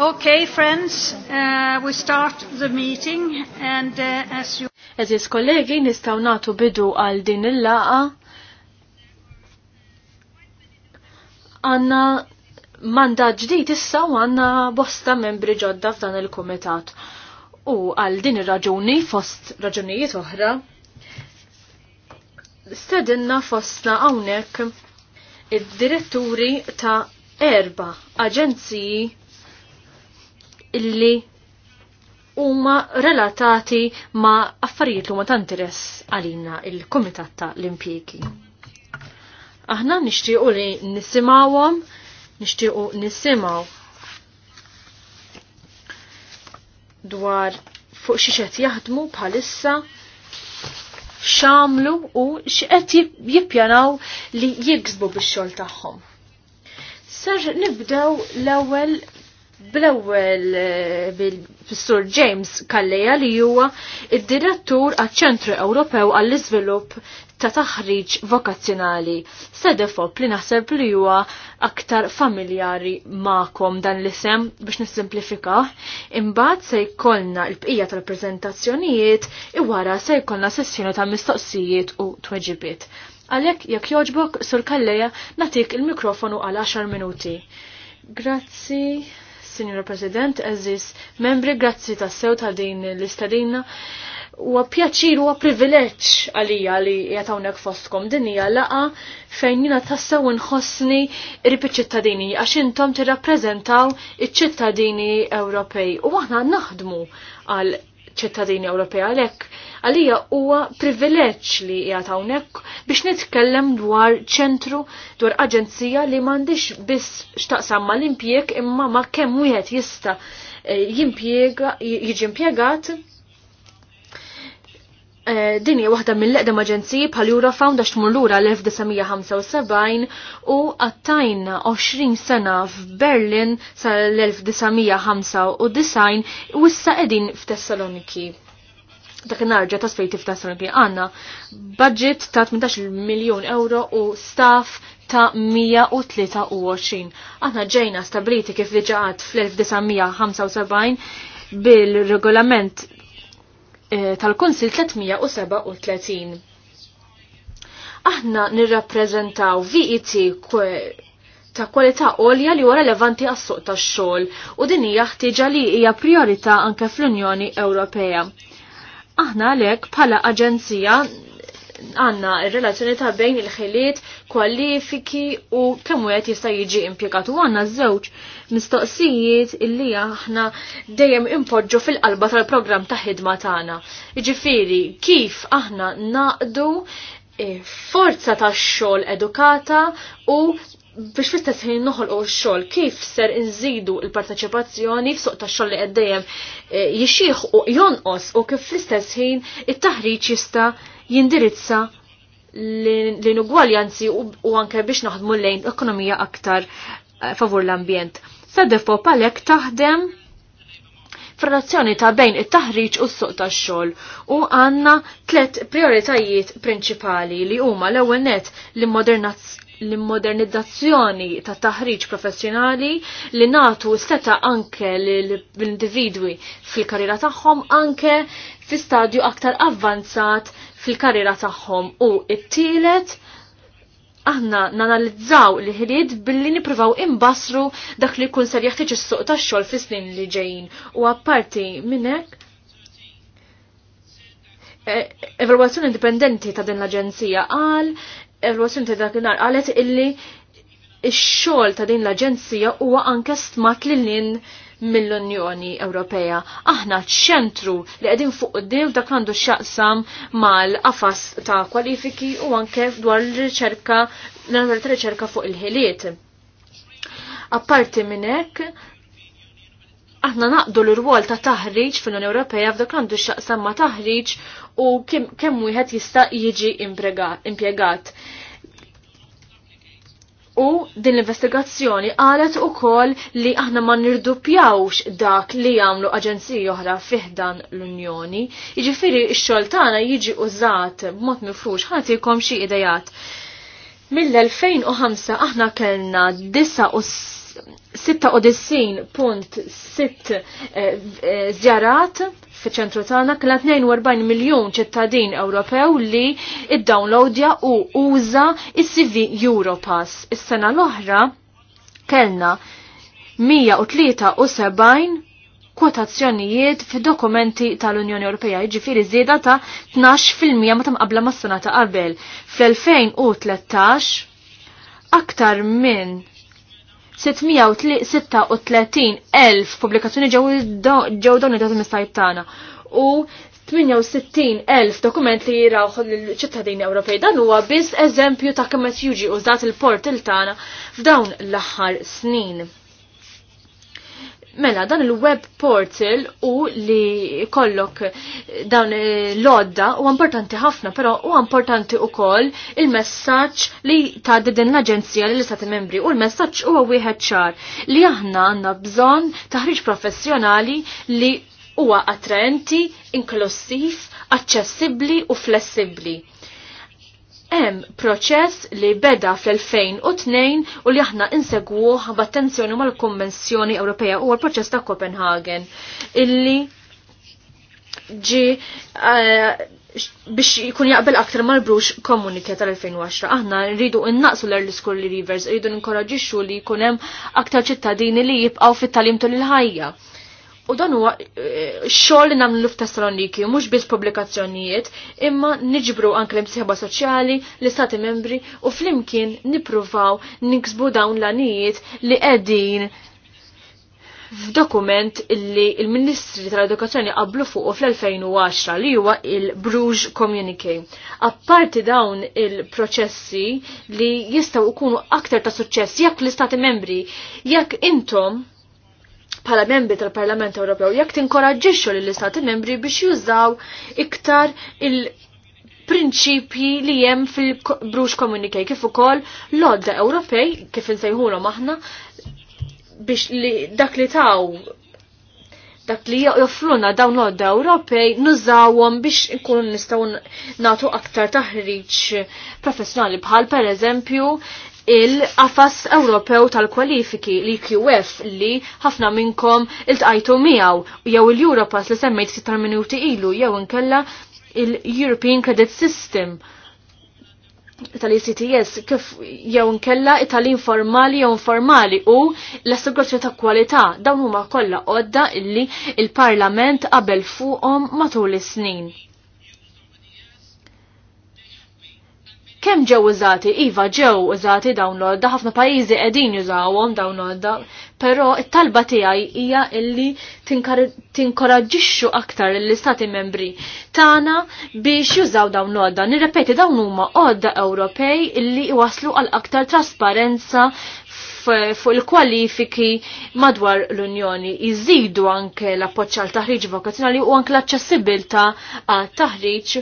Okay, friends, uh, we start the meeting and uh, as you... Eżis kollegi nistaw natu bidu għal din il-laqa. Għanna manda ġdijt issa u għanna bosta membri ġodda f'dan il-komitat. U għal din il-raġuni, fost raġunijiet oħra, stedinna fostna għawnek id-diretturi ta' erba aġenziji illi huma relatati ma' affarijiet li huma ta' interess għalina il-Kumitat ta' l-Impjegi. Aħna nixtiequ li nisimgħuhom, nixtiequ nisimgħu dwar fuq xi qed jaħdmu bħalissa xamlu u x'qed jippjanaw li jiksbu bix-xogħol tagħhom. Ser nibdew l-ewwel bl-ewwel eh, fis-Sur James Kalleja li huwa id-direttur għaċ-Ċentru Ewropew għall-Iżvilupp ta' taħriġ vokazzjonali. Sedefop li naħseb li huwa aktar familjari ma'kom dan l-isem biex nissimplifika. Imbagħad se jkollna l-bqija tal-preżentazzjonijiet wara se jkollna sessjoni ta' mistoqsijiet u tweġibiet. Għalhekk jekk jogħġbok sur kalleja natik il-mikrofonu għal 10 minuti. Grazzi. Signor President, eżis membri, grazzi ta' sew ta' din l-istadina. U pjaċir u privileġġ għalija li jatawnek fostkom din hija laqa fejn jina tassaw nħossni rib iċ-ċittadini għax intom tirrappreżentaw iċ-ċittadini Ewropej u aħna naħdmu għal ċittadini Ewropea għalhekk għalija huwa privileġġ li jgħatawnek hawnhekk biex nitkellem dwar ċentru dwar aġenzija li m'għandix biss x'taqsam l impieg imma ma kemm wieħed jista' eh, jimpjega jiġi impjegat Eh, din hija waħda mill-eqdem aġenziji bħal Eurofound għax tmur lura l-1975 u għattajna 20 sena f'Berlin sal-1995 u issa qegħdin f'Tessaloniki. Dak narġa ta' sfejti f'Tessaloniki għandna budget ta' 18 miljun euro u staff ta' 123. Aħna ġejna stabiliti kif diġa għad fl-1975 bil-regolament tal konsil 337. Aħna nirrappreżentaw VIT e ta' kwalità għolja li huwa levanti għas-suq tax-xogħol u din hija ħtieġa li hija priorità anke fl-Unjoni Ewropea. Aħna għalhekk bħala aġenzija għanna il-relazzjoni ta' bejn il-ħiliet, kwalifiki u kemm wieħed jista' jiġi impjegat u għandna żewġ mistoqsijiet illi aħna dejjem impoġġu fil-qalba tal-programm ta' ħidma tagħna. Jiġifieri kif aħna naqdu eh, forza ta' xogħol edukata u biex fl-istess ħin noħolqu x-xogħol kif ser inżidu l-parteċipazzjoni f'suq tax-xogħol li qed dejjem eh, jixih u jonqos u kif fl-istess ħin it-taħriġ jista' jindirizza l-inugwaljanzi u anke biex naħdmu lejn ekonomija aktar eh, favur l-ambjent. Sadefo palek taħdem frazzjoni ta' bejn it-taħriġ u s-suq tax-xogħol u għandna tliet prioritajiet prinċipali li huma l-ewwel net l-modernizzazzjoni ta' taħriġ professjonali li natu seta anke l-individwi fil-karriera tagħhom anke fi stadju aktar avvanzat fil-karriera tagħhom u it-tielet aħna nanalizzaw li ħiliet billi nipruvaw imbasru dak li kun ser jaħtieġ is-suq tax-xogħol fis-snin li ġejjin. U apparti minn hekk eh, evalwazzjoni indipendenti ta' din l-Aġenzija qal Evoluzzjoni ta' dakinhar qalet illi ix-xogħol ta' din l-aġenzija huwa anke stmat l lin mill-Unjoni Ewropea. Aħna ċentru li qegħdin fuq dew dak għandu x'jaqsam mal-qafas ta' kwalifiki u anke dwar l-riċerka l-riċerka fuq il-ħiliet. Apparti minn hekk, aħna naqdu l-rwol ta' taħriġ fil-Unjoni Ewropea f'dak għandu x'aqsam ma' taħriġ u kemm wieħed jista' jiġi impjegat. U din l-investigazzjoni qalet ukoll li aħna ma nirdupjawx dak li jagħmlu aġenziji oħra fiħdan l-Unjoni. Jiġifieri x-xogħol tagħna jiġi użat b'mod ħati ħatikom xi idejat. Mill-2005 aħna kellna 9 96.6 zjarat fiċ-ċentru tagħna kellha 42 miljun ċittadin Ewropew li id-downloadja u uża il cv Europass. Is-sena l-oħra kellna 173 kwotazzjonijiet fid-dokumenti tal-Unjoni Ewropea, jiġifieri żieda ta' 12% meta mqabbla mas-sena ta' qabel. Fl-2013 aktar minn 636.000 pubblikazzjoni ġew dawn id-datum istajt tagħna u 68.000 dokument li jiraw l-ċittadini Ewropej. Dan huwa biss eżempju ta' kemm qed jiġi użat il-portil tagħna f'dawn l-aħħar snin. Mela, dan il-web portal u li kollok dan l-odda u importanti ħafna, pero u importanti u koll il-messagġ li ta' din l-Aġenzija li l-Istati Membri u l-messagġ u għawihet ċar li aħna għanna bżon taħriġ professjonali li huwa attraenti, inklusiv, aċċessibbli u flessibbli Hemm proċess li beda fl-2002 u li aħna inseguh b'attenzjoni mal konvenzjoni Ewropea huwa l-proċess ta' Copenhagen illi ġi uh, biex jkun jaqbel aktar mal-brux komunikja tal-2010. Aħna rridu innaqsu l-early school rivers, rridu ninkoraġixxu li jkun hemm aktar ċittadini li jibqgħu fit-talim tul il-ħajja. U dan huwa eh, xogħol li nagħmlu f'Tessaloniki mhux biss pubblikazzjonijiet, imma niġbru anke l-imsieħba soċjali, l-istati membri u flimkien nippruvaw niksbu dawn l-anijiet li qegħdin f'dokument li l ministri tal-Edukazzjoni qablu fuq fl-2010 li huwa il bruj Communique. Apparti dawn il-proċessi li jistgħu jkunu aktar ta' suċċess jekk l-Istati membri, jekk intom bħala membri tal-Parlament Ewropew jekk tinkoraġġixxu lill-Istati membri biex jużaw iktar il- prinċipji li jem fil brux Communique kif ukoll l-odda Ewropej kif insejħulhom aħna biex li dak li taw dak li joffruna dawn l-odda Ewropej nużawhom biex ikunu nistgħu nagħtu aktar taħriġ professjonali bħal pereżempju il-qafas Ewropew tal-kwalifiki li QF li ħafna minnkom il tajtu miegħu jew il-Europass li semmejt 6 minuti ilu jew inkella il-European Credit System tal-ECTS kif jew nkella tal informali formali jew informali u l-assigurazzjoni ta' kwalità dawn huma kollha għodda illi il-Parlament qabel fuqhom matul is-snin. Kem ġew użati? Iva ġew użati dawn l-odda, ħafna pajjiżi qegħdin jużawhom dawn l-odda, però it-talba tiegħi hija illi tinkoraġġixxu aktar l-istati membri tagħna biex jużaw dawn l-odda. Nirrepeti dawn huma odda Ewropej illi waslu għal aktar trasparenza fuq il-kwalifiki madwar l-Unjoni. Iżidu anke l-appoċċ għal taħriġ vokazzjonali u anke l aċċessibilità għal taħriġ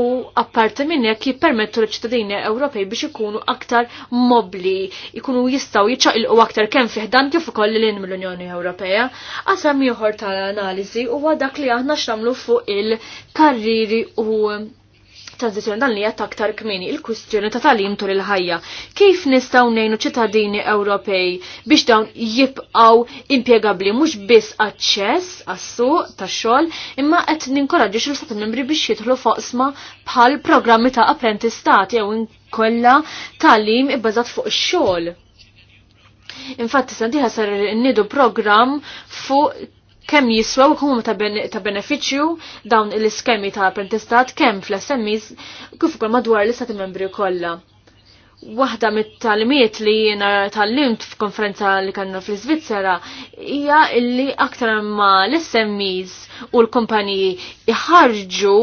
u apparti minn hekk jippermettu l-ċittadini Ewropej biex ikunu aktar mobli, ikunu jistgħu jiċċaqilqu aktar kemm fih dan kif ukoll lil mill-Unjoni Ewropea. Qasam ieħor tal-analiżi huwa dak li aħna x'nagħmlu fuq il-karriri u tranzizjoni dan li jatta aktar kmini il-kwistjoni ta' talim tul il-ħajja. Kif nistgħu nejnu ċittadini Ewropej biex dawn jibqgħu impjegabbli mhux biss aċċess għas-suq tax-xogħol, imma qed ninkoraġġi xil stat Membri biex jidħlu foqsma bħal programmi ta' apprentistati jew inkolla talim ibbażat fuq xol. xogħol Infatti, sandiħa sar nidu program fuq kemm jiswew kum ta' beneficju dawn l-iskemi ta' apprentistat kemm fl smis kif ukoll madwar l-istati membri kollha. Waħda mit-talmiet li jiena tal-limt f'konferenza li kanna fl-Svizzera hija illi aktar ma l-SMEs u l-kumpaniji iħarġu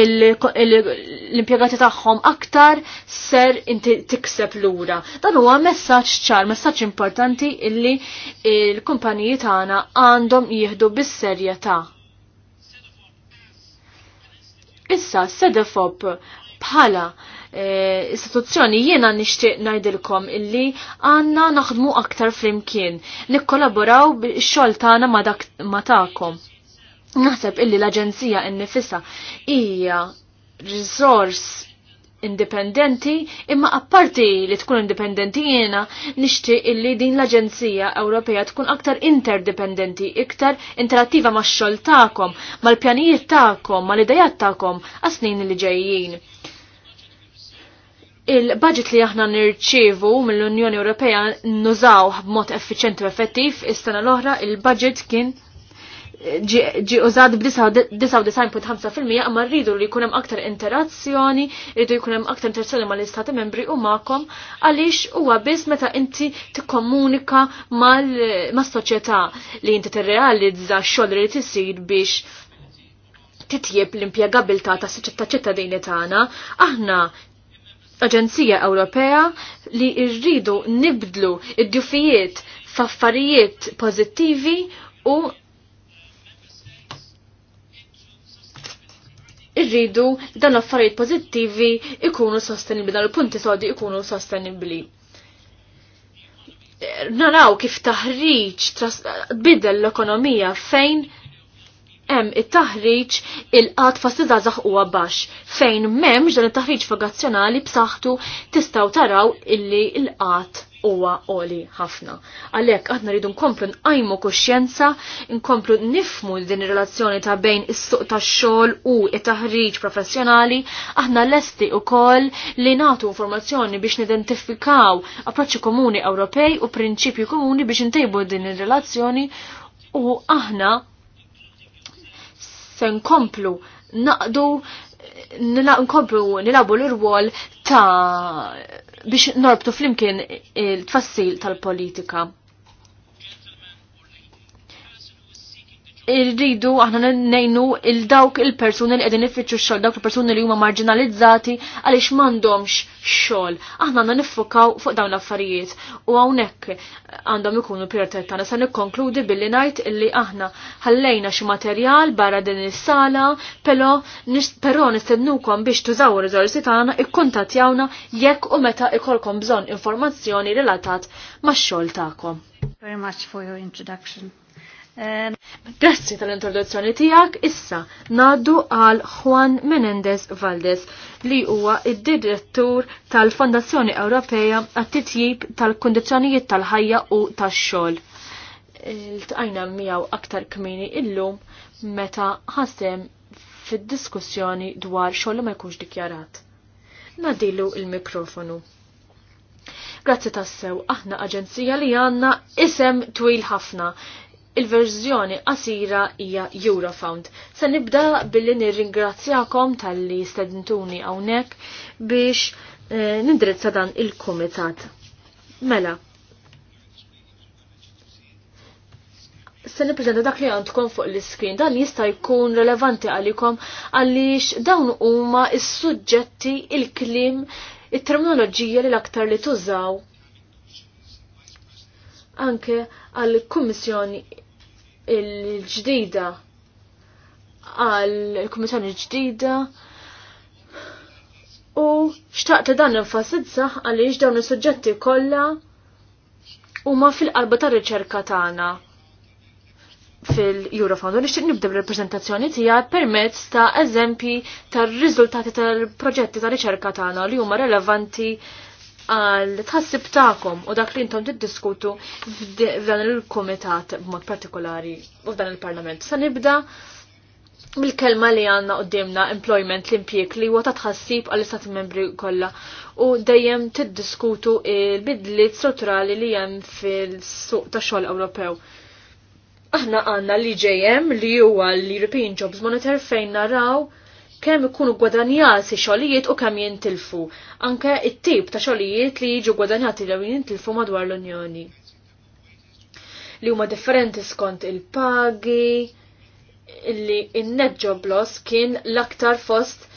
l-impjegati tagħhom aktar ser inti tikseb lura. Dan huwa messaġġ ċar, messaġġ importanti illi l-kumpaniji tagħna għandhom jieħdu bis-serjetà. Issa, sedefob bħala Eh, istituzzjoni jiena nixtieq ngħidilkom illi għandna naħdmu aktar flimkien, nikkolaboraw bix-xogħol tagħna ma' tagħkom. Naħseb illi l-Aġenzija innifisha hija risors indipendenti, imma apparti li tkun indipendenti jiena nixtieq illi din l-Aġenzija Ewropea tkun aktar interdipendenti, iktar interattiva ma' xogħol tagħkom, mal-pjanijiet tagħkom, mal-idejat tagħkom għas-snin li ġejjin. Il-budget li aħna nirċievu mill-Unjoni Ewropea nużaw b'mod effiċenti u effettiv, is-sena l-oħra il-budget kien eh, ġi użad b-99.5% għamma rridu li jkun hemm aktar interazzjoni, rridu jkun hemm aktar interazzjoni mal istati membri u magħkom għaliex huwa biss meta inti tikkomunika l soċjetà li inti tirrealizza x-xogħol li t-sir biex titjib l-impjegabilità ta' ċittadini tagħna, aħna Aġenzija Ewropea li rridu nibdlu id dufijiet f'affarijiet pożittivi u irridu dan affarijiet pożittivi ikunu sostenibli, dan il-punti sodi ikunu sostenibli. Naraw kif taħriġ bidel l-ekonomija fejn hemm it-taħriġ il qad fas-sidażaħ huwa baxx. Fejn m'hemmx dan it-taħriġ fogazzjonali b'saħħtu tistgħu taraw illi il qad huwa qoli ħafna. Għalhekk aħna rridu nkomplu nqajmu kuxjenza, nkomplu nifmu din ir-relazzjoni ta' bejn is-suq tax-xogħol u it-taħriġ professjonali, aħna lesti wkoll li nagħtu informazzjoni biex nidentifikaw approċċi komuni Ewropej u prinċipju komuni biex intejbu din ir-relazzjoni u aħna se nkomplu naqdu nkomplu nilabu l rwol ta' biex norbtu flimkien il-tfassil tal-politika. irridu aħna nejnu il-dawk il-persuni li qegħdin iffiċu x-xogħol, dawk il-persuni li huma marginalizzati għaliex m'għandhomx xogħol. Aħna għandna niffokaw fuq dawn l-affarijiet u hawnhekk għandhom ikunu prioritet tagħna. se nikkonkludi billi ngħid illi aħna ħallejna xi materjal barra din is-sala, però però nistednukom biex tużaw ir-riżorsi tagħna ikkuntattjawna jekk u meta ikolkom bżonn informazzjoni relatat max-xogħol tagħkom. Very much for your introduction. Grazzi tal-introduzzjoni tijak, issa naddu għal Juan Menendez Valdes li huwa id-direttur tal-Fondazzjoni Ewropea għat-titjib tal-kondizjonijiet tal-ħajja u tax-xogħol. Tqajna miegħu aktar kmini illum meta ħasem fid-diskussjoni dwar xogħol ma jkunx dikjarat. Nadilu il-mikrofonu. Grazzi tassew, aħna aġenzija li għanna isem twil ħafna il-verżjoni qasira hija Eurofound. Se nibda billi nirringrazzjakom tal-li stedintuni hawnhekk biex e, eh, nindrizza dan il-kumitat. Mela. Se nippreżenta dak li għandkom fuq l-iskrin dan jista' jkun relevanti għalikom għaliex dawn huma s-suġġetti il il-kliem it-terminoloġija li l-aktar li tużaw anke għall kummissjoni il-ġdida għal il-Kummissjoni ġdida u xtaqt li dan enfasizza għaliex dawn is-suġġetti kollha huma fil-qalba tar-riċerka tagħna fil-Eurofond. U nixtieq nibda bil-reprezentazzjoni tiegħi permezz ta' eżempji tar-riżultati tal-proġetti ta' riċerka tagħna li huma relevanti għal tħassib ta'kom u dak li intom tiddiskutu f'dan il-komitat b'mod partikolari u f'dan il-parlament. Sa nibda bil-kelma li għanna qoddimna employment l-impjek li huwa ta' tħassib għal istati membri kollha u dejjem tiddiskutu il-bidliet strutturali li hemm fil-suq ta' xogħol Ewropew. Aħna għandna l-IJM li huwa l-European Jobs Monitor fejn naraw kemm ikunu gwadanjati xogħlijiet u kemm jintilfu. Anke it-tip ta' xogħlijiet li jiġu gwadanjati li jintilfu madwar l-Unjoni. Li huma differenti skont il-pagi, li in net kien l-aktar fost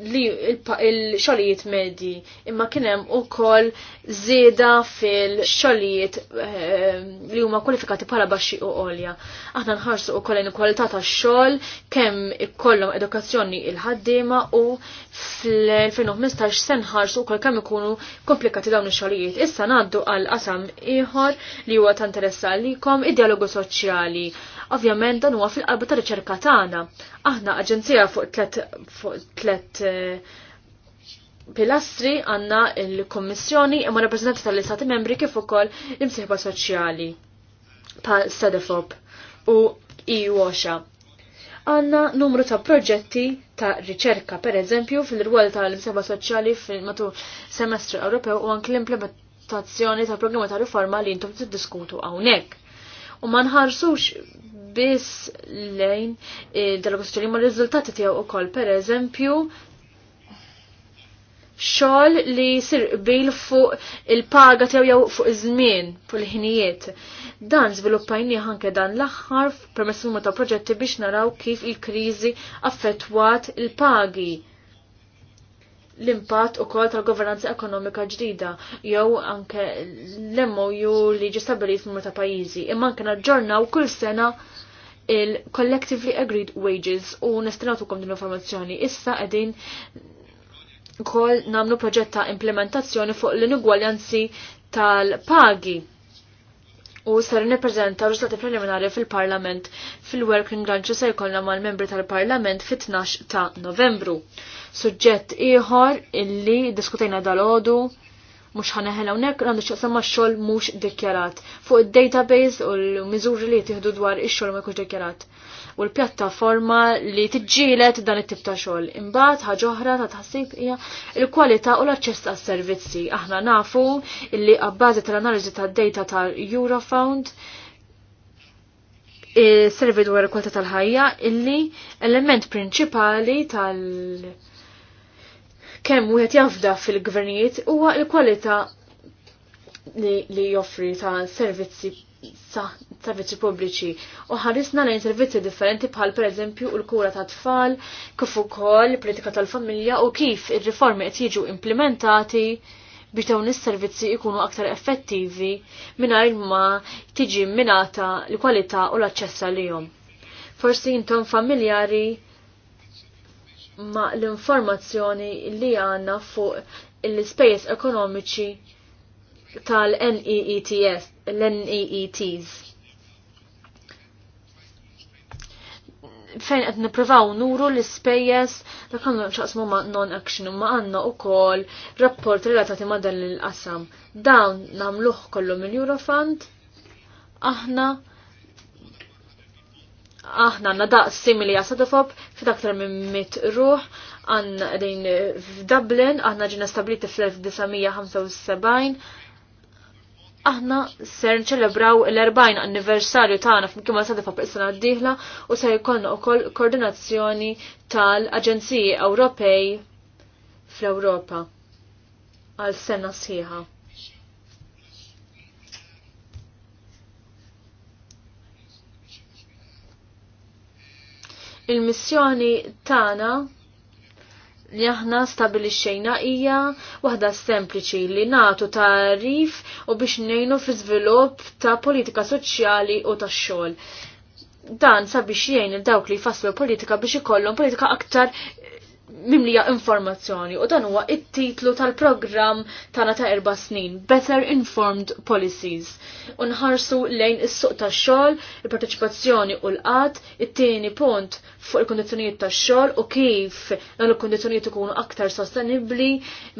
li il-xolijiet medji imma kienem u kol zeda fil-xolijiet ehm, li huma kwalifikati bħala baxxi u olja. Aħna nħarsu u kollin kwalità ta' xol kemm ikollhom edukazzjoni il-ħaddiema u fl-2015 se nħarsu u kol kemm ikunu komplikati dawn ix-xolijiet. Issa ngħaddu għal qasam ieħor li huwa ta' interessa għalikom id-dialogu soċjali Ovvjament dan huwa fil qalb ta' riċerka tagħna. Aħna aġenzija fuq tlet fuq tlet eh, pilastri għandna il-Kommissjoni imma rappreżentanti tal-Istati Membri kif ukoll imsieħba soċjali bħal Sedefop u eu għanna numru ta' proġetti ta' riċerka, per eżempju, fil-rwol l-imsieħba soċjali fil-matu semestru Ewropew u anke l-implementazzjoni ta' programma ta' riforma li jintom tiddiskutu hawnhekk. U ma nħarsux biss lejn il-delegazzjoni ma' riżultati tiegħu ukoll. Pereżempju, xogħol li jsir qbil fuq il-paga tiegħu jew fuq iż-żmien, fuq il-ħinijiet. Dan żviluppajnieh anke dan l-aħħar permezz numru ta' proġetti biex naraw kif il-kriżi affettwat il-pagi l-impatt u kol tal-governanza ekonomika ġdida, jew anke l emmoju li ġistabilit stabilit ta' pajizi, imma anke naġġornaw kull sena il-collectively agreed wages u nistenatukom din informazzjoni. Issa edin kol namlu proġetta implementazzjoni fuq l-inugwaljanzi tal-pagi u ser nippreżentaw riżultati preliminari fil-Parlament fil-Working Lunch u se jkollna mal-membri tal-Parlament fit-12 ta' Novembru. Suġġett ieħor illi diskutajna dal-ħodu mux ħaneħela unek għandu xaqsam xol mux dikjarat fuq il-database u l-mizuri li tiħdu dwar ix-xol ma jkunx dikjarat u l-pjattaforma li tiġġielet dan it-tip ta' xogħol. Imbagħad ħaġa oħra ta' tħassib hija l-kwalità u l-aċċess għas-servizzi. Aħna nafu li qabbażi tal-analiżi tad-data tal-Eurofound il-servidwar kwalità tal-ħajja illi element prinċipali tal- kemm wieħed jafda fil-gvernijiet huwa l-kwalità li, joffri ta' servizzi servizzi pubbliċi u ħarisna lejn servizzi differenti bħal pereżempju l-kura ta' tfal, kif ukoll politika tal-familja u kif ir-riformi qed jiġu implementati biex dawn is-servizzi jkunu aktar effettivi mingħajr ma tiġi minata l-kwalità u l-aċċess għalihom. Forsi intom familjari ma l-informazzjoni li għanna fuq l-space ekonomiċi tal-NEETS, e e l-NEETs. Fejn qed nippruvaw nuru l-ispejjeż dak kellhom xaqsmu ma' non-action ma għandna wkoll rapport relatati ma' dan il-qasam. Dawn nagħmluh kollu mill-Eurofund aħna aħna għanna daqs simili għasadofob aktar minn mit ruħ għanna din f'Dublin aħna ġina stabliti fl-1975 aħna ser nċelebraw l-40 anniversarju tagħna f'mkien ma sadafa sena d-dieħla u se jkollna wkoll koordinazzjoni tal-Aġenziji Ewropej fl-Ewropa għal sena sħiħa. Il-missjoni tana li aħna stabilixxejna hija waħda sempliċi li nagħtu tarif u biex ngħinu fi żvilupp ta' politika soċjali u tax-xogħol. Dan sabiex jgħin il dawk li jfasslu politika biex ikollhom politika aktar mimlija informazzjoni u dan huwa it-titlu tal-programm tagħna ta' erba' snin, Better Informed Policies. U nħarsu lejn is-suq tax-xogħol, il-parteċipazzjoni u l-qatt, it-tieni punt fuq il-kondizzjonijiet tax-xogħol u kif dan il-kondizzjonijiet ikunu aktar sostenibbli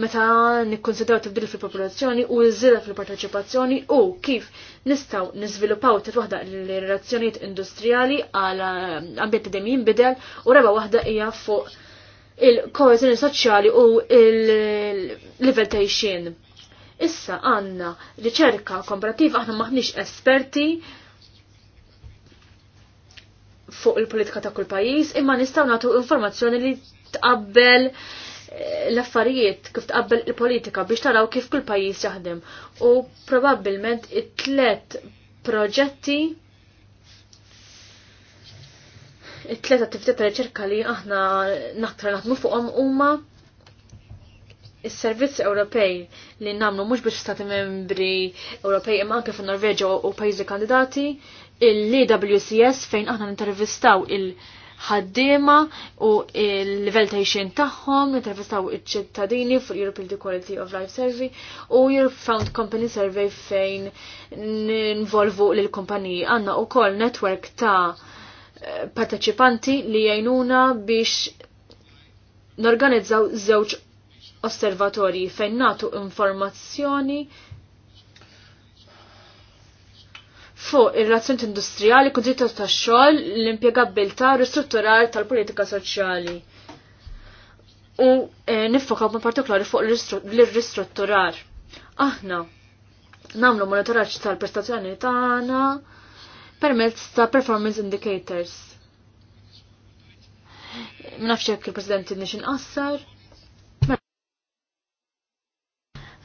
meta nikkonsidraw tibdil fil-popolazzjoni u żieda fil-parteċipazzjoni u kif nistgħu niżviluppaw tit waħda l-relazzjonijiet industrijali għal eh, ambjent dejjem jinbidel u reba waħda hija fuq il-kohezjoni soċjali u il level ta' Issa għanna riċerka komparativa aħna maħniex esperti fuq il-politika ta' kull pajjiż, imma nistgħu nagħtu informazzjoni li tqabbel eh, l-affarijiet kif tqabbel il-politika biex taraw kif kull pajjiż jaħdem. U probabbilment it-tlet proġetti it-tlet attività ta' riċerka li aħna naktar naħdmu fuqhom huma is-servizzi Ewropej li nagħmlu mhux biex stati membri Ewropej imma anke fin-Norveġa u pajjiżi kandidati, il-LWCS fejn aħna nintervistaw il- ħaddiema u l-level ta' xin tagħhom, nintervistaw iċ-ċittadini fuq European Quality of Life Survey u Europe Found Company Survey fejn ninvolvu lil kumpaniji Għandna wkoll netwerk ta' parteċipanti li jajnuna biex norganizzaw żewġ osservatorji fejn natu informazzjoni fuq ir-razzjoni industrijali, kunditu tax-xogħol, l-impjegabilità, ristrutturar tal-politika soċjali. U e, nifokaw ma' partiklari fuq l-ristrutturar. Aħna nagħmlu monitoraċ tal-prestazzjoni tagħna permezz ta' performance indicators. Nafx jekk il-President nix inqassar.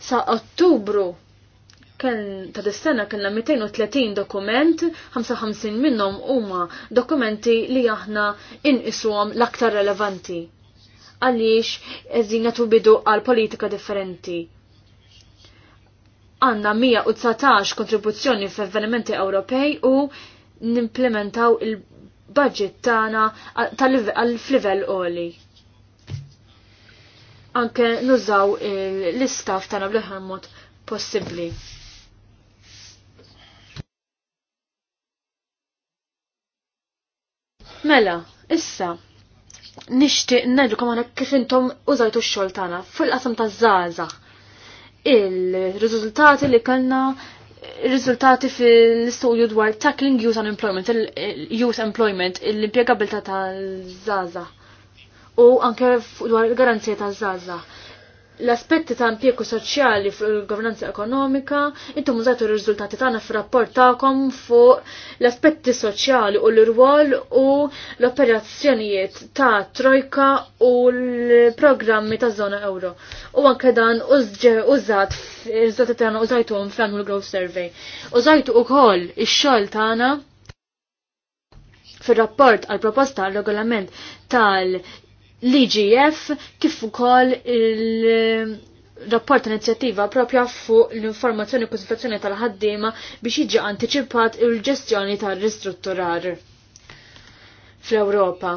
Sa' Ottubru kien ta' dis-sena kellna 230 dokument, 55 minnhom huma dokumenti li aħna inqisuhom l-aktar relevanti għaliex eżin natu bidu għal politika differenti għanna 119 kontribuzzjoni f'avvenimenti Ewropej u nimplementaw il-budget tagħna tal livell oli. Anke nużaw l-istaff tagħna bl mod possibbli. Mela, issa, nixtieq nerġu għana kif intom użajtu x-xogħol tagħna fil-qasam taż-żgħażagħ il-riżultati li kellna il-riżultati fil-istudju dwar tackling youth unemployment, youth employment, l-impiegabilta tal-żaza. U anke dwar il-garanzija tal-żaza l-aspetti ta' impjegu soċjali fil-governanza ekonomika, intom użatu r-riżultati tagħna fir-rapport tagħkom fuq l-aspetti soċjali u l-irwol u l-operazzjonijiet ta' trojka u l-programmi ta' żona euro. U anke dan użat r-riżultati tagħna użajtuhom fl Growth Survey. Użajtu wkoll ix-xogħol tagħna fir rapport għal proposta għal regolament tal l-IGF kif ukoll il-rapport inizjattiva propja fuq l-informazzjoni u konsultazzjoni tal-ħaddiema biex jiġi anticipat il-ġestjoni tal-ristrutturar fl-Ewropa.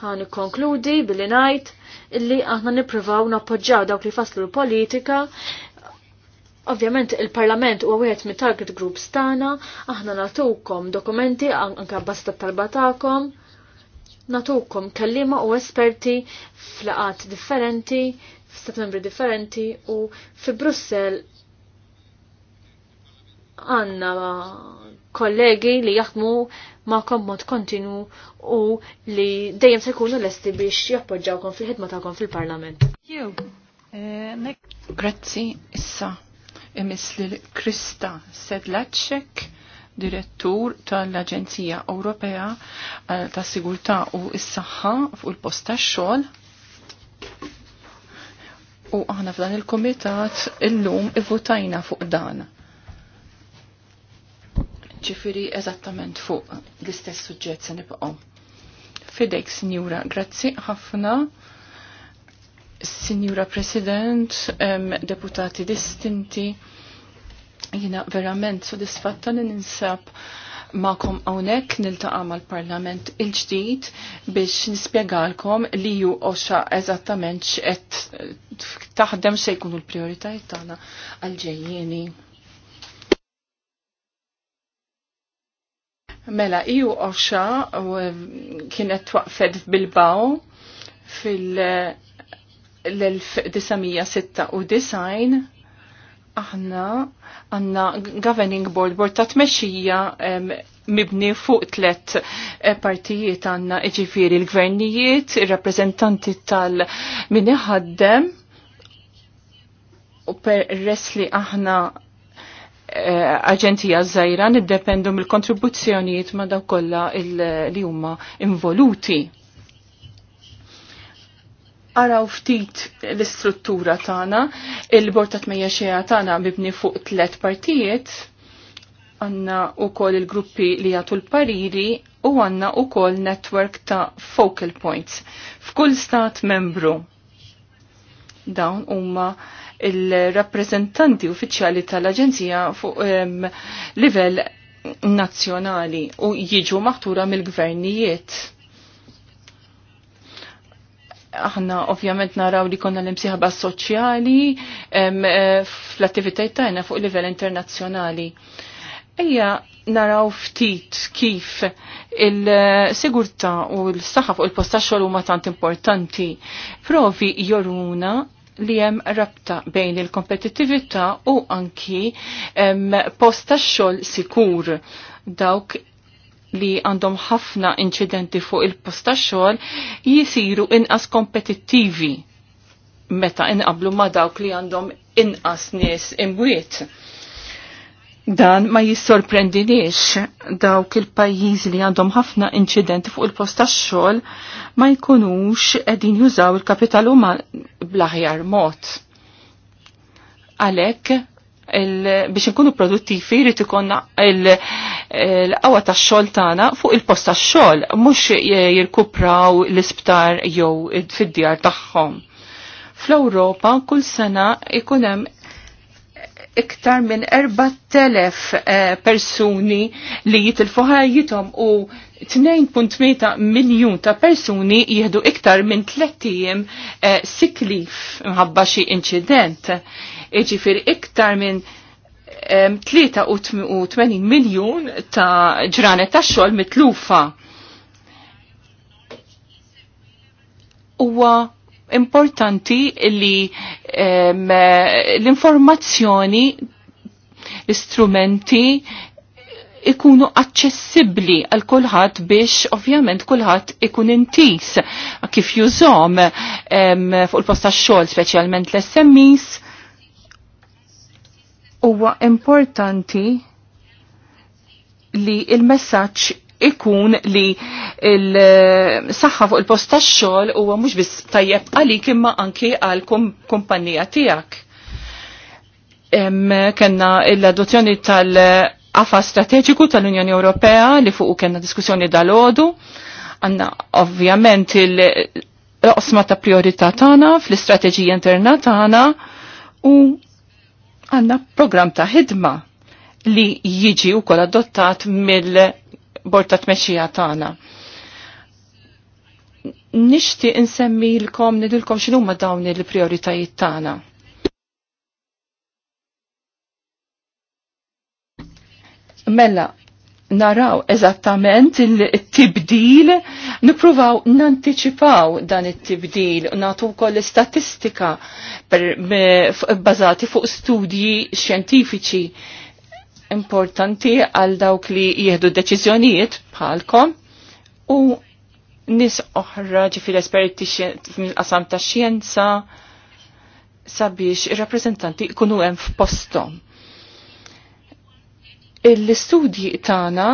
Ħan konkludi billi ngħid illi aħna nippruvaw nappoġġaw dawk li faslu l-politika Ovvjament il-Parlament huwa wieħed mit-target groups tagħna, aħna nagħtukom dokumenti anke basta talba tagħkom natukom kellima u esperti flaqat differenti, f'Settembri membri differenti u fi Brussel għanna kollegi li jaħdmu ma' kommod kontinu u li dejjem se jkunu lesti biex jappoġġawkom fil-ħidma tagħkom fil-Parlament. Eh, Grazzi issa imisli Krista Sedlaċek direttur tal-Aġenzija Ewropea eh, tas sigurtà u s-Saħħa fuq il-post tax-xogħol. U aħna f'dan il-kumitat illum ivvutajna fuq dan. Ġifieri eżattament fuq l-istess suġġett se nibqgħu. Fidejk, Sinjura, grazzi ħafna. Signora President, deputati distinti, Jina verament sodisfatta li ninsab ma'kom għonek niltaqa' mal-Parlament il-ġdid biex nispjegalkom li ju oxa eżattament x'qed taħdem se jkunu l-prijoritajiet tagħna għal-ġejjieni. Mela, iju oxa kienet waqfed baw fil- l-1996 aħna għanna governing board, board ta' tmexxija mibni fuq tlet eh, partijiet għanna iġifiri l-gvernijiet, il-rappresentanti tal-mini ħaddem, u peress li aħna eh, aġentija żgħira niddependu mill-kontribuzzjonijiet ma' daw kollha li huma involuti araw ftit l-istruttura tagħna, il-bord ta' tmejja xeja tagħna mibni fuq tliet partijiet, għanna u koll il-gruppi li jagħtu l-pariri u għanna u koll network ta' focal points f'kull stat membru. Dawn huma il-rappresentanti uffiċjali tal-Aġenzija fuq um, livell nazzjonali u jiġu maħtura mill-gvernijiet aħna ovvjament naraw li konna l-imsiħba soċjali eh, fl-attivitajt tagħna fuq livell internazzjonali. Ejja naraw ftit kif il-sigurta u l-saħħa fuq il-posta xogħol huma tant importanti. Provi joruna li hemm rabta bejn il-kompetittività u anki posta xogħol sikur dawk li għandhom ħafna inċidenti fuq il-post xogħol jisiru inqas kompetittivi meta inqablu ma dawk li għandhom inqas nies imwiet. Dan ma jissorprendinix dawk il-pajjiżi li għandhom ħafna inċidenti fuq il-post xogħol ma jkunux qegħdin jużaw il-kapital bl-aħjar mod. Għalhekk biex nkunu produttivi jrid ikonna l-qawa tax-xogħol tagħna fuq il-post tax-xogħol mhux jirkupraw l-isptar jew fid-djar tagħhom. Fl-Ewropa kull sena ikun hemm iktar minn 4,000 eh, persuni li jitilfu ħajjithom u 2.3 miljun ta' persuni jieħdu iktar minn 3 eh, siklif mħabba xi inċident iġifir iktar minn 83 miljon ta' ġranet ta' xol mitlufa. Uwa importanti li l-informazzjoni, l-istrumenti ikunu accessibli għal kulħadd biex ovvjament kulħadd ikun intis kif jużom fuq il-posta xogħol speċjalment l-SMEs huwa importanti li il-messaġġ ikun li il-saħħa fuq il-post tax-xogħol huwa mhux biss tajjeb għalik imma anki għal kumpanija tiegħek. Kenna l-adozzjoni tal-qafa strateġiku tal-Unjoni Ewropea li fuq kenna diskussjoni dal-għodu, għanna ovvjament il-qosma ta' priorità tagħna fl-istrateġija interna tagħna u għanna program ta' ħidma li jiġi u kol adottat mill-borta t-meċija tagħna. Nishti insemmi l-kom nidilkom ma dawn il-prioritajiet tagħna. Mella, naraw eżattament il-tibdil, nipruvaw nanticipaw dan it-tibdil, natu koll statistika bazati fuq studji xjentifiċi importanti għal dawk li jieħdu deċiżjonijiet bħalkom u nis oħra ġifil esperti fil qasam ta' xjenza sabiex ir-rappreżentanti ikunu hemm f'postom l-istudji tagħna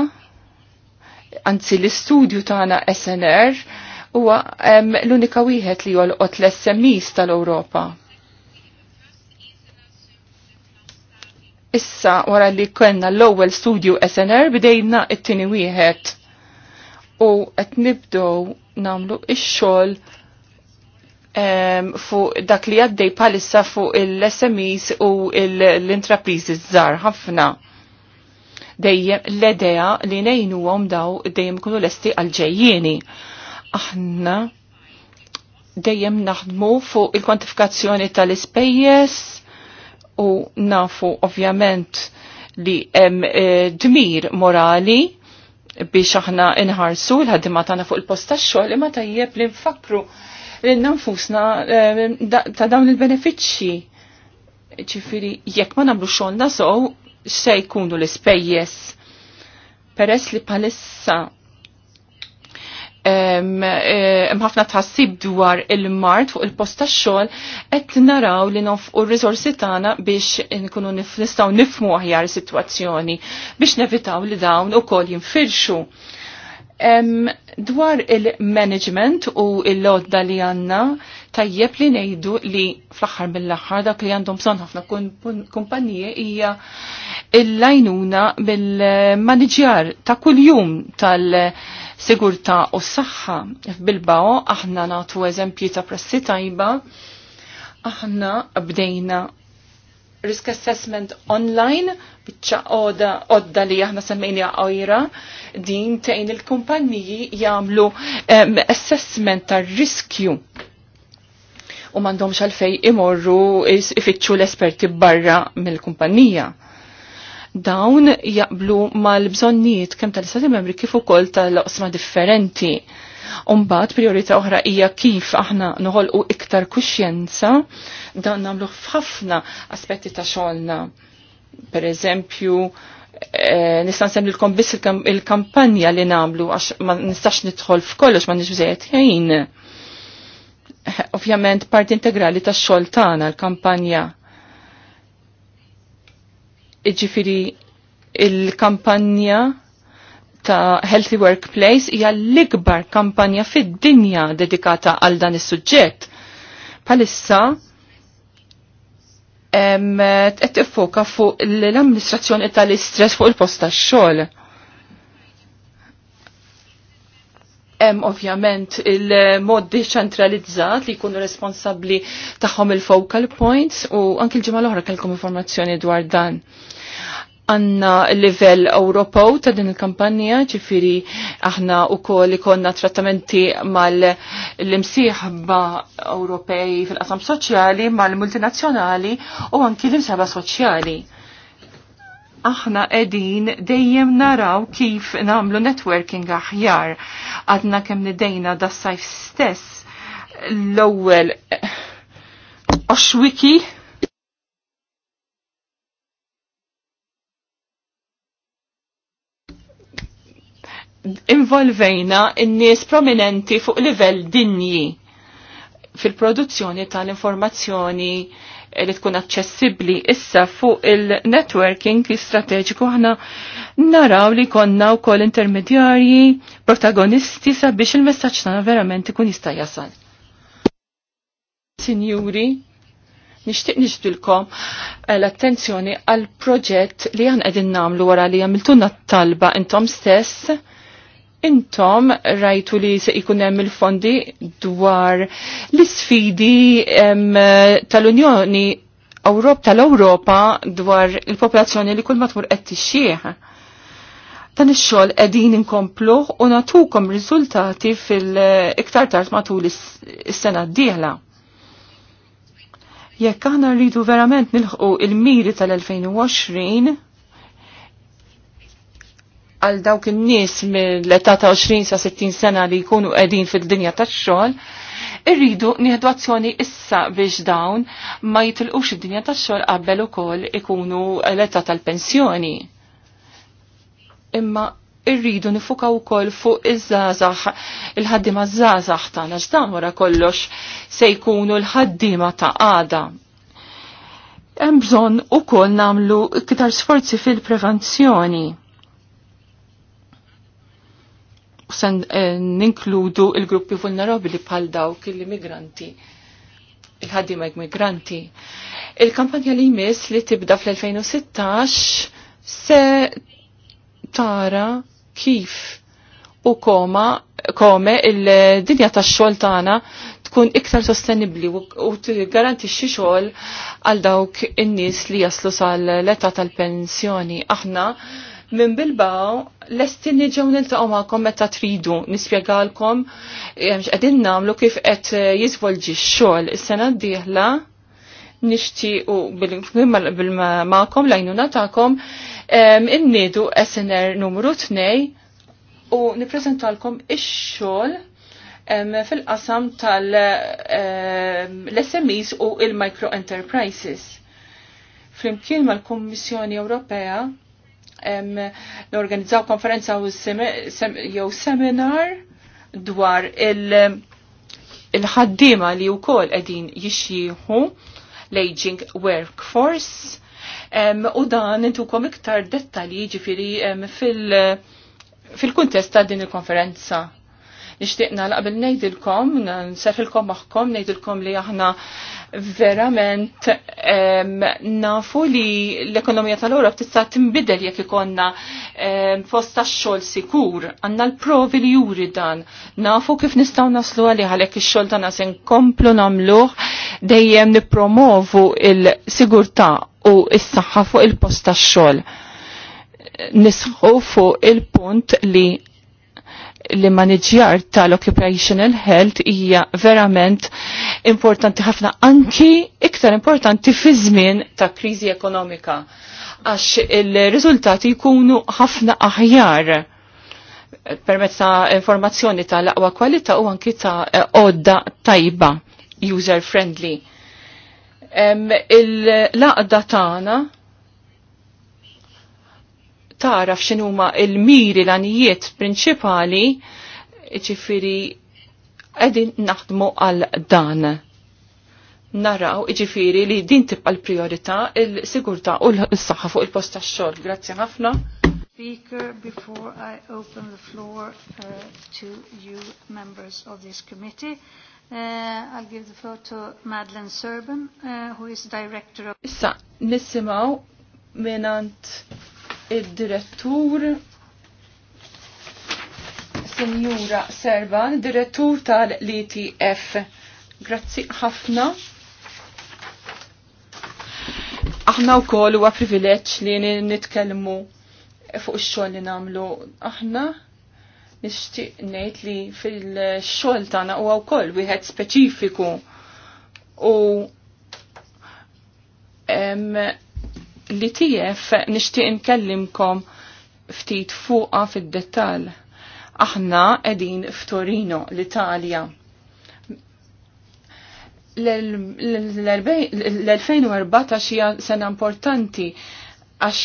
anzi l-istudju tagħna SNR huwa l-unika wieħed li jolqot l-SMEs tal-Ewropa. Issa wara li kellna l-ewwel studju SNR bidejna t-tieni wieħed u qed nibdew nagħmlu ix-xogħol fuq dak li għaddej palissa fuq il-SMEs u l-intrapriżi żgħar ħafna dejjem l-idea li għom daw dejjem kunu lesti għal-ġejjieni. Aħna dejjem naħdmu fuq il-kwantifikazzjoni tal-ispejjeż u nafu ovvjament li hemm eh, dmir morali biex aħna inħarsu l-ħaddima tagħna fuq il posta tax-xogħol imma tajjeb li nfakru li nfusna eh, ta' dawn il-benefiċċji. Ċifiri, jekk ma nagħmlu xogħol nasow se jkunu l-ispejjes. Peress li palissa ħafna tħassib dwar il-mart fuq il-post tax-xogħol qed naraw li nofqu r rizorsi tagħna biex nkunu nistgħu nifmu aħjar is-sitwazzjoni biex nevitaw li dawn ukoll jinfirxu. Dwar il-management u il-lodda li għanna, tajjeb li nejdu li fl-axar mill-axar dak li għandhom bżon ħafna kumpanije hija l-lajnuna bil-maniġjar ta' kuljum tal-sigurta u s-saxħa f'Bilbao aħna natu eżempji ta' prassi tajba aħna bdejna risk assessment online bieċa odda li aħna semmejna għajra din tejn il-kumpanniji jagħmlu ehm, assessment tar riskju u mandomx għalfej imorru ifittxu l-esperti barra mill-kumpanija. Dawn jaqblu mal-bżonniet kemm tal-istati membri kif ukoll tal osma differenti. Umbat priorita oħra hija kif aħna noħolqu iktar kuxjenza dan nagħmluh f'ħafna aspetti ta' xogħolna. Per eżempju, eh, nista' nsemmilkom biss il-kampanja li nagħmlu għax ma nistax nidħol f'kollox ma nix ħin ovvjament part integrali ta' xoltana l-kampanja. Iġifiri il-kampanja ta' Healthy Workplace hija l-ikbar kampanja fid-dinja dedikata għal dan is-suġġett. Palissa qed tiffoka fuq l-amministrazzjoni tal-istress fuq il-post tax-xogħol Hemm ovvjament il-moddi ċentralizzat li jkunu responsabbli tagħhom il-focal points u anki l-ġimgħa l-oħra kellkom informazzjoni dwar dan. Għanna livell Ewropew ta' din il-kampanja, ġifieri aħna u koll ikonna trattamenti mal-imsieħba Ewropej fil-qasam soċjali, mal-multinazzjonali u anki l-imsieħba soċjali aħna edin dejjem naraw kif namlu networking aħjar. Għadna kemm nidejna da sajf stess l-ewwel oxwiki eh, involvejna n-nies prominenti fuq livell dinji fil-produzzjoni tal-informazzjoni li tkun aċċessibbli issa fuq il-networking strateġiku aħna naraw li konna wkoll intermedjarji, protagonisti sabiex il messagġ tagħna verament ikun jista' jasal. Sinjuri, nixtieq nixtilkom eh, l-attenzjoni għal proġett li għan qegħdin nagħmlu wara li għamiltuna t-talba intom stess Intom rajtu li se ikunem hemm il-fondi dwar l-isfidi tal-Unjoni Ewrop tal-Ewropa dwar il-popolazzjoni li kull matmur qed tixxieħ. Dan ix-xogħol qegħdin inkomplu u natukom riżultati fil-iktar tard matul is-sena d-dieħla jekk aħna rridu verament nilħqu il-miri tal-2020, għal dawk in-nies mill-età ta' 20 sa' 60 sena li jkunu qegħdin fid-dinja tax-xogħol, irridu nieħdu azzjoni issa biex dawn ma jitilqux id-dinja tax-xogħol qabel ukoll ikunu l-età tal-pensjoni. Imma irridu nifuka wkoll fuq iż-żgħażagħ il-ħaddiema żgħażagħ tagħna x'dan wara kollox se jkunu l-ħaddiema ta' għada. Hemm bżonn ukoll nagħmlu iktar sforzi fil-prevenzjoni san eh, ninkludu il-gruppi vulnerabili bħal dawk il-migranti il-ħaddima migranti. Il-kampanja li jmiss li tibda fl-2016 se tara kif u koma kome il-dinja ta' xol tana tkun iktar sostenibli u t-garantixi xol għal dawk in-nies li jaslu sal-leta tal-pensjoni. Aħna minn Bilbao lesti ġew niltaqgħu magħkom meta tridu nispjegalkom eh, x'qegħdin nagħmlu kif qed eh, jiżvolġi x-xogħol is-sena d-dieħla nixtiequ bil-ma'kom lajnuna tagħkom eh, nidu SNR numru 2 u nippreżentalkom ix-xogħol fil-qasam tal-SMEs u il-micro enterprises. Flimkien mal-Kommissjoni Ewropea Organizzaw konferenza u jew seminar dwar il-ħaddima li u kol edin jixiħu l-aging workforce u dan kom iktar dettalji ġifiri fil-kuntest ta' din il-konferenza. Nishtiqna l-qabel nejdilkom, nsefilkom maħkom, nejdilkom li aħna verament nafu li l-ekonomija tal-Ewrop tista' tinbidel jekk ikonna fost tax-xogħol sikur. Għandna l-provi li juri dan. Nafu kif nistgħu naslu għalih għalhekk ix-xogħol tagħna se nkomplu nagħmluh dejjem nippromovu il-sigurtà u s-saħħa fuq il-post tax-xogħol. Nisħu fuq il-punt li li maniġjar tal-occupational health hija verament importanti ħafna anki iktar importanti fi żmien ta' kriżi ekonomika għax il-riżultati jkunu ħafna aħjar permezz ta' informazzjoni ta' laqwa kwalità u anki ta' odda tajba user friendly. Il-laqda tagħna taraf x'inhuma il-miri l-anijiet prinċipali ċifiri għedin naħdmu għal dan. Naraw iġifiri li din tibqa l-priorità il-sigurta u l-saħħa fuq il-post xor xogħol Grazzi ħafna. Speaker, before I open the floor uh, to you members of this committee, Uh, I'll give the floor to Madeleine Serban, uh, who is director of... Issa, nissimaw minant il-direttur Sinjura Servan, direttur tal-LTF. Grazzi ħafna. Aħna u kol huwa privileġġ li nitkellmu fuq ix-xogħol li nagħmlu aħna nixtieq ngħid li fil-xogħol tagħna huwa wkoll wieħed speċifiku u em, li e tiegħek nixtieq nkellimkom ftit fuqha fid-dettall. Aħna edin f'Torino, l-Italja. L-2014 hija sena importanti għax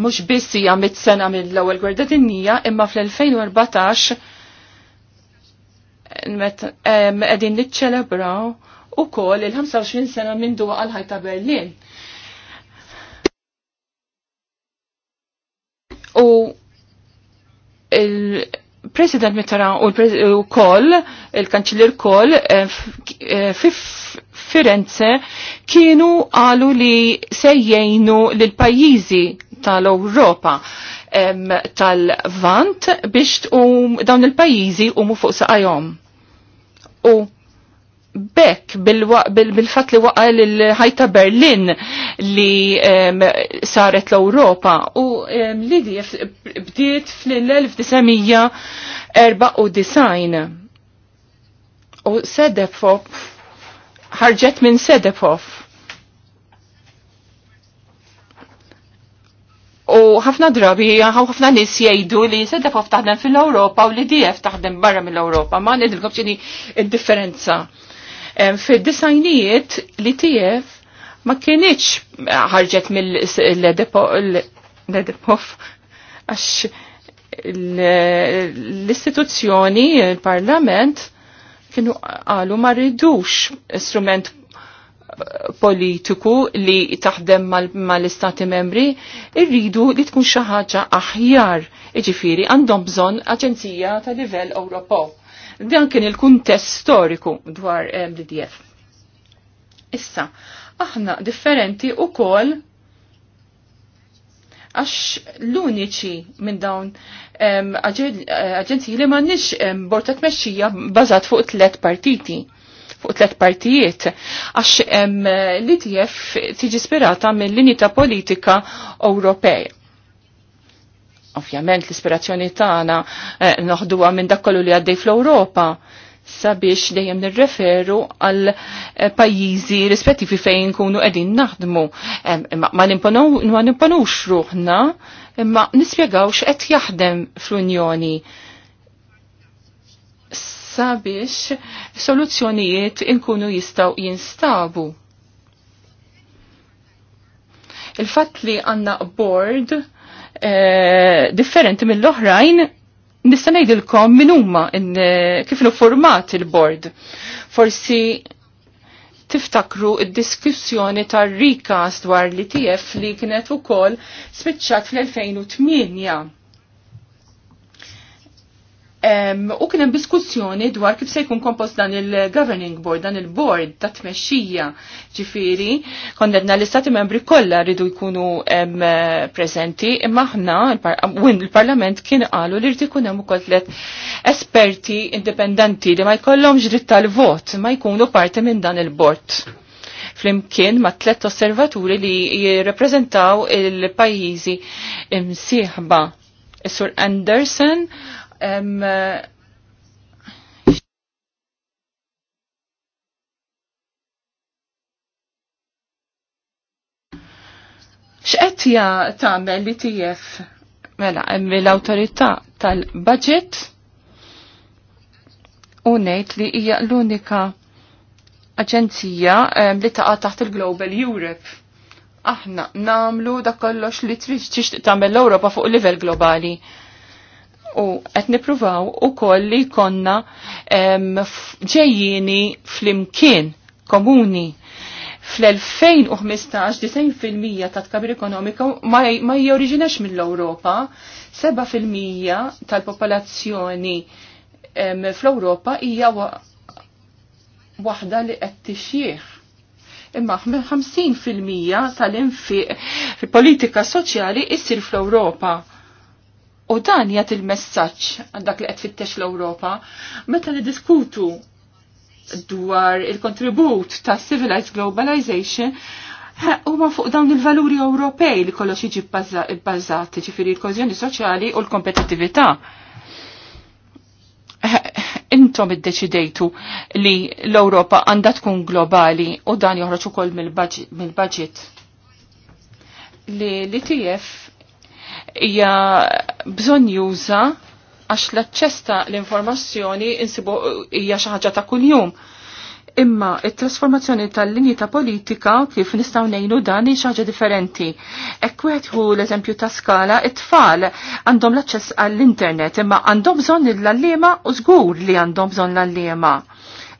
mhux biss hija mit-sena mill-ewwel gwerda Dinnija, imma fl-2014 qegħdin niċċelebraw ukoll il-25 sena minn duwa għal-ħajta Berlin. U il-President Mitterrand u Koll, il-Kanċiller Koll, eh, eh, Firenze kienu għalu li sejjejnu l-pajizi tal-Europa tal-Vant biex dawn il-pajizi u mu fuq saqajom. U Bekk bil-fat li waqa l-ħajta Berlin li saret l-Europa u um, bdiet fl-1994 u Sedefop ħarġet minn Sedefop u ħafna drabi u ħafna nis jgħidu li Sedefop taħdem fil-Europa u l-idija taħdem barra mill-Europa ma nidilkom ċini id-differenza. Fid-disajnijiet li tijef ma kienieċ ħarġet mill-Ledepof għax l-istituzzjoni, il-parlament, kienu għalu ma rridux strument politiku li taħdem mal-istati membri, irridu li tkun xaħġa aħjar, iġifiri għandhom bżon aġenzija ta' livell Ewropew. Dan kien il-kuntest storiku dwar eh, l Issa, aħna differenti u kol għax l-uniċi minn dawn aġenziji li nix borta tmexxija bazat fuq tlet partiti fuq tlet partijiet, għax l-ITF tiġi spirata mill linita politika Ewropej. Ovvjament l-ispirazzjoni tagħna eh, noħduha minn dak kollu li għaddej fl-Ewropa sabiex dejjem nirreferu għal eh, pajjiżi rispettivi fejn kunu qegħdin naħdmu. Eh, ma nimponux ruħna, imma nispjegawx qed jaħdem fl-Unjoni sabiex soluzzjonijiet inkunu jistaw jinstabu. Il-fatt li għanna board Eh, differenti mill-oħrajn nista' ngħidilkom min huma eh, kif format il-bord. Forsi tiftakru id-diskussjoni tar-rikas dwar li tief li kienet ukoll spiċċat fl-2008 Um, u kien hemm diskussjoni dwar kif se jkun kompost dan il-governing board, dan il-board ta' tmexxija ġifiri, kondedna l-istati membri kollha rridu jkunu um, prezenti, imma aħna il-Parlament kien qalu li rrid ikun hemm ukoll esperti indipendenti li ma jkollhomx dritt tal-vot, ma jkunu parti minn dan il-bord flimkien ma' tlet osservaturi li jirrepreżentaw il-pajjiżi msieħba. Sur Anderson um, hija eh, tagħmel li tijef mela hemm l-awtorità tal-budget u ngħid li hija l-unika aġenzija li taqa' taħt il-Global Europe. Aħna namlu dak kollox li trid tixtieq tagħmel l-Ewropa fuq livell globali u qed nippruvaw ukoll li konna ġejjini fl-imkien komuni fl-2015 90% ta' tkabir ekonomika ma joriġinax mill-Ewropa, 7% tal-popolazzjoni fl-Ewropa hija waħda li qed tixjih imma 50% tal-infiq fil-politika soċjali issir fl-Ewropa U dan jgħat il-messaġġ għandak li qed fittex l-Ewropa meta nidiskutu dwar il-kontribut ta' civilized globalization huma fuq dawn il-valuri Ewropej li kollox jiġi bbażati, ġifieri l kozjoni soċjali u l-kompetittività. Intom iddeċidejtu li l-Ewropa għandha tkun globali u dan joħroġ ukoll mill-budget. Li TF hija bżonn juża għax l-aċċess ta' l-informazzjoni insibu hija xi ħaġa ta' kuljum. Imma it-trasformazzjoni tal-linji ta' politika kif nistgħu ngħidu dan hi xaġa differenti. Hekk wieħedħu l-eżempju ta' skala, it tfal għandhom l-aċċess għall-internet, imma għandhom bżonn l-allema u żgur li għandhom bżonn l-allema.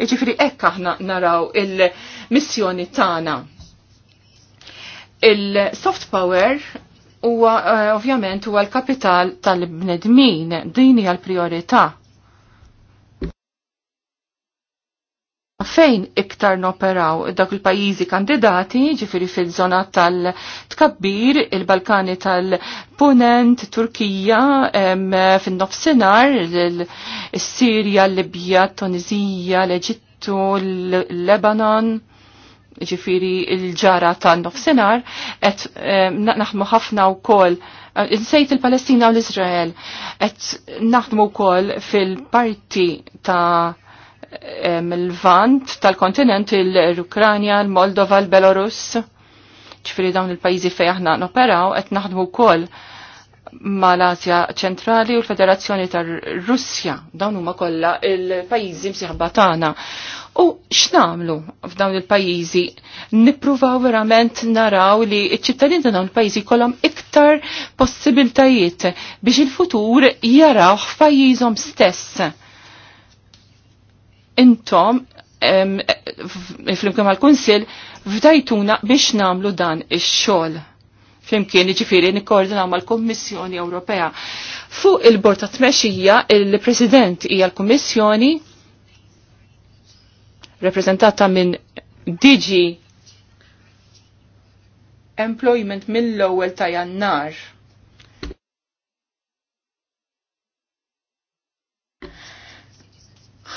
Iġifieri hekk aħna naraw il-missjoni tagħna. Il-soft power huwa eh, ovvjament huwa l-kapital tal-bnedmin, din hija l-priorità. Fejn iktar noperaw dak il-pajjiżi kandidati, ġifiri fil-żona tal-tkabbir, il-Balkani tal-Punent, Turkija, fin-nofsinhar, is-Sirja, l-Libja, Tunizija, l-Eġittu, l-Lebanon ġifiri il-ġara ta' nofsenar, et eh, naħmu ħafna u kol, insejt eh, il-Palestina u l-Izrael, et naħdmu u kol fil-parti ta' eh, il-vant tal-kontinent il-Ukranja, il-Moldova, il belarus ċifiri dawn il pajzi fej aħna noperaw, et naħdmu u kol mal-Asja ċentrali u l-Federazzjoni tar-Russja. Dawn huma kollha il-pajjiżi msieħba tagħna. U x'namlu f'dawn il-pajjiżi? Nippruvaw verament naraw li ċ-ċittadini ta' dawn il-pajjiżi kollhom iktar possibiltajiet biex il-futur jaraw f'pajjiżhom stess. Intom flimkien mal-Kunsill fdajtuna biex namlu dan ix-xogħol. Flimkien iġifieri nikkoordinaw mal-Kummissjoni Ewropea. Fuq il-Bord ta' Tmexxija il-President hija l-Kummissjoni rappresentata minn Digi Employment mill-ewwel ta' Jannar.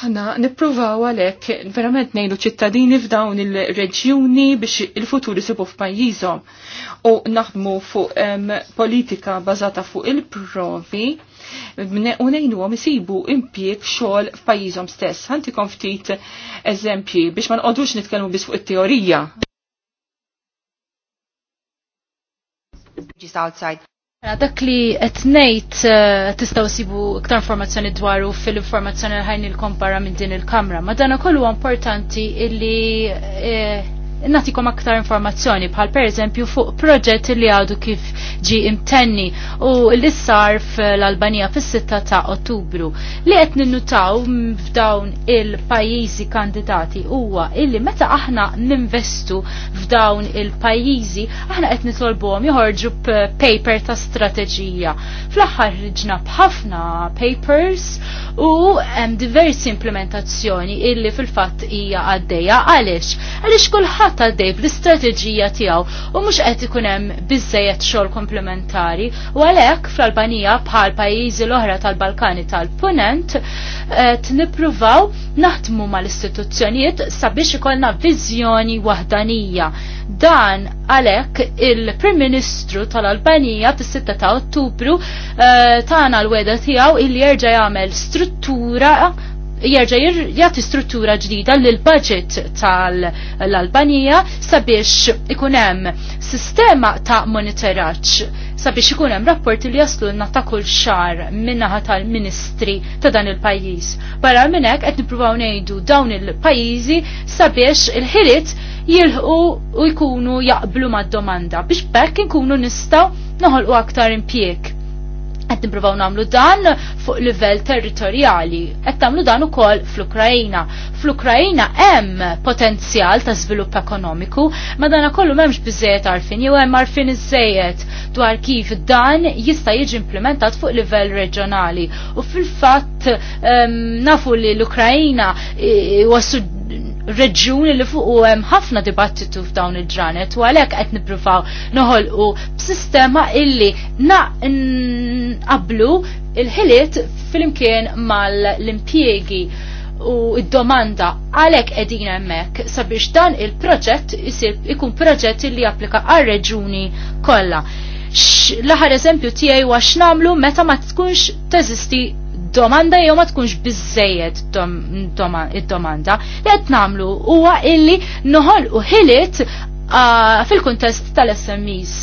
ħana nipruvaw għalek verament nejlu ċittadini f'dawn il-reġjuni biex il-futur isibu f'pajjiżhom u naħdmu fuq politika bazata fuq il-provi unajnu għom jisibu impjek xol f'pajizom stess. Għanti ftit eżempji biex ma nqodux nitkellmu bis fuq it-teorija. Mela, dak li etnejt eh, tistaw sibu iktar informazzjoni dwaru fil-informazzjoni l-ħajn il-kompara minn din il-kamra. Ma dana kollu importanti illi eh, natikom aktar informazzjoni bħal per eżempju fuq proġett li għadu kif ġi imtenni u li sar fl-Albanija fis-6 ta' Ottubru. Li qed ninnutaw f'dawn il-pajjiżi kandidati huwa illi meta aħna ninvestu f'dawn il-pajjiżi aħna qed nitolbuhom joħorġu paper ta' strateġija. Fl-aħħar ħriġna b'ħafna papers u hemm diversi implementazzjoni illi fil-fatt hija għaddejja għaliex għaliex kulħadd għal għaddej bl-istrateġija tiegħu u mhux qed ikun hemm biżejjed xogħol komplementari u għalhekk fl-Albanija bħal pajjiżi l-oħra tal-Balkani tal-Punent tnippruvaw naħdmu mal-istituzzjonijiet sabiex ikollna viżjoni waħdanija. Dan għalhekk il-Prim Ministru tal-Albanija fis-6 ta' Ottubru eh, tagħna l-weda tiegħu il jerġa' jagħmel struttura jerġa' jagħti struttura ġdida l budget tal-Albanija sabiex ikun hemm sistema ta' monitoraċ sabiex ikun hemm rapporti li jaslu lna ta' kull xar minnaħa tal-Ministri ta' dan il-pajjiż. Barra minn hekk qed nippruvaw ngħidu dawn il-pajjiżi sabiex il-ħiliet jilħu u jkunu jaqblu mad-domanda biex bekk inkunu nistgħu noħolqu aktar impjek Qed nippruvaw nagħmlu dan fuq livell territorjali. Qed tagħmlu dan ukoll fl ukraina fl ukraina hemm potenzjal ta' żvilupp ekonomiku, ma dan kollu m'hemmx biżejjed għarfien jew hemm għarfien iżejjed dwar kif dan jista' jiġi implementat fuq livell reġjonali. U fil-fatt ehm, nafu li l ukraina e, e, wassu reġjuni li fuq hemm ħafna dibattitu f'dawn il-ġranet u għalhekk qed nippruvaw noħolqu b'sistema illi naqablu il-ħiliet flimkien mal-impjiegi u id-domanda għalhekk qegħdin hemmhekk sabiex dan il-proġett ikun proġett li japplika għar-reġuni kollha. L-aħħar eżempju tiegħi huwa x'namlu meta ma tkunx teżisti domanda jew ma tkunx biżejjed id-domanda. Li qed nagħmlu huwa illi u ħiliet ah, fil-kuntest tal-SMEs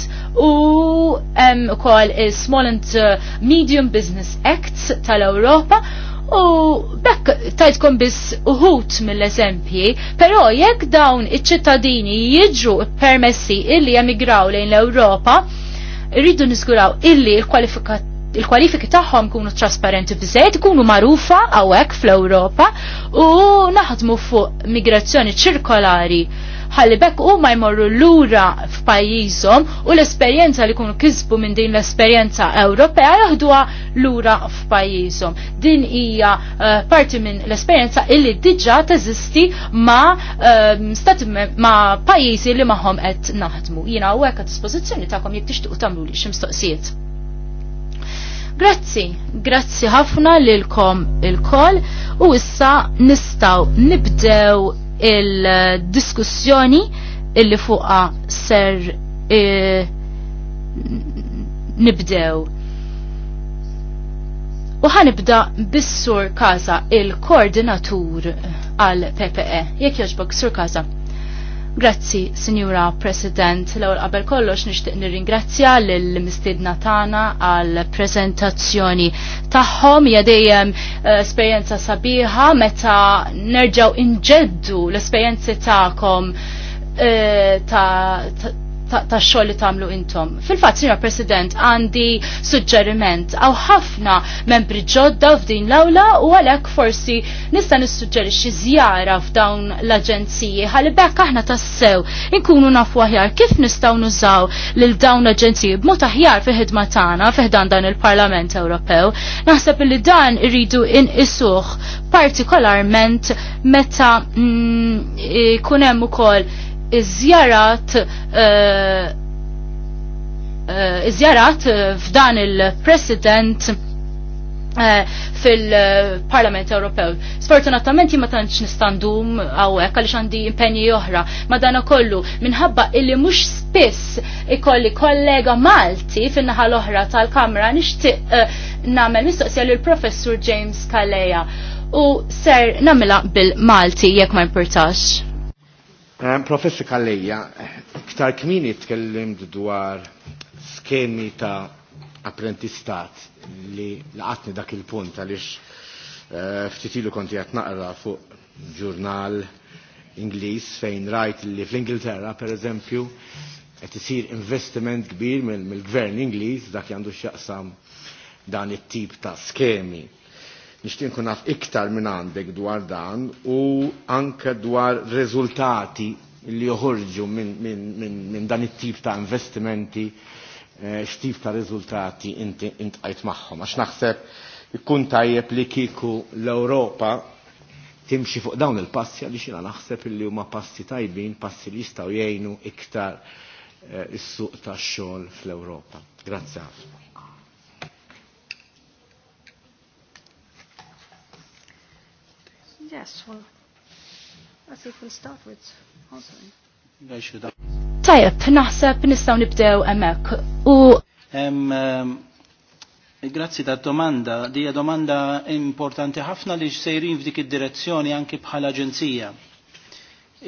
u hemm ukoll is small and uh, Medium Business Acts tal-Ewropa u bekk tajtkom biss uħut mill-eżempji, però jekk dawn iċ-ċittadini jiġu permessi illi emigraw lejn l-Ewropa, rridu nizguraw illi l-kwalifikat il-kwalifiki tagħhom kunu trasparenti bżejt, kunu marufa hawnhekk fl-Ewropa u naħdmu fuq migrazzjoni ċirkolari ħalli bekk u ma jmorru lura f'pajjiżhom u l-esperjenza li kunu kisbu minn din l-esperjenza Ewropea jaħduha lura f'pajjiżhom. Din hija uh, parti minn l-esperjenza illi diġà teżisti ma uh, stati ma pajjiżi li magħhom qed naħdmu. Jiena hawnhekk għad dispożizzjoni tagħkom jekk tixtiequ tagħmlu li xi mistoqsijiet. Grazzi, grazzi ħafna lilkom il-koll u issa nistaw nibdew il-diskussjoni illi fuqa ser e, nibdew. U ħanibda bis-sur Kaza, il-koordinatur għal PPE. Jekk jogħġbok, sur Kaza. Grazzi, Signora President. L-ewwel qabel kollox nixtieq nirringrazzja lill mistiedna tagħna għal prezentazzjoni tagħhom hija dejjem eh, esperjenza sabiħa meta nerġgħu inġeddu l-esperjenzi tagħkom eh, ta' tax xoll li tagħmlu intom. Fil-fatt, Sinjor President, għandi suġġeriment għaw ħafna membri ġodda f'din l-awla u għalhekk forsi nista' nissuġġerixxi żjara f'dawn l-aġenziji ħalli bekk aħna tassew inkunu nafu aħjar kif nistgħu nużaw lil dawn l-aġenziji b'mod aħjar fil-ħidma tagħna fiħdan dan il-Parlament Ewropew. Naħseb li dan irridu inqisuh partikolarment meta jkun mm, hemm ukoll iż-żjarat eh, eh, iżjarat f'dan il-president eh, fil-Parlament Ewropew. Sfortunatament ma tantx nistandum hawnhekk għaliex għandi impenji oħra, ma dan kollu minħabba illi mhux spiss ikolli kollega Malti fin-naħa l-oħra tal-Kamra nixtieq nagħmel mistoqsija lil professur James Kaleja u ser namela bil-Malti jekk ma jimpurtax. Eh, Professor Kalleja, ktar kmini tkellimt dwar skemi ta' apprentistat li laqatni dak il-punt għalix eh, ftitilu konti għat naqra fuq ġurnal Ingliż fejn rajt li fl-Ingilterra per eżempju qed isir investiment kbir mill-gvern Ingliż dak jandu x'jaqsam dan it-tip ta' skemi nixtieq naf iktar minn għandek dwar dan u anke dwar riżultati li joħorġu minn min, min, min dan it-tip ta' investimenti eh, x'tip ta' rezultati inti intqajt magħhom. Għax naħseb ikun tajjeb li kieku l-Ewropa timxi fuq dawn il-passi għalli xina naħseb illi huma passi tajbin, passi li jistgħu jgħinu iktar eh, is-suq tax-xogħol fl-Ewropa. Grazzi ħafna. Yes, well, I think we'll start with answering. Tajab, naħseb nistaw nibdew emmek. U. Grazzi ta' domanda. Dija domanda importanti ħafna li sejrin f'dik id-direzzjoni anki bħala aġenzija.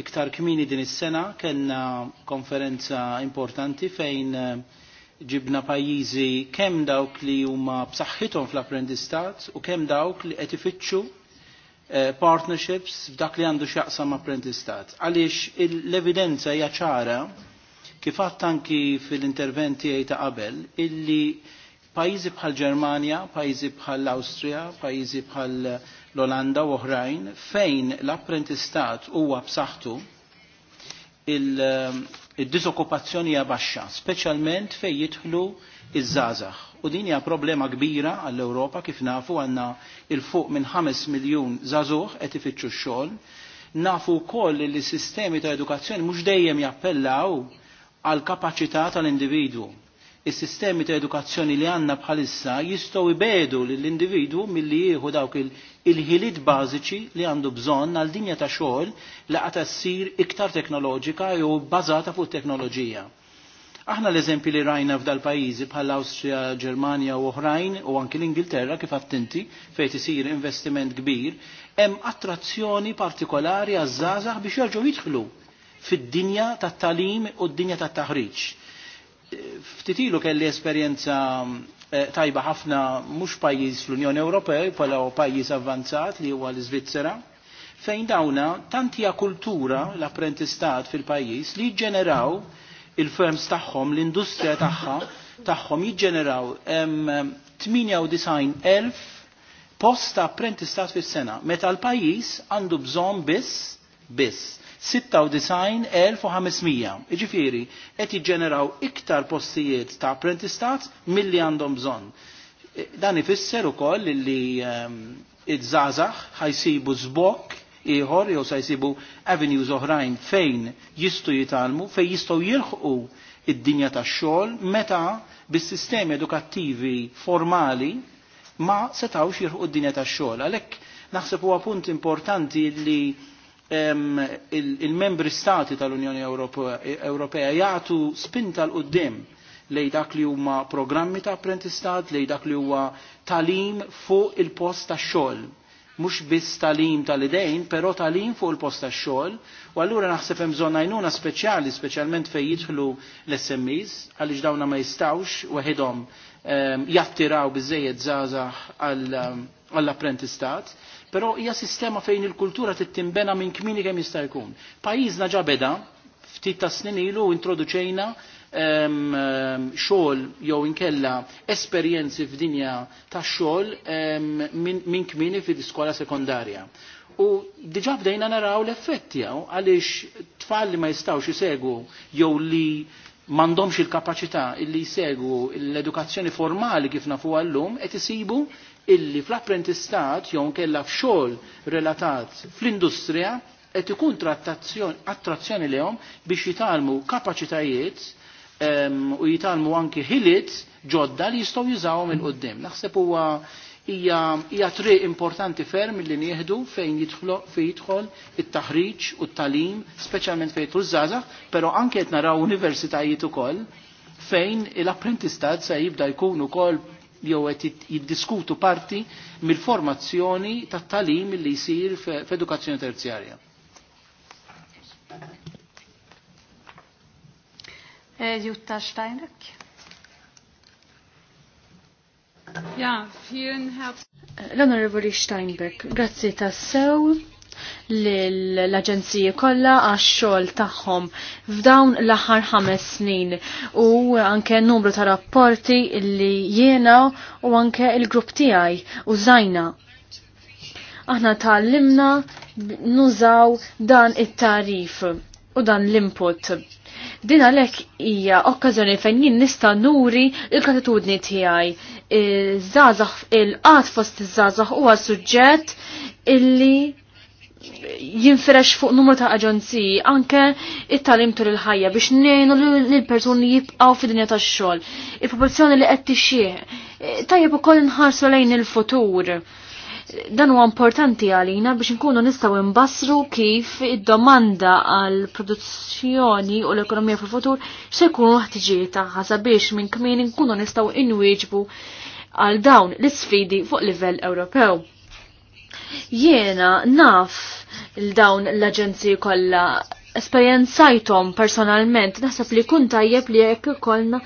Iktar kmini din is-sena kellna konferenza importanti fejn eh, ġibna pajjiżi kemm dawk li huma b'saħħithom fl-apprendistat u kemm dawk li qed ifittxu Eh, partnerships f'dak li għandu xaqsam apprentistat. Għaliex l-evidenza hija ċara kif għatt anki fil-interventi għaj ta' qabel illi pajizi bħal Ġermanja, pajizi bħal Awstrija, pajizi bħal l-Olanda u oħrajn fejn l-apprentistat huwa b'saħħtu il-disokkupazzjoni eh, hija baxxa, speċjalment fejn jidħlu iż-żgħażagħ u din hija problema kbira għall-Ewropa kif nafu għandna il-fuq minn 5 miljun żagħżugħ qed ifittxu x-xogħol. Nafu wkoll li s-sistemi ta' edukazzjoni mhux dejjem jappellaw għal kapaċità tal-individwu. Is-sistemi ta' edukazzjoni li għandna bħalissa jistgħu jbedu lill-individwu milli jieħu dawk il-ħiliet bażiċi li għandu bżonn għal dinja ta' xogħol li qata ssir iktar teknoloġika jew bbażata fuq teknoloġija Aħna l-eżempi li rajna f'dal pajizi bħal Awstrija, Ġermanja u oħrajn u anki l-Ingilterra kif attinti fejn isir investiment kbir, hemm attrazzjoni partikolari għaż-żgħażagħ biex jerġgħu jidħlu fid-dinja tat-talim u d-dinja tat-taħriġ. Ftitilu kelli esperjenza eh, tajba ħafna mhux pajjiż fl-Unjoni Ewropea bħala pajjiż avvanzat li huwa l-Iżvizzera fejn dawna tantija kultura l-apprentistat fil-pajjiż li ġeneraw il-firms tagħhom, l-industrija tagħha tagħhom jiġġeneraw 98,000 post ta' apprentistat fis-sena. Meta l-pajjiż għandu bżonn biss biss 96,500. Iġifieri qed jiġġeneraw iktar postijiet ta' apprentistat milli għandhom bżonn. E, dan ifisser ukoll li iż-żgħażagħ ħajsibu żbok Iħor, jew sa jsibu avenues oħrajn fejn jistgħu jitalmu, fejn jistgħu jilħqu id-dinja tax-xogħol meta bis-sistemi edukattivi formali ma setawx jirħu id dinja tax-xogħol. Għalhekk naħseb huwa punt importanti li il-membri stati tal-Unjoni Ewropea jagħtu spinta l qoddim lej dak li huma programmi ta' apprentistat, lej dak li huwa talim fuq il-post ta' xogħol mhux biss talim tal-idejn, però talim fuq il posta tax-xogħol, u allura naħseb hemm bżonn għajnuna speċjali, speċjalment fejn jidħlu l-SMEs, għaliex dawna ma jistawx waħedhom ehm, jattiraw biżejjed żgħażagħ ehm, għall-apprentistat. Però hija sistema fejn il-kultura tittimbena minn kmini kemm jista' jkun. Pajjiżna ġabeda, ftit ta' snin ilu introduċejna xogħol jew inkella esperjenzi f'dinja tax-xogħol minn kmini fid-iskola sekondarja. U diġa bdejna naraw l-effetti għaw għaliex tfal li ma jistawx jisegu jew li mandomx il-kapacità illi jisegu l-edukazzjoni formali kif nafu għallum qed isibu illi fl-apprentistat jew kella f'xogħol relatat fl-industrija qed ikun attrazzjoni lehom biex jitalmu kapaċitajiet u jitalmu anki ħiliet ġodda li jistgħu jużawhom il qudiem Naħseb huwa hija triq importanti ferm li nieħdu fejn fejn jidħol it-taħriġ u t-talim, speċjalment fejn tużżażax, però anke qed naraw universitajiet ukoll fejn l-apprentistat se jibda jkun ukoll jew qed jiddiskutu parti mill-formazzjoni tat-talim li jsir f'edukazzjoni terzjarja. Eh, Jutta Steinrück. Ja, vielen herzlichen L-Onorevoli Steinbeck, grazzi tassew l-Aġenziji kollha għax-xogħol tagħhom f'dawn l-aħħar ħames snin u anke numru ta' rapporti li jiena u anke l grupp tiegħi użajna. Aħna tgħallimna nużaw dan it-tarif u dan l-input Din għalhekk hija okkażjoni fejn jien nista' nuri l-gratitudni tiegħi. Żgħażagħ il-qatt fost iż-żgħażagħ huwa suġġett illi jinfresh fuq numru ta' aġenziji anke it-talim tul il-ħajja biex nejnu l-persuni jibqaw fi dinja tax xogħol. Il-proporzjoni li qed tixjih tajjeb ukoll nħarsu lejn il-futur dan huwa importanti għalina biex nkunu nistgħu nbassru kif id-domanda għal produzzjoni u l-ekonomija fil-futur se jkunu ħtiġijiet tagħha sabiex minn kmin nkunu nistgħu inwieġbu għal dawn l-isfidi fuq livell Ewropew. Jiena naf il-dawn l-aġenziji kollha esperjenzajtom personalment, naħseb li kun tajjeb li jekk ikollna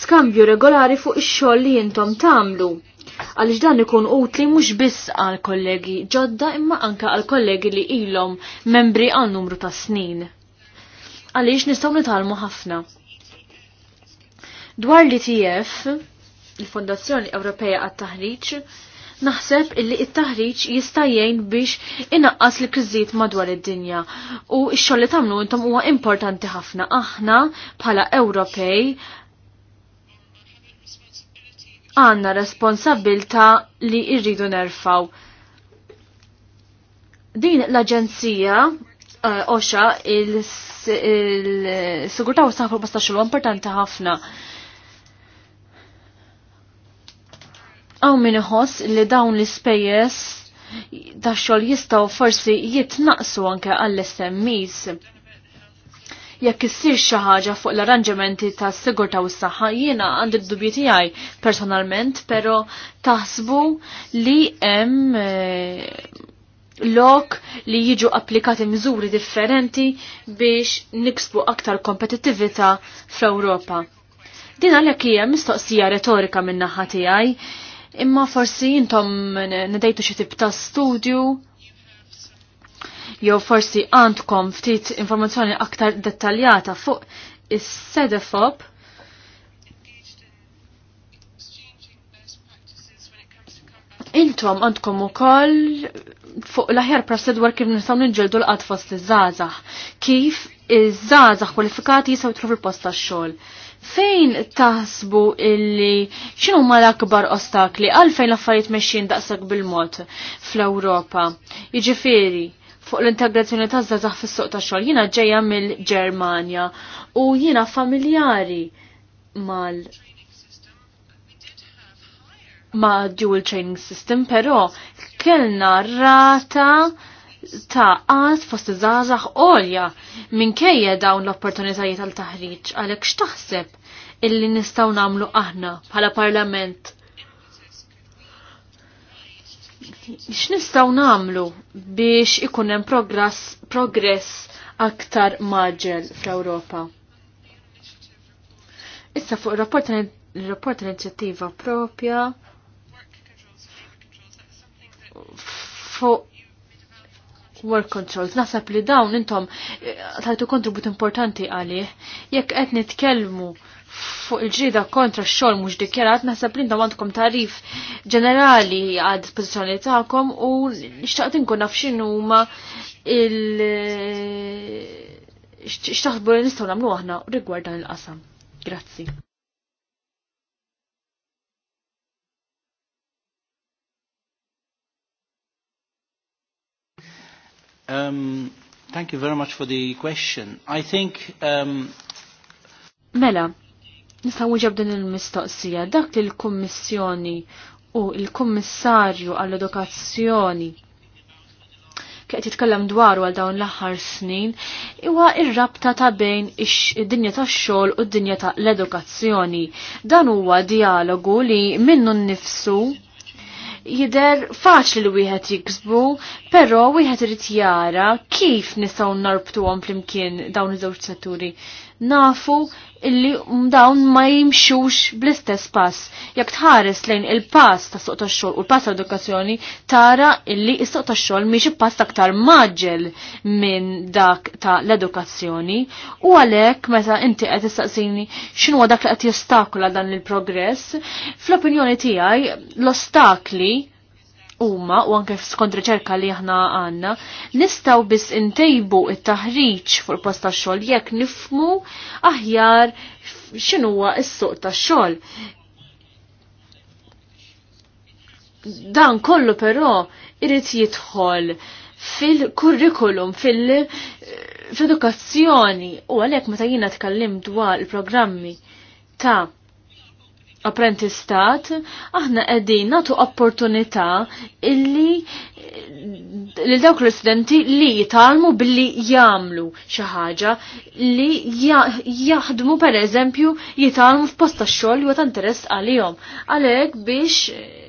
skambju regolari fuq ix-xogħol li intom tagħmlu għaliex dan ikun utli mhux biss għal kollegi ġodda imma anka għal kollegi li ilhom membri għal numru ta' snin. Għaliex nistgħu nitalmu ħafna. Dwar l-ITF, il-Fondazzjoni Ewropea għat-Taħriġ, naħseb illi it-taħriġ jista' jgħin biex inaqqas li kriżiet madwar id-dinja. U x-xogħol li tagħmlu intom huwa importanti ħafna aħna bħala Ewropej għanna responsabilta li irridu nerfaw. Din l-Aġenzija eh, Oxa, il-sigurta il, u s-sanfur basta xilu importanti ħafna. Għaw minn iħoss li dawn l-spejjes daċxol jistaw forsi jitnaqsu anke għall-SMEs jekk issir xi ħaġa fuq l-arranġamenti tas-sigurtà u s-saħħa jiena għandi d-dubji tiegħi personalment, però taħsbu li hemm lok li jiġu applikati miżuri differenti biex niksbu aktar kompetittività fl-Ewropa. Din għalhekk hija mistoqsija retorika minn naħa tiegħi, imma forsi intom nedejtu xi tip ta' studju jew forsi għandkom ftit informazzjoni aktar dettaljata fuq is-sedefob Intom għandkom ukoll fuq l-aħjar prosedwar kif nistgħu niġġeldu l-qatt fost iż-żgħażagħ. Kif iż-żgħażagħ kwalifikati jistgħu jitru fil-post tax-xogħol fejn taħsbu illi xinu huma l-akbar ostakli għalfejn l-affarijiet mexxin daqsak bil-mod fl ewropa Jiġifieri fuq l-integrazzjoni ta' zazax fis-suq ta' xogħol. Jiena ġejja mill-Ġermanja u jiena familjari mal ma' dual training system, però kellna rata ta' għaz fost zazax olja minkejja dawn l-opportunitajiet tal taħriġ għalek xtaħseb illi nistaw namlu aħna bħala parlament x'nistgħu nagħmlu biex ikun hemm progress aktar maġel fl-Ewropa. Issa fuq il-rapport l-inizjattiva propja fuq work controls. Nasab li dawn intom eh, tajtu kontribut importanti għalih. Jekk qed nitkellmu fuq il-ġrida kontra x-xogħol mhux dikjarat, naħseb li intom għandkom tarif ġenerali għad dispozizjoni tagħkom u nixtaqt inkun naf x'inhuma il- xtaħbu li nistgħu nagħmlu aħna rigward il-qasam. Grazzi. Um, thank you very much for the question. I think um, Mela, Nistaw uġab din il-mistoqsija, dak li l-Kommissjoni u l-Kommissarju għall-Edukazzjoni kieqed jitkellem dwaru għal dawn l-aħħar snin huwa r rabta ta' bejn id-dinja tax-xogħol u d-dinja ta' l-edukazzjoni. Dan huwa dialogu li minnu nnifsu jider faċli li wieħed jiksbu, però wieħed irid jara kif nistgħu narbtuhom flimkien dawn iż-żewġ setturi. Nafu illi um dawn ma jimxux bl-istess pass. Jekk tħares lejn il-pass ta' suq tax-xogħol u l-pass ta' edukazzjoni tara illi is-suq tax-xogħol mhix pass aktar maġġel minn dak ta' l-edukazzjoni u għalhekk meta inti qed tistaqsini xinu dak li qed jostakula dan il-progress, fl-opinjoni tiegħi l-ostakli huma u anke skont riċerka li aħna għandna, nistgħu biss intejbu it-taħriġ fuq post tax-xogħol jekk nifmu aħjar x'inhuwa s-suq tax-xogħol. Dan kollu però irid jidħol fil-kurrikulum, fil-edukazzjoni u għalhekk meta jiena tkellim dwar il-programmi ta' apprentistat, aħna qegħdin nagħtu opportunità illi li dawk l-istudenti li jitalmu billi jagħmlu xi ħaġa li jaħdmu pereżempju jitalmu f'post tax-xogħol li ta' interess għalihom. Għalhekk biex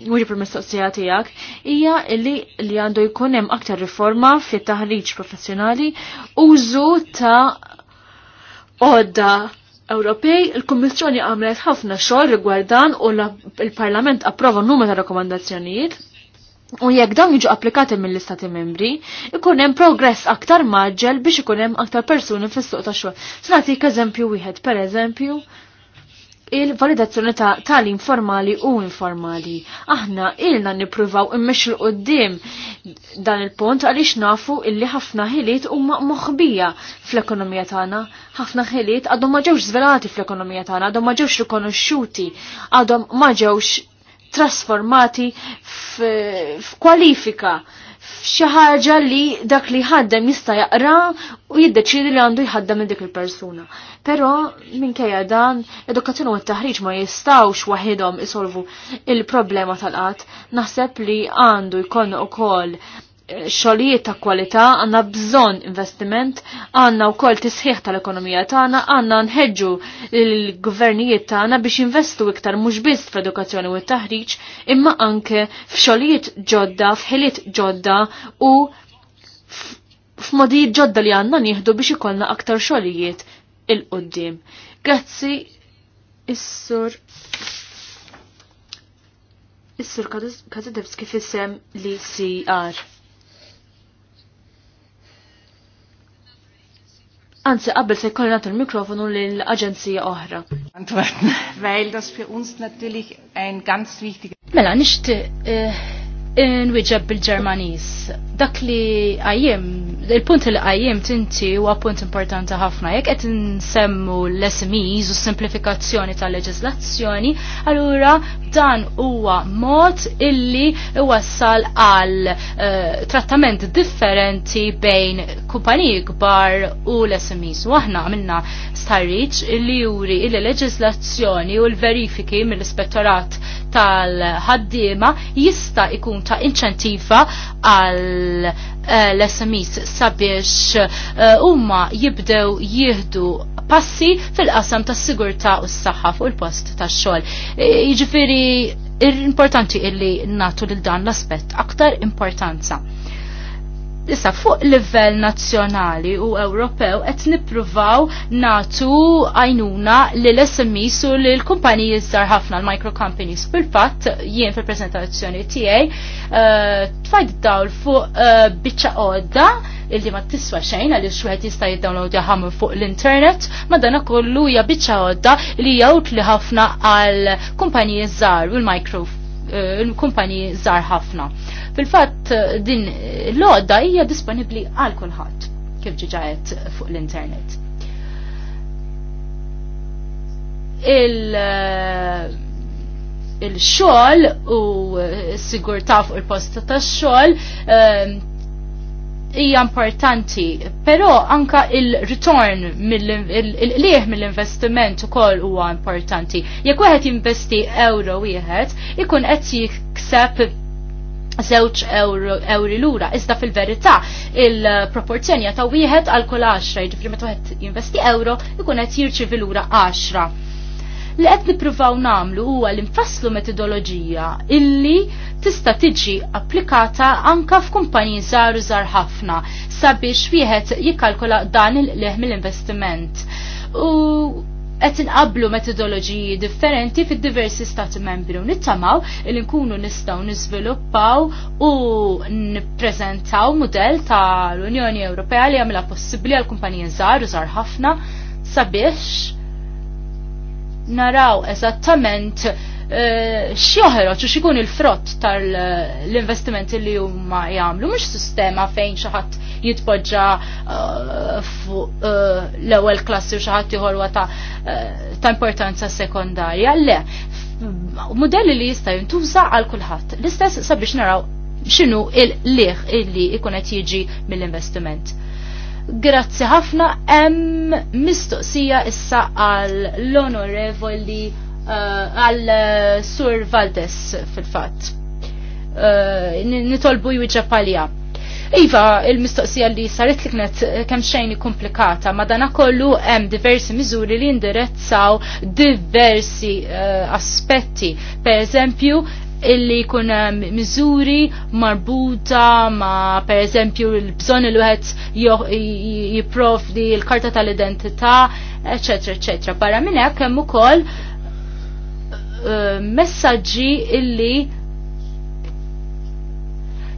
Mux per mistoqsija jak, ija li li għandu jkunem aktar riforma fit taħriġ professjonali użu ta' odda Ewropej, il-Kummissjoni għamlet ħafna xogħol rigwardan u l-Parlament approva numru ta' rakkomandazzjonijiet. U jekk dawn jiġu applikati mill-Istati membri, ikun hemm progress aktar maġġel biex ikun hemm aktar persuni fis-suq tax xogħol. Se nagħtik eżempju wieħed, pereżempju, il-validazzjoni ta' tal informali u informali. Aħna ilna nippruvaw immexxu l-qoddim dan il-punt għaliex nafu illi ħafna ħiliet huma moħbija fl-ekonomija tagħna. Ħafna ħiliet għadhom ma ġewx żvelati fl-ekonomija tagħna, għadhom ma ġewx rikonoxxuti, għadhom ma ġewx trasformati f'kwalifika f'xi ħaġa li dak li ħaddem jista' jaqra u jiddeċidi li għandu jħaddem minn dik il-persuna. Però minkejja dan, edukazzjoni u t-taħriġ ma jistawx waħidhom isolvu il-problema tal-qatt. Naħseb li għandu jkun ukoll xogħlijiet ta' kwalità għandna bżonn investiment, għandna wkoll tisħiħ tal-ekonomija tagħna, għandna nħeġġu l-gvernijiet tagħna biex investu iktar mhux biss f'edukazzjoni u t-taħriġ, imma anke f'xogħlijiet ġodda, f'ħiliet ġodda u f'modijiet ġodda li għandna nieħdu biex ikollna aktar xogħlijiet il-qoddim. Grazzi, is-sur. Is-sur Kazidevski fissem li CR. Anzi, qabel se jkolli nagħti l-mikrofonu lill-aġenzija oħra. weil das für uns natürlich ein ganz wichtiger Mela, nixtieq eh, inwiġeb eh, bil-Ġermaniż. Dak li għajjem il-punt li għajjem tinti huwa punt importanti ħafna. Jekk qed nsemmu l-SMEs u s-simplifikazzjoni tal-leġislazzjoni, allura dan huwa mod illi wassal għal eh, trattament differenti bejn kumpaniji kbar u l-SMEs. U aħna għamilna starriċ li juri il-leġislazzjoni u l-verifiki mill-ispettorat tal-ħaddiema jista' ikun ta' inċentiva għal eh, l sabiex eh, huma jibdew jieħdu passi fil-qasam tas-sigurtà u s-saħħa fuq il-post tax-xogħol. Eh, jiġifieri importanti illi natu lil dan l-aspett aktar importanza. Issa fuq livell nazzjonali u Ewropew qed nippruvaw natu għajnuna lil SMEs u lil kumpaniji żgħar ħafna l-micro companies. Fil-fatt jien fil-preżentazzjoni tiegħi eh, tfajt dawl fuq eh, biċċa għodda illi ma tiswa xejn għaliex wieħed jista' jiddownloadja ħamm fuq l-internet, dan ukoll hija biċċa għodda li hija li ħafna għal kumpaniji żgħar u l-micro Eh, l kumpani żgħar ħafna. Fil-fatt eh, din l-għodda hija disponibbli għal kulħadd kif ġiġajet fuq l-internet. Il- eh, xogħol xol u s-sigurta fuq il post ta' xol hija importanti, però anka il-return il-qlieħ mill-investiment ukoll huwa importanti. Jekk wieħed investi euro wieħed, ikun qed jikseb żewġ euro lura. Iżda fil-verità il-proporzjoni ta' wieħed għal kull 10, jiġifieri meta wieħed jinvesti euro, ikun qed jirċievi lura 10 li qed nippruvaw nagħmlu huwa li nfasslu metodoloġija illi tista' tiġi applikata anka f'kumpaniji żgħar żgħar ħafna sabiex wieħed jikkalkula dan il-leħ mill-investiment. U qed inqablu metodoloġiji differenti fid-diversi stati membri u nittamaw il nkunu nistgħu niżviluppaw u nippreżentaw mudell tal-Unjoni Ewropea li jagħmilha possibbli għal kumpaniji żgħar u żgħar ħafna sabiex naraw eżattament e, u x'ikun il-frott tal-investimenti li huma jagħmlu mux sistema fejn xi ħadd jitpoġġa eh, eh, l-ewwel klassi u xi ħadd ieħor ta' importanza sekondarja. Le, modelli li jista' jintuża għal kulħadd. L-istess sabiex naraw x'inhu il-liħ illi jkun qed jiġi mill-investiment. Grazzi ħafna, hemm mistoqsija issa għal l-onorevoli eh, għal eh, Sur Valdes fil-fatt. Eh, nitolbu jwiġa palja. Iva, il-mistoqsija li saret li knet kemm xejni komplikata, ma dana kollu hemm diversi miżuri li indirezzaw diversi uh, aspetti. Per eżempju, illi jkun eh, miżuri marbuta ma per eżempju l-bżon il jiprof jipprovdi l-karta tal-identità, eccetera, eċetera. Barra minn hekk hemm ukoll eh, messaġġi illi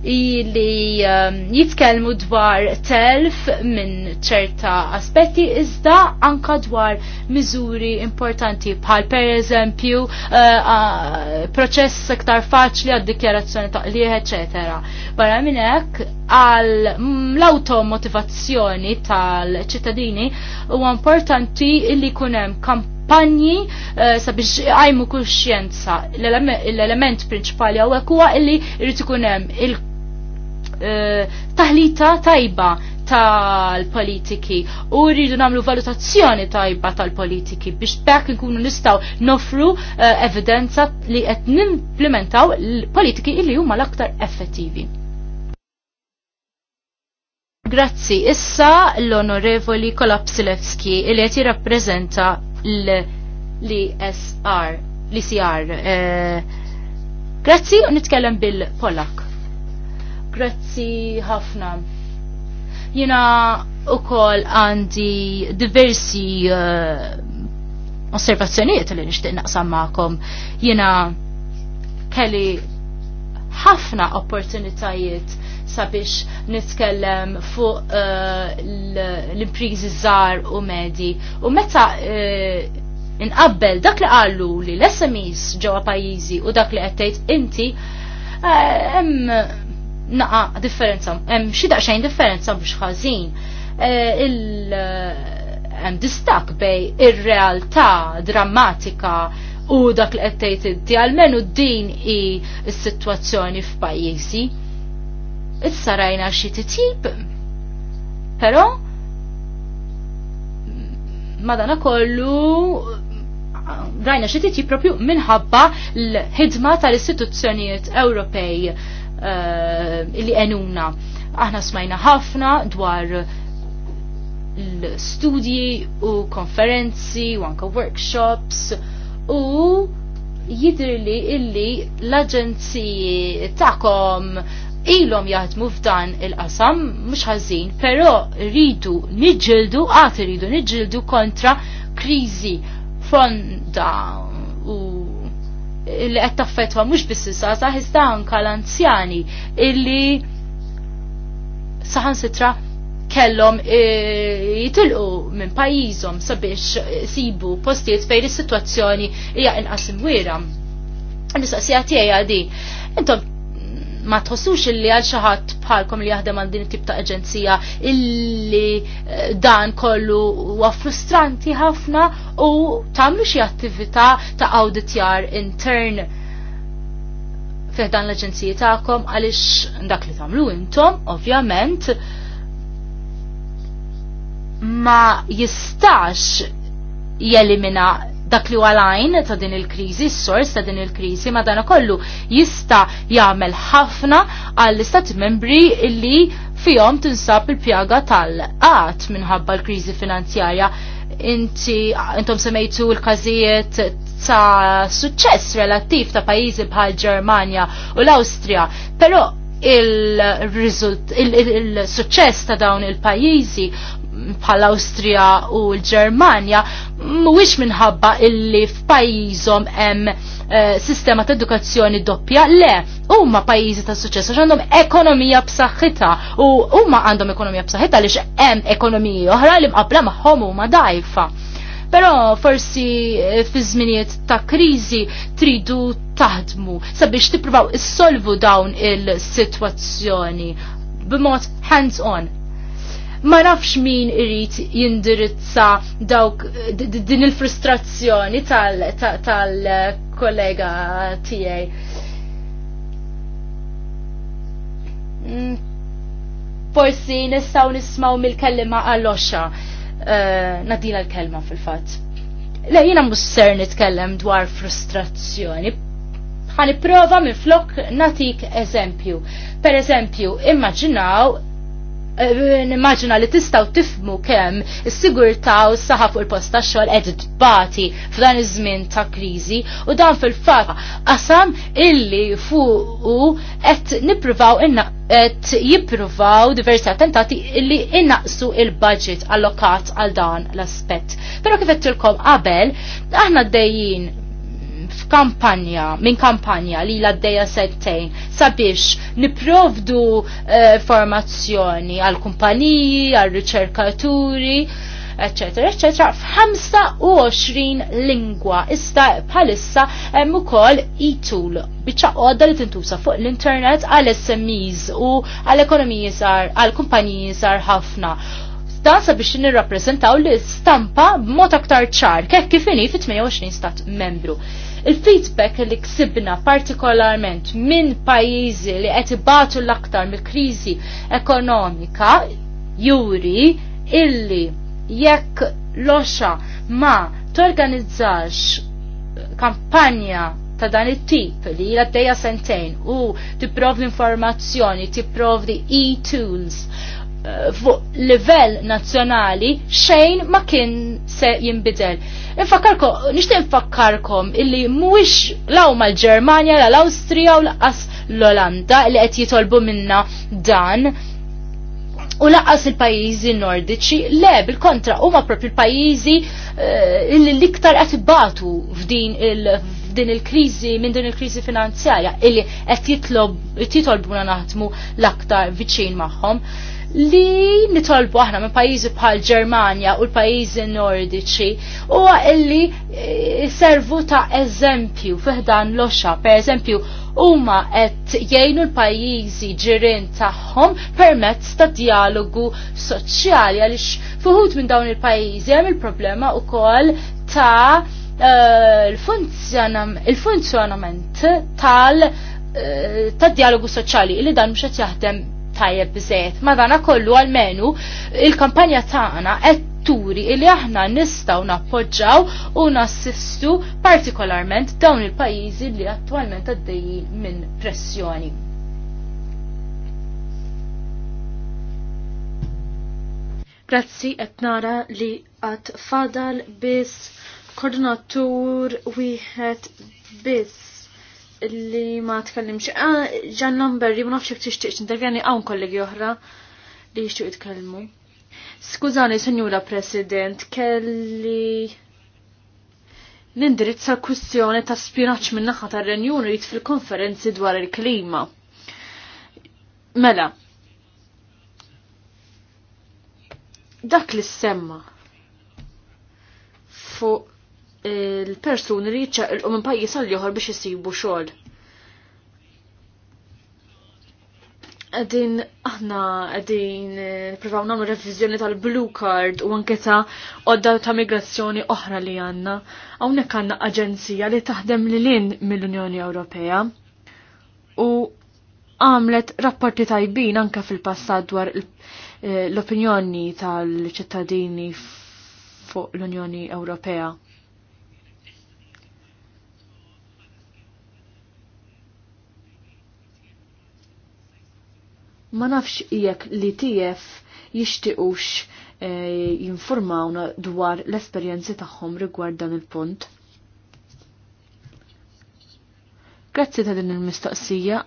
li um, jitkellmu dwar telf minn ċerta aspetti iżda anka dwar miżuri importanti bħal per eżempju uh, proċess iktar faċli għad dikjarazzjoni taqlieħ eċetera. Barra minn hekk għal mm, l-automotivazzjoni tal-ċittadini huwa importanti li jkun hemm kamp kampanji uh, sabiex għajmu kuxjenza. L-element prinċipali għawek huwa illi irrid ikun hemm il Eh, taħlita tajba tal-politiki u rridu namlu valutazzjoni tajba tal-politiki biex dak nkunu nistaw nofru uh, evidenza li qed nimplementaw l-politiki illi huma l-aktar effettivi. Grazzi, issa l-onorevoli Kolapsilewski li qed jirrappreżenta l-ISR, l-ICR. Eh, grazzi u nitkellem bil-Polak. Grazzi ħafna. Jina u kol għandi diversi uh, osservazzjoniet li nishtiq naqsam maqom. Jina kelli ħafna opportunitajiet sabiex nitkellem fuq uh, l-imprizi żgħar u medi. U meta uh, inqabbel dak li qalu li l-SMEs ġewwa pajjiżi u dak li qed tgħid inti uh, hemm uh, naqa differenza, hemm xi daqsxejn differenza mhux ħażin. Eh, il hemm eh, distak bej ir-realtà drammatika u dak li qed tgħid inti għalmenu din hi s-sitwazzjoni f'pajjiżi. Issa rajna xi titjib, però madana kollu rajna xi titjib propju minħabba l-ħidma tal-istituzzjonijiet Ewropej Eh, li enuna. Aħna smajna ħafna dwar l-studji u konferenzi u anka workshops u jidrili illi l-aġenziji ta'kom ilom jaħdmu f'dan il-qasam mhux ħażin, però rridu niġġieldu, għad rridu niġġieldu kontra kriżi fonda u li qed taffetwa mhux biss is-sasa iżda anke l-anzjani illi saħansitra kellhom e, jitilqu minn pajjiżhom sabiex sibu postijiet fejn is-sitwazzjoni hija inqas imwiera. Nistaqsija tiegħi għadi. Intom ma tħossux illi għal xi ħadd bħalkom li jaħdem għal din tip ta' aġenzija illi eh, dan kollu huwa frustranti ħafna u tagħmlu xi attività ta' auditjar intern fih dan l aġenzija tagħkom għaliex dak li tagħmlu intom ovvjament ma jistax jelimina dak li għalajn ta' din il-krizi, s-sors ta' din il-krizi, ma dana kollu jista jagħmel ħafna għall-istati membri illi fihom tinsab il-pjaga tal-qat minħabba l-krizi finanzjarja. Inti, intom semmejtu l-kazijiet ta' suċċess relattiv ta' pajizi bħal germania u l-Awstrija, però il-suċċess ta' dawn il-pajjiżi bħal Awstrija u l-Ġermanja mhuwiex minħabba illi f'pajjiżhom hemm eh, sistema ta' edukazzjoni doppja, le, huma pajjiżi ta' suċċess għax għandhom ekonomija b'saħħitha u huma għandhom ekonomija b'saħħitha għaliex hemm ekonomiji oħra li mqabbla magħhom huma dajfa però forsi eh, fi żminijiet ta' kriżi tridu taħdmu sabiex tippruvaw issolvu dawn il-sitwazzjoni b'mod hands-on. Ma nafx min irrit jindirizza dawk din il-frustrazzjoni tal-kollega tiegħi. Mm. Forsi nistgħu nismaw mill-kellima għal oxa Eh, nadila l-kelma fil-fatt. Le, jina musser nitkellem dwar frustrazzjoni. Għani prova minn flok natik eżempju. Per eżempju, immaġinaw Eh, nimmaġina li tistaw tifmu kemm is sigurta u s saħa fuq il posta tax-xogħol qed f'dan iż-żmien ta' kriżi u dan fil-fatt qasam illi fuqu qed nippruvaw qed jippruvaw diversi attentati illi innaqsu il-budget allokat għal dan l-aspett. Però kif qedtilkom qabel aħna dejjin f'kampanja, minn kampanja li l-għaddeja settejn sabiex niprovdu eh, formazzjoni għal kumpaniji, għal riċerkaturi, eccetera, eccetera, f'25 lingwa. Issa bħalissa hemm ukoll e-tool biċċa għodda li tintusa fuq l-internet għal SMEs u għal ekonomiji sar, għal kumpaniji sar ħafna dan sabiex nirrappresentaw l-istampa b'mod aktar ċar kif kifini fit-28 stat membru. Il-feedback li ksibna partikolarment minn pajjiżi li qed ibatu l-aktar mill-kriżi ekonomika juri illi jekk loxa ma torganizzax kampanja ta' dan it-tip li jila dejja sentejn u tipprovdi informazzjoni, tipprovdi e-tools Eh, fuq livell nazzjonali xejn ma kien se jinbidel. Infakkarkom, nixtieq nfakkarkom illi mhuwiex law mal-Ġermanja, la l-Awstrija u laqas l-Olanda li qed jitolbu minna dan u laqas il-pajjiżi nordiċi, le bil-kontra huma propri l-pajjiżi uh, illi l-iktar qed ibatu f'din il- din il-krizi, minn din il-krizi finanzjarja, illi qed jitolbuna naħdmu l-aktar viċin magħhom li nitolbu aħna minn pajjiżi bħal Ġermanja u l-pajjiżi nordiċi huwa illi eh, servu ta' eżempju fiħdan l-oxa, per eżempju, huma qed jgħinu l-pajjiżi ġirien tagħhom permezz ta' dialogu soċjali għaliex fuħut minn dawn il-pajjiżi hemm il-problema wkoll ta' eh, il-funzjonament tal eh, ta' dialogu soċjali li dan mhux qed jaħdem tajjeb biżejt. Madana kollu għalmenu il-kampanja tagħna qed turi li aħna nistaw nappoġġaw u nassistu partikolarment dawn il-pajjiżi li attwalment għaddejji minn pressjoni. Grazzi qed nara li għat fadal biss koordinatur wieħed biss li ma tkellimx. Ġan ah, Lambert, ma nafx jek tixtieq intervjani hawn kollegi oħra li jixtieq jitkellmu. Skużani, Sinjura President, kelli nindirizza kwistjoni ta' spinaċ minn naħa ta' Renjunit fil-konferenzi dwar il-klima. Mela, dak li semma fuq il-persuni li jċaqilqu minn pajjiż għal joħor biex jisibu xogħol. Għadin, aħna għadin eh, provaw nagħmlu revizjoni tal-blue card u anke ta' odda ta' migrazzjoni oħra li għandna. Hawnhekk għandna aġenzija li taħdem li lin mill-Unjoni Ewropea u għamlet rapporti tajbin anke fil-passat dwar eh, l-opinjoni tal-ċittadini fuq l-Unjoni Ewropea. Ma nafx jekk li tijef jishtiqux e, eh, jinformawna dwar l-esperjenzi tagħhom rigward dan il-punt. Grazzi ta' din il-mistoqsija,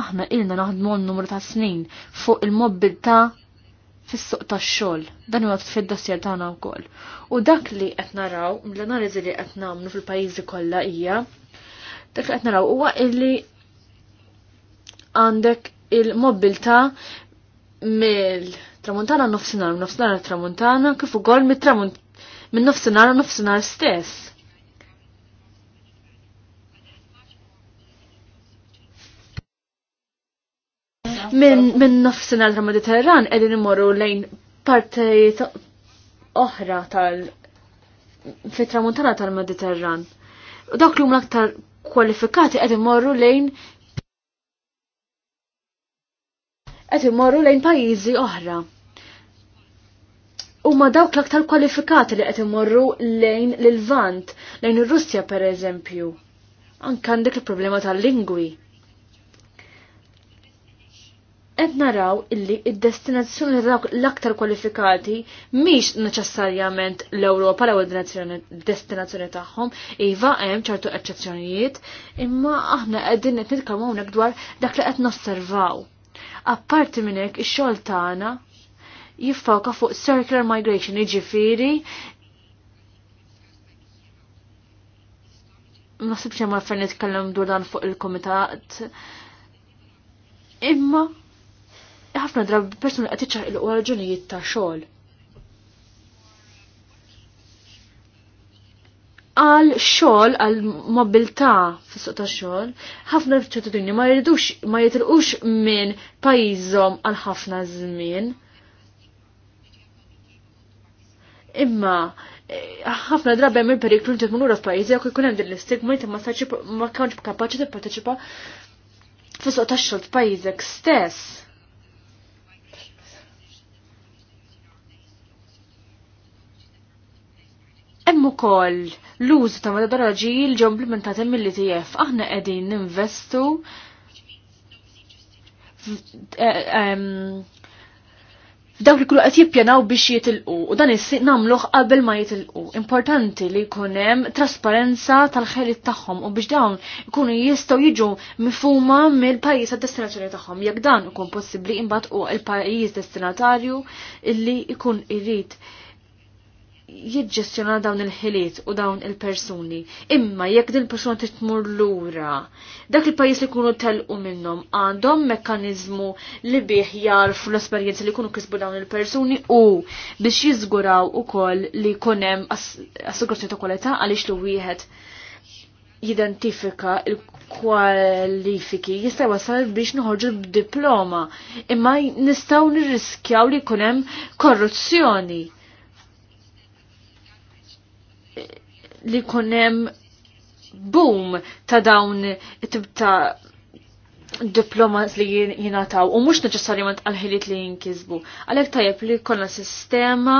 aħna ilna naħdmu n-numru ta' snin fuq il mobilità fis-suq tax-xogħol. Dan huwa fid-dossier tagħna wkoll. U dak li qed naraw, mill analiżi li qed nagħmlu fil-pajjiżi kollha hija, dak li qed naraw huwa illi għandek il-mobilta mill-tramuntana nofsinar, nofsinar tramuntana kif ukoll mill-nofsinar nofsinar stess. Min, min nofsinar ta' Mediterran edin imorru lejn partijiet oħra tal fi tramuntana tal-Mediterran. U dak l-um l-aktar kwalifikati għed imorru lejn qed imorru lejn pajjiżi oħra. Huma dawk l-aktar kwalifikati li qed imorru lejn l-Vant, lejn ir-Russja pereżempju. Anke għandek il-problema tal-lingwi. Qed naraw illi id-destinazzjoni dawk l-aktar kwalifikati mhix neċessarjament l-Ewropa l destinazzjoni tagħhom, iva hemm ċertu eċċezzjonijiet, imma aħna qegħdin qed nitkellmu hawnhekk dwar dak li qed nosservaw Apparti minn hekk ix-xogħol tagħna jiffoka fuq circular migration, jiġifieri nasib xe ma fejn nitkellem dwar dan fuq il-komitat. Imma ħafna drabi persuni qed iċċaqilqu raġunijiet ta' xogħol. għal xogħol għal mobilità fis-suq xogħol ħafna ċittadini ma jridux ma jitilqux minn pajjiżhom għal ħafna żmien. Imma eh, ħafna drabbe minn periklu li munura lura f'pajjiżi jekk ikun hemm din l-istigma inti ma ma kanx kapaċi t fis-suq tax-xogħol f'pajjiżek stess. Hemm ukoll l-użu ta' metodoloġiji li ġew implementati mill-ITF. Aħna qegħdin ninvestu eh, f'dawk li kullu qed jippjanaw biex jitilqu u dan is-sieq nagħmluh qabel ma jitilqu. Importanti li jkun hemm trasparenza tal-ħelit tagħhom u biex dawn ikunu jistgħu jiġu mifhuma mill-pajjiż tad-destinazzjoni tagħhom. Jekk dan ikun possibbli imbagħad u l-pajjiż destinatarju illi jkun irid jidġestjona dawn il-ħiliet u dawn il-persuni. Imma jekk din persuna titmur lura, dak il-pajjiż li kunu telqu minnhom għandhom mekkaniżmu li bih jarfu l-esperjenza li kunu kisbu dawn il-persuni u biex jiżguraw ukoll li jkun hemm assigurazzjoni ta' kwalità għaliex li wieħed jidentifika il-kwalifiki jista' wasal biex noħorġu b'diploma imma nistgħu nirriskjaw li jkun hemm korruzzjoni li kunem boom ta' dawn it-tib ta' diplomas li jinataw u mux neċessarjament għal-ħiliet li jinkizbu. Għalek tajab li konna sistema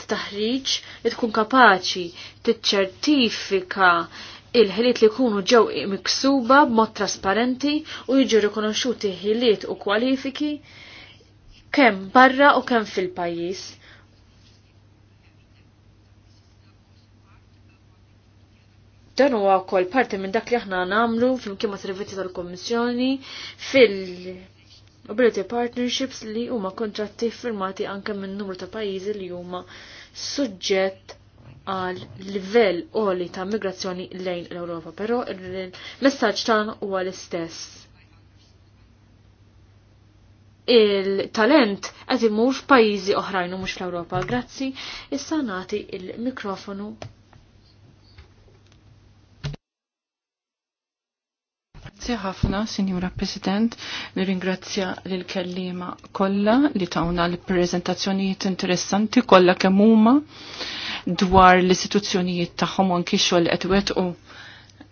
ta' taħriġ li tkun kapaċi tiċċertifika il-ħiliet li jkunu ġew miksuba b'mod trasparenti u jiġu rikonoxxuti ħiliet u kwalifiki kemm barra u kemm fil-pajjiż. Dan huwa wkoll parti minn dak li aħna nagħmlu flimkien ma' servizzi tal-Kommissjoni fil- Mobility Partnerships li huma kontratti firmati anke minn numru ta' pajjiżi li huma suġġett għal livell għoli ta' migrazzjoni lejn l-Europa, pero il-messagġ tan huwa l-istess. Il-talent qed f'pajizi f'pajjiżi oħrajn u mhux fl-Ewropa. Grazzi, issa nagħti il-mikrofonu Grazzi ħafna, Signora President, nirringrazzja l-kellima kollha li tawna l-prezentazzjonijiet interessanti kollha kemm huma dwar l-istituzzjonijiet tagħhom anki xogħol qed wetqu.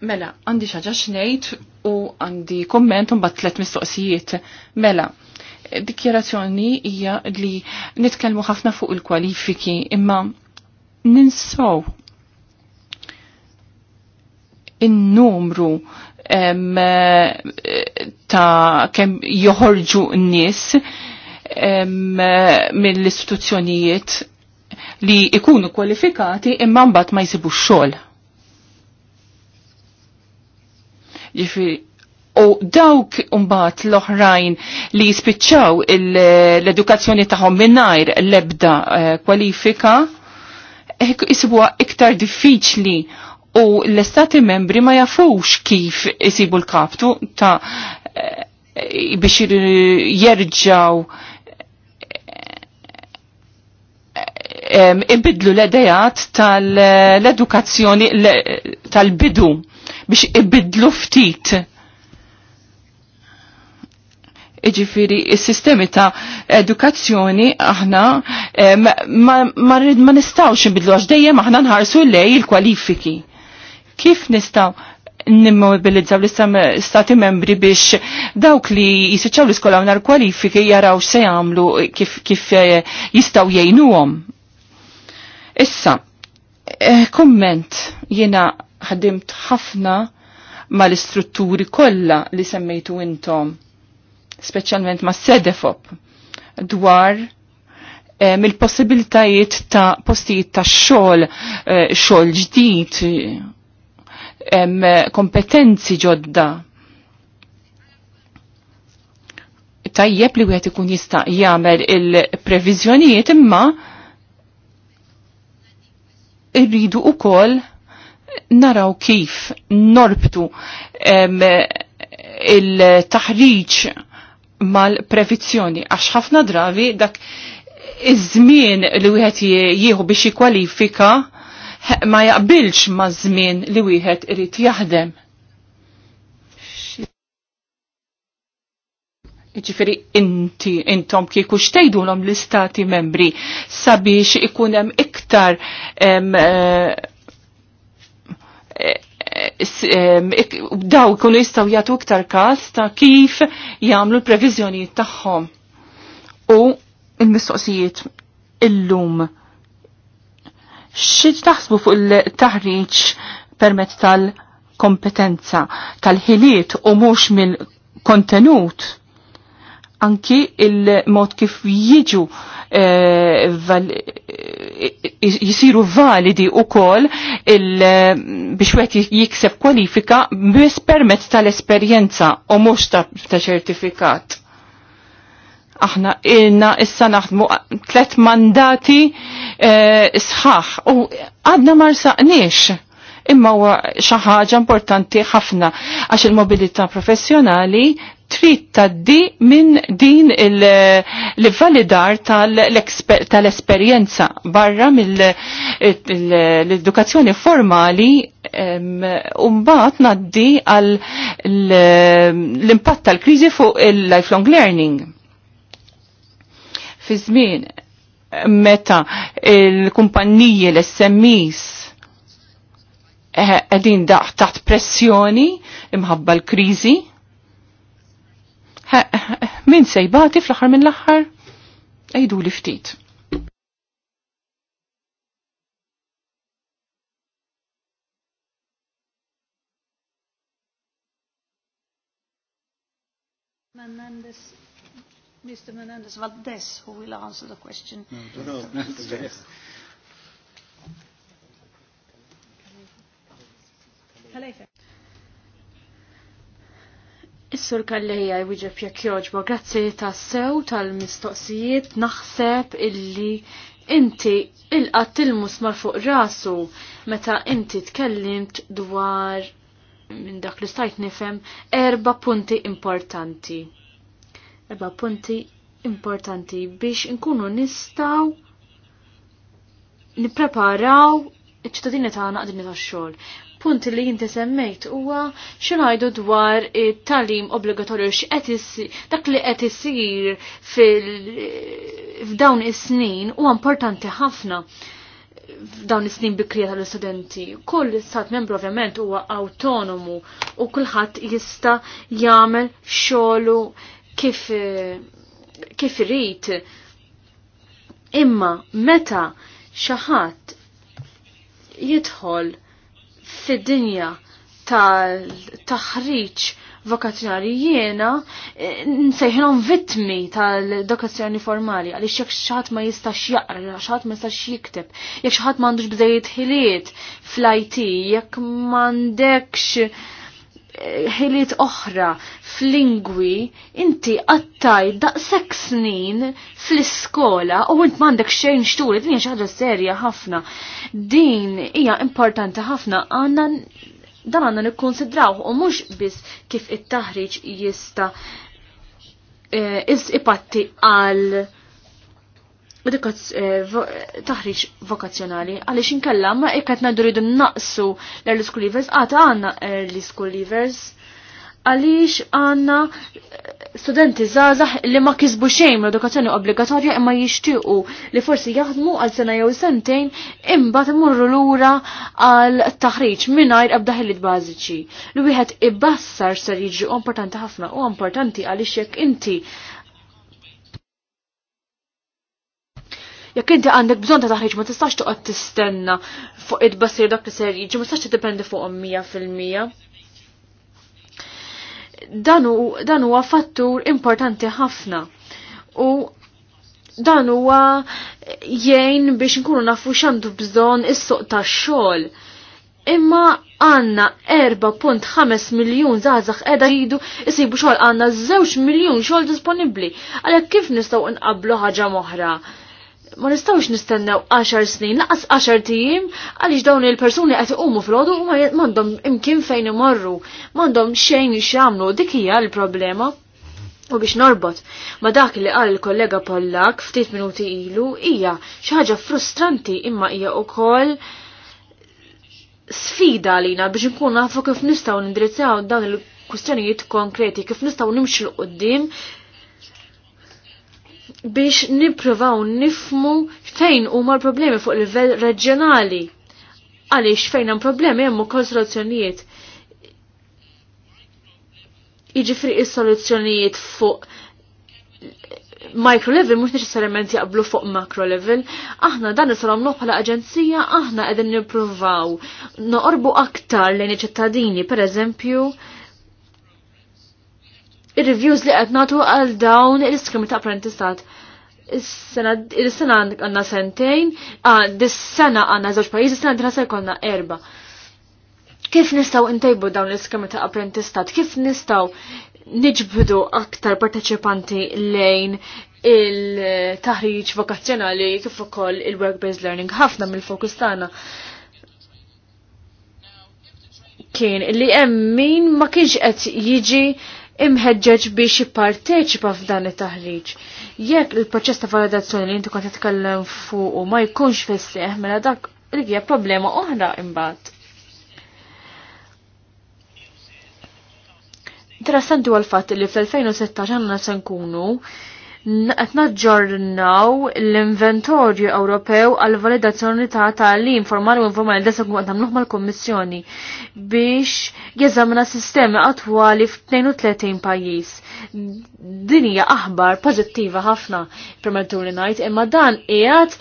Mela, għandi xaġa xnejt u għandi komment un tlet mistoqsijiet. Mela, dikjerazzjoni hija li nitkellmu ħafna fuq il-kwalifiki imma ninsaw in-numru ta' kemm joħorġu n-nies mill-istituzzjonijiet li ikunu kwalifikati imma mbagħad ma jsibux xogħol. u dawk mbagħad l-oħrajn li jispiċċaw l-edukazzjoni tagħhom mingħajr l-ebda eh, kwalifika eh, jisibuha iktar diffiċli u l-Istati membri ma jafux kif isibu l-kaptu ta' biex jirġaw ibidlu l-edejat tal-edukazzjoni tal-bidu biex ibidlu ftit. Iġifiri, il-sistemi ta' edukazzjoni aħna ma, ma, ma nistawx nbidlu għax dejjem aħna nħarsu lej il-kwalifiki. Kif nistaw nimmobilizzaw l stati membri biex dawk li jisiċaw l-iskola unar kwalifiki jaraw se jagħmlu kif, kif eh, jistaw jgħinuhom. Issa, eh, komment jiena ħadimt ħafna mal-istrutturi kollha li semmejtu intom, speċjalment ma' sedefop dwar eh, mill-possibilitajiet ta' postijiet ta' xogħol, xol eh, xogħol ġdid kompetenzi ġodda. Tajjeb li wieħed ikun jista' jagħmel il-previżjonijiet imma irridu ukoll naraw kif norbtu il-taħriġ mal-previzzjoni għax ħafna dravi dak iż-żmien li wieħed jieħu biex jikkwalifika ma jaqbilx ma' żmien li wieħed irid jaħdem. ġifiri inti, intom kieku xtejdulhom l l-istati membri sabiex ikun hemm iktar eh, eh, daw kunu jistaw jatu iktar kas ta' kif jagħmlu l-previżjonijiet tagħhom. U l-mistoqsijiet illum Xieġ taħsbu fuq il-taħriġ permezz tal-kompetenza, tal-ħiliet u mhux mill-kontenut anki il-mod kif jiġu eh, eh, jisiru validi u kol eh, biex wet jikseb kwalifika bis permezz tal-esperienza u mux ta' ċertifikat aħna ilna issa naħdmu tlet mandati eh, sħaħ u għadna mar saqniex imma huwa xi ħaġa importanti ħafna għax il-mobilità professjonali trid taddi minn din il-validar tal-esperjenza barra mill-edukazzjoni formali umbat naddi għal l-impatt tal-kriżi fuq il-lifelong learning fi żmien meta il-kumpanniji l-SMEs eh, qegħdin daħ taħt pressjoni imħabba l-kriżi. Eh, eh, min sejbati fl-aħħar minn l-aħħar? Ejdu li ftit. Manandes Mr. Menendez Valdez, who will answer the question. No, no, no. Is-sur Kallejja jwiġeb jekk joġbo, grazzi tas-sew tal-mistoqsijiet naħseb illi inti ilqat il-musmar fuq rasu meta inti tkellimt dwar minn dak li stajt nifhem erba' punti importanti erba' punti importanti biex inkunu nistaw nippreparaw iċ-ċittadini tagħna qadini tax-xogħol. Punti li jinti semmejt huwa xinajdu dwar it-talim obbligatorju x'qed dak li qed isir f'dawn is-snin huwa importanti ħafna f'dawn is-snin bikrija tal-istudenti. Kull stat membru ovvjament huwa autonomu u kulħadd jista' jagħmel xogħlu kif kif rrit imma meta xi ħadd jidħol fid-dinja tal-taħriġ vokazzjonali jiena eh, nsejħilhom vittmi tal-edukazzjoni formali għaliex jekk xaħat ma jistax jaqra, xaħat ma jistax jikteb, jekk xaħat m'għandux bżejjed ħiliet fl-IT, jekk m'għandekx ħiliet oħra fl-lingwi inti għattaj daqsek snin fl-iskola u int mandek xejn xturi, din hija xi ħaġa serja ħafna. Din hija importanti ħafna għandna dan għandna nikkonsidraw u mhux biss kif it-taħriġ jista' iż eh, ipatti għal Eh, taħriġ vokazzjonali għaliex inkella ma qed naddu ridu naqsu l-early school leavers għata għandna early eh, school leavers għaliex għandna eh, studenti żgħażagħ li ma kisbu xejn l-edukazzjoni obbligatorja imma jixtiequ li forsi jaħdmu għal sena jew sentejn imbagħad imorru lura għal taħriġ mingħajr ebda ħilit bażiċi. Li wieħed ibassar ser jiġi importanti ħafna u importanti għaliex jekk inti Jekk inti għandek bżonn ta' taħriġ ma tistax toqgħod tistenna fuq id-basir dak li ser jiġi, ma tistax tiddependi fuq mija fil-mija. Dan huwa fattur importanti ħafna. U dan huwa jgħin biex nkunu nafu x'għandu bżonn is-suq tax-xogħol imma għanna 4.5 miljon zazax edha jidu jisibu xol għanna 0 miljon xol disponibli. Għalek kif nistaw nqablu ħaġa moħra? ma nistawx nistennew 10 snin, naqas 10 tim, għaliex dawn il-persuni qed iqumu fl-għodu u mandom imkien fejn imorru, m'għandhom xejn x'amlu, dik hija l-problema. U biex norbot, ma dak li qal il-kollega Pollak ftit minuti ilu hija xi ħaġa frustranti imma hija wkoll sfida lina biex nkun nafu kif nistgħu nindirizzaw dawn il-kustjonijiet konkreti kif nistgħu nimxu l qoddim biex nippruvaw nifmu fejn huma l-problemi fuq livell reġjonali. Għaliex fejn hemm problemi hemm ukoll soluzzjonijiet. Jiġifieri is-soluzzjonijiet fuq micro level mhux neċessarjament jaqblu fuq macro level. Aħna dan nisalhom bħala aġenzija aħna qegħdin nippruvaw noqorbu aktar lejn iċ-ċittadini, pereżempju, eżempju ir-reviews li qed nagħtu għal dawn l skrim ta' apprentistat. Is-sena għandna sentejn, dis-sena għandna żewġ pajjiżi, sena għanna se jkollna erba. Kif nistgħu ntejbu dawn l skrim ta' apprentistat? Kif nistgħu niġbdu aktar parteċipanti lejn il-taħriġ vokazzjonali kif ukoll il-work-based learning ħafna mill-fokus tagħna kien li hemm min ma kienx qed jiġi imħeġġeġ biex jipparteċipa f'dan it-taħriġ. Jekk il-proċess ta' validazzjoni li inti kont titkellem fuq u ma jkunx fis mela dak li hija problema oħra imbagħad. Interessanti huwa l-fatt li fl-2016 għandna se nkunu qed naġġornaw l-inventorju Ewropew għal validazzjoni ta' tal-lim formali u informali desa kum għamluh mal-Kommissjoni biex jeżamna sistemi attwali f pajjiż. Din hija aħbar pożittiva ħafna permettu li ngħid imma dan qiegħed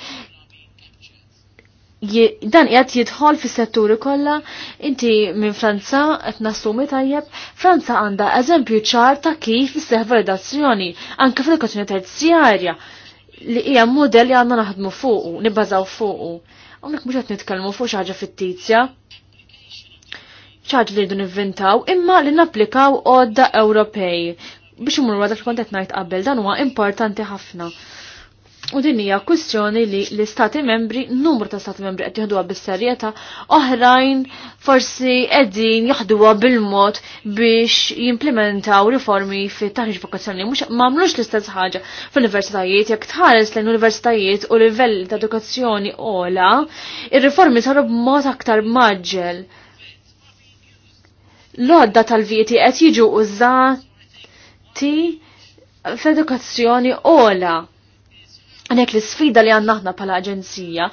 dan jgħat jidħol fis-setturi kollha, inti minn Franza qed nassumi tajjeb, Franza għandha eżempju ċar ta' kif isseħħ validazzjoni anke fil edukazzjoni terzjarja li hija model li għandna naħdmu fuqu, nibbażaw fuqu. Hawnhekk mhux qed nitkellmu fuq xi ħaġa fittizja. ċaġ li rridu inventaw, imma li napplikaw għodda Ewropej biex imurru għadak kontet najt qabel dan huwa importanti ħafna. U din hija kwistjoni li l-istati membri, numru ta' stati membri qed jaħduha bis-serjetà, oħrajn forsi qegħdin jaħduha bil-mod biex jimplementaw riformi fit-taħriġ vokazzjoni mhux m'għamlux l-istess ħaġa fl-universitajiet jekk tħares lejn universitajiet u livell ta' edukazzjoni ola, ir-riformi saru b'mod aktar maġġel. l għadda tal-vieti qed jiġu użati f'edukazzjoni ola Għanek l-sfida li għannaħna pala aġenzija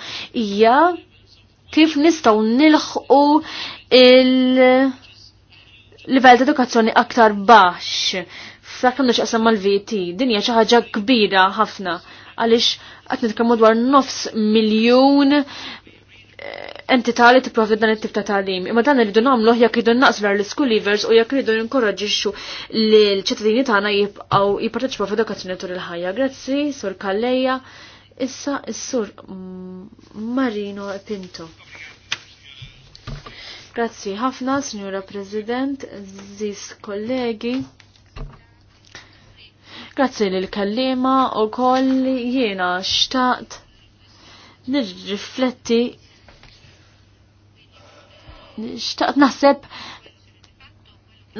hija kif nistaw nilħqu il-livell ta' edukazzjoni aktar baxx. F'dak kemm nixqasam mal-VT, dinja xi ħaġa kbira ħafna għaliex għatnit nitkellmu dwar nofs miljun entità li tipprovdi dan it-tip ta' tagħlim. Imma dan rridu nagħmluh jekk irridu naqslu l-school leavers u jekk irridu ninkoraġġixxu li l-ċittadini tagħna jibqgħu jipparteċipaw f'edukazzjoni tul il-ħajja. Grazzi, Sur Kalleja, Issa is-Sur Marino Pinto. Grazzi ħafna, Signora President, ziz kollegi. Grazzi lil kallima u koll jiena xtaqt nirrifletti xtaqt naħseb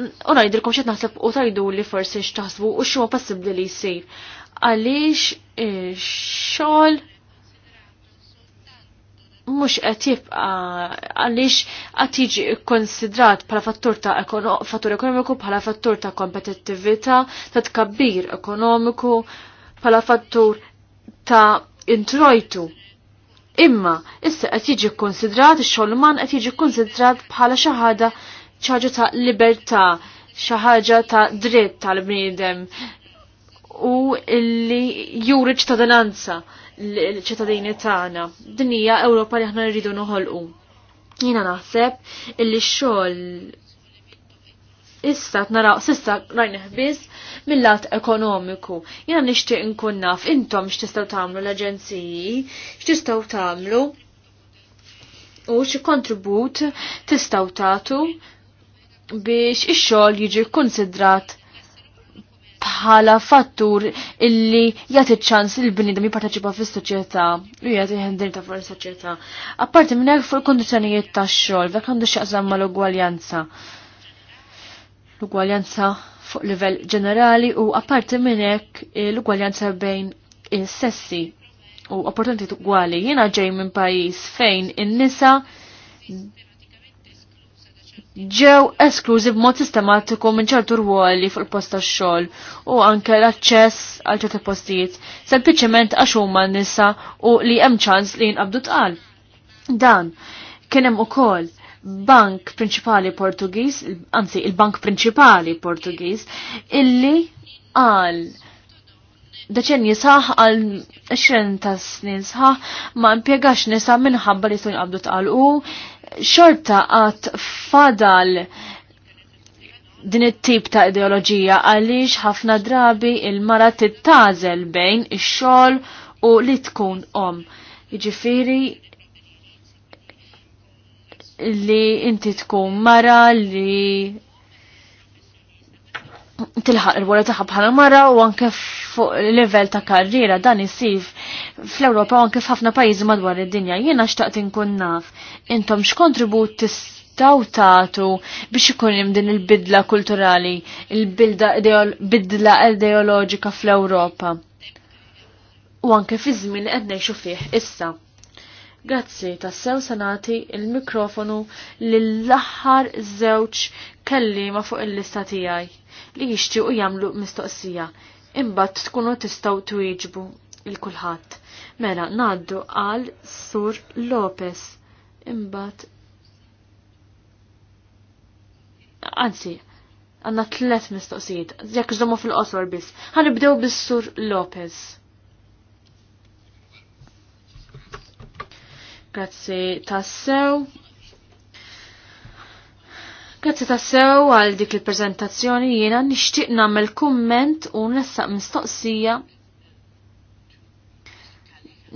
u najdilkom xtaqt naħseb u tajdu li forsi xtaħsbu u xo possibli li jisir. Għaliex eh, xol mux qed jibqa għaliex qed jiġi konsidrat bħala fattur ta' fattur ekonomiku bħala fattur ta' kompetittività ta' tkabbir ekonomiku bħala fattur ta' introjtu Imma, issa qed jiġi konsidrat, ix-xolman qed jiġi konsidrat bħala xi ħaġa ċaġa ta' libertà, xi ħaġa ta' dritt tal-bniedem u illi juri ċittadinanza l-ċittadini tagħna. Din hija Ewropa li aħna rridu noħolqu. Jiena naħseb illi x-xogħol issa naraw sissa rajneh biss mill-lat ekonomiku. Jena nishtiq nkun naf, intom x'tistgħu tagħmlu l-aġenziji, x'tistgħu tagħmlu u xi kontribut tistgħu tagħtu biex ix-xogħol jiġi konsidrat bħala fattur illi jagħti ċans il bniedem jipparteċipa fis-soċjetà u jagħti ħendin ta' fuq is-soċjetà. Apparti minn hekk fuq il-kondizzjonijiet tax-xogħol dak għandu x'jaqsam mal-ugwaljanza l-ugwaljanza fuq livell ġenerali u apparti minn hekk eh, l-ugwaljanza bejn il sessi u opportunitiet ugwali. Jiena ġej minn pajjiż fejn in-nisa ġew esklużi b'mod sistematiku minn ċertu rwoli fuq il-post tax-xogħol u anke l-aċċess għal ċerti postijiet sempliċement għax huma n-nisa u li hemm ċans li jinqabdu tqal. Dan kien hemm ukoll bank prinċipali Portugiż, anzi il-bank prinċipali Portugiż, illi għal deċenji saħ għal 20 ta' snin saħ ma' impiegax nisa minħabba li għabdu tqal tqalqu, xorta għat fadal din it-tip ta' ideoloġija għaliex ħafna drabi il-mara tittażel bejn ix-xogħol u li tkun om. Jiġifieri li inti tkun mara li tilħaq il-wara taħħa bħala mara u anke fuq level ta' karriera dan isif fl-Ewropa u anke f'ħafna pajjiżi madwar id-dinja. Jiena xtaqt inkun naf intom x'kontribut tistgħu tagħtu biex ikun hemm din il-bidla kulturali, il-bidla ideoloġika fl-Ewropa. U anke fi żmien qed ngħixu fih issa. Grazzi, tassew sanati il-mikrofonu lill-aħħar żewġ kellima fuq il-lista tiegħi li jixtiequ jagħmlu mistoqsija. Imbagħad tkunu tistgħu twieġbu il kulħadd. Mela ngħaddu għal Sur Lopez. Imbagħad Anzi, għandna tliet mistoqsijiet, jekk żommu fil-qosor biss. Ħanibdew bis-Sur Lopez. Grazzi tassew. Grazzi tassew għal dik il-prezentazzjoni jiena nixtieq nagħmel kumment u nessaq mistoqsija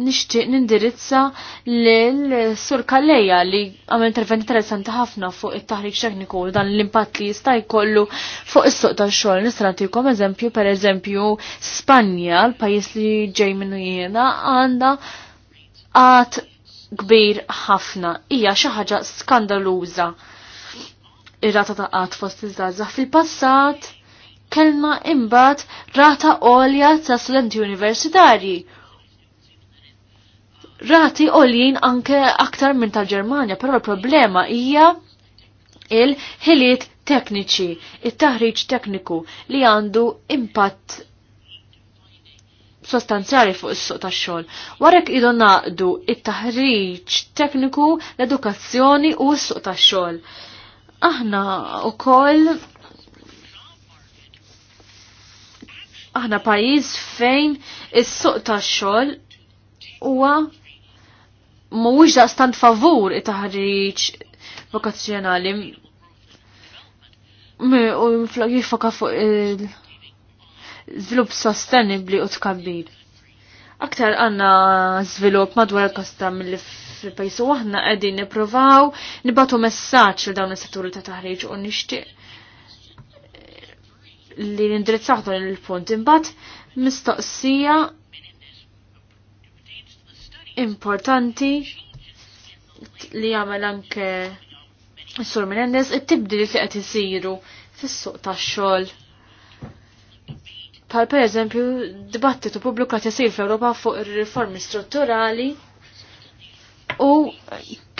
nixtieq nindirizza lil Sur Kalleja li għamel intervent interessanti ħafna fuq it-taħriġ tekniku u dan l-impatt li jista' jkollu fuq is-suq tax-xogħol. Nista' nagħtikom eżempju pereżempju Spanja, l-pajjiż li ġej minnu jiena, għandha għad kbir ħafna, hija xi ħaġa skandaluża. Ir-rata ta' qatt fost iż-żgħażagħ fil-passat kellna imbagħad rata għolja ta' studenti universitarji. Rati għoljin anke aktar minn tal-Ġermanja, però l-problema hija il-ħiliet tekniċi, il taħriġ tekniku li għandu impatt sostanzjali fuq is-suq tax-xogħol. Warek idu naqdu it-taħriġ tekniku, l-edukazzjoni u s-suq tax-xogħol. Aħna wkoll aħna pajjiż fejn is-suq tax-xogħol huwa mhuwiex daqstant favur it-taħriġ vokazzjonali jifoka fuq il- zlub sostenibli u tkabbir. Aktar għanna żvilupp madwar il-kosta mill fil-pajsu aħna qegħdin nippruvaw nibatu messaġġ li dawn is settur ta' taħriġ u nixtieq li nindrizzaħdu il-punt imbagħad mistoqsija importanti li jagħmel anke Sur Menendez it-tibdil li qed isiru fis-suq tax-xogħol. Pal per eżempju, dibattitu pubbliku qed fl-Ewropa fuq ir-riformi strutturali u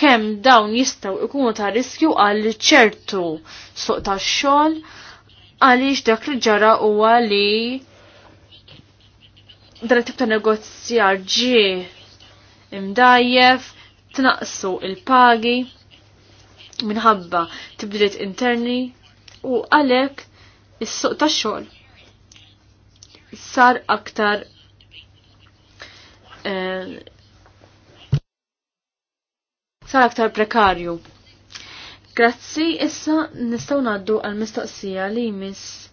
kemm dawn jistgħu ikunu ta' riskju għal ċertu suq tax-xogħol għaliex dak li ġara huwa li dan tip ta' negozjar ġie imdajjef, tnaqsu il-pagi minħabba tibdiet interni u għalhekk is-suq tax-xogħol sar aktar eh, sar aktar prekarju. Grazzi, issa nistaw naddu għal mistoqsija li jmiss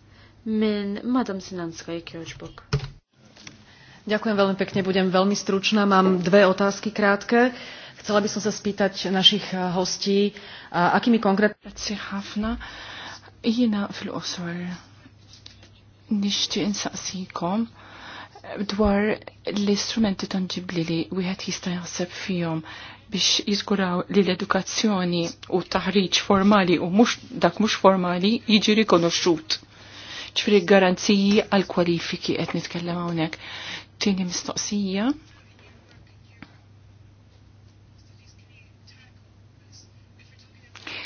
minn Madam Sinanska Jekjoġbok. Ďakujem veľmi pekne, budem veľmi stručná. Mam dve otázky krátke. Chcela by som sa spýtať našich eh, hostí, akými konkrétne... Grazie, Hafna. Jina fil nixtieq insaqsikom dwar l-istrumenti tangibli li wieħed jista' jaħseb fihom biex jiżguraw li l-edukazzjoni u taħriġ formali u mux, dak mhux formali jiġi rikonoxxut. Ċifri garanziji għal kwalifiki qed nitkellem hawnhekk. Tieni mistoqsija.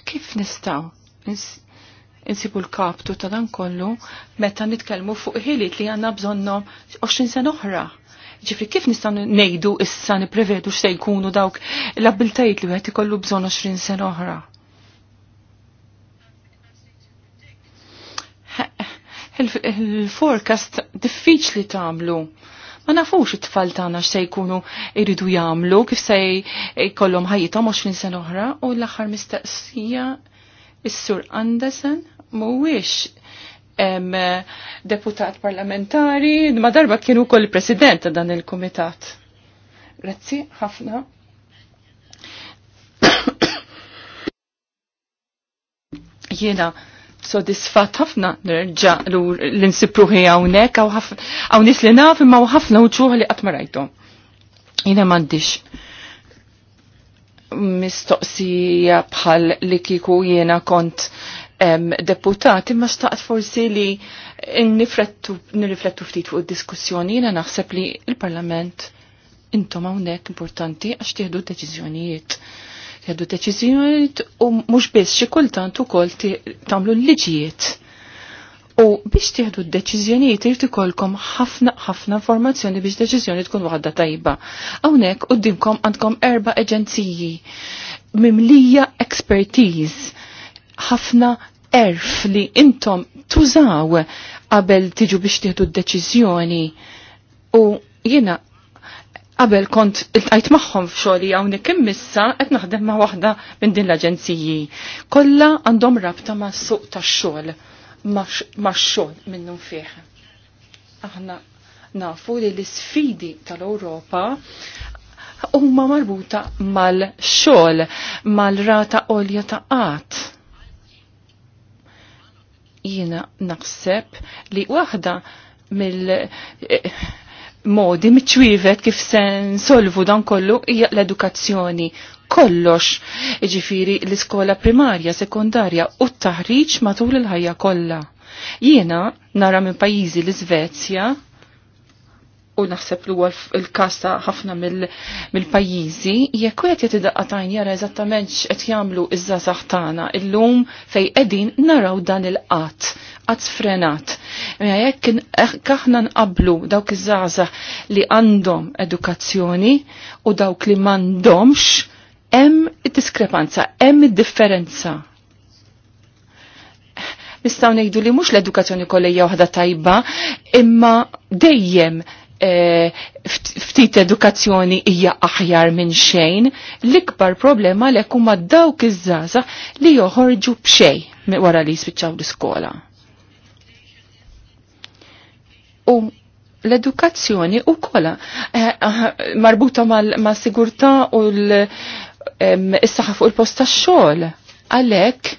Kif nistgħu insibu l-kaptu ta' dan kollu meta nitkellmu fuq ħiliet li għandna bżonnhom 20 sen oħra. Ġifri kif nistgħu ngħidu issa nipprevedu x'se jkunu dawk l abiltajt li wieħed ikollu bżonn 20 sen oħra. Il-forecast diffiċli tagħmlu ma nafux it-tfal tagħna x'se jkunu jridu jagħmlu kif se jkollhom ħajjithom 20 sen oħra u l-aħħar mistaqsija Is-Sur Anderson mhuwiex deputat parlamentari, ma darba kienu kol president ta' dan il-komitat. Grazzi, ħafna. Jena sodisfat ħafna nerġa l-insipruħi għawnek, għaw nis li naf imma għaw ħafna uċuħ li għatmarajtu. Jena mandiċ mistoqsija bħal li kiku jiena kont um, deputat, imma staqt forsi li nirriflettu ftit fuq diskussjoni jiena naħseb li il-Parlament intom hawnhekk importanti għax tieħdu deċiżjonijiet. Tieħdu deċiżjonijiet u mhux biss xi kultant ukoll tagħmlu l-liġijiet U biex tieħdu d-deċiżjonijiet irid ikolkom ħafna ħafna informazzjoni biex deċiżjoni tkun waħda tajba. Hawnhekk qudiemkom għandkom erba' eġenziji mimlija expertise ħafna erf li intom tużaw qabel tiġu biex tieħdu d-deċiżjoni. U jiena qabel kont iltqajt magħhom f'xogħli hawnhekk hemm issa qed naħdem ma' waħda minn din l-aġenziji. Kollha għandhom rabta ma' suq tax-xogħol max-xogħol fieħ. fih. Aħna nafu li l-sfidi tal-Ewropa huma marbuta mal-xogħol, mal-rata għolja ta' qatt. Jiena naħseb li waħda mill eh, modi miċwivet kif se nsolvu dan kollu hija l-edukazzjoni kollox, Iġifiri l-iskola primarja, sekundarja u t-taħriġ matul il-ħajja kollha. Jiena nara minn pajjiżi l-Iżvezja u naħseb li huwa l-kasta ħafna mill-pajjiżi, jekk wieħed jagħti daqqa tajn jara eżattament x'qed jagħmlu iż-żasaħ tagħna illum fejn qegħdin naraw dan il-qatt qatt sfrenat. Jekk aħna nqablu dawk iż-żaża li għandhom edukazzjoni u dawk li m'għandhomx, hemm id-diskrepanza, hemm id-differenza. Nistgħu ngħidu li mhux l-edukazzjoni kollejja waħda tajba, imma dejjem eh, ftit edukazzjoni hija aħjar minn xejn, l-ikbar problema l huma dawk iż-żgħażagħ li joħorġu b'xej wara li jispiċċaw l-iskola. U l-edukazzjoni u kola eh, marbuta ma' sigurta u l- is-saħħa fuq il-post tax-xogħol. Għalhekk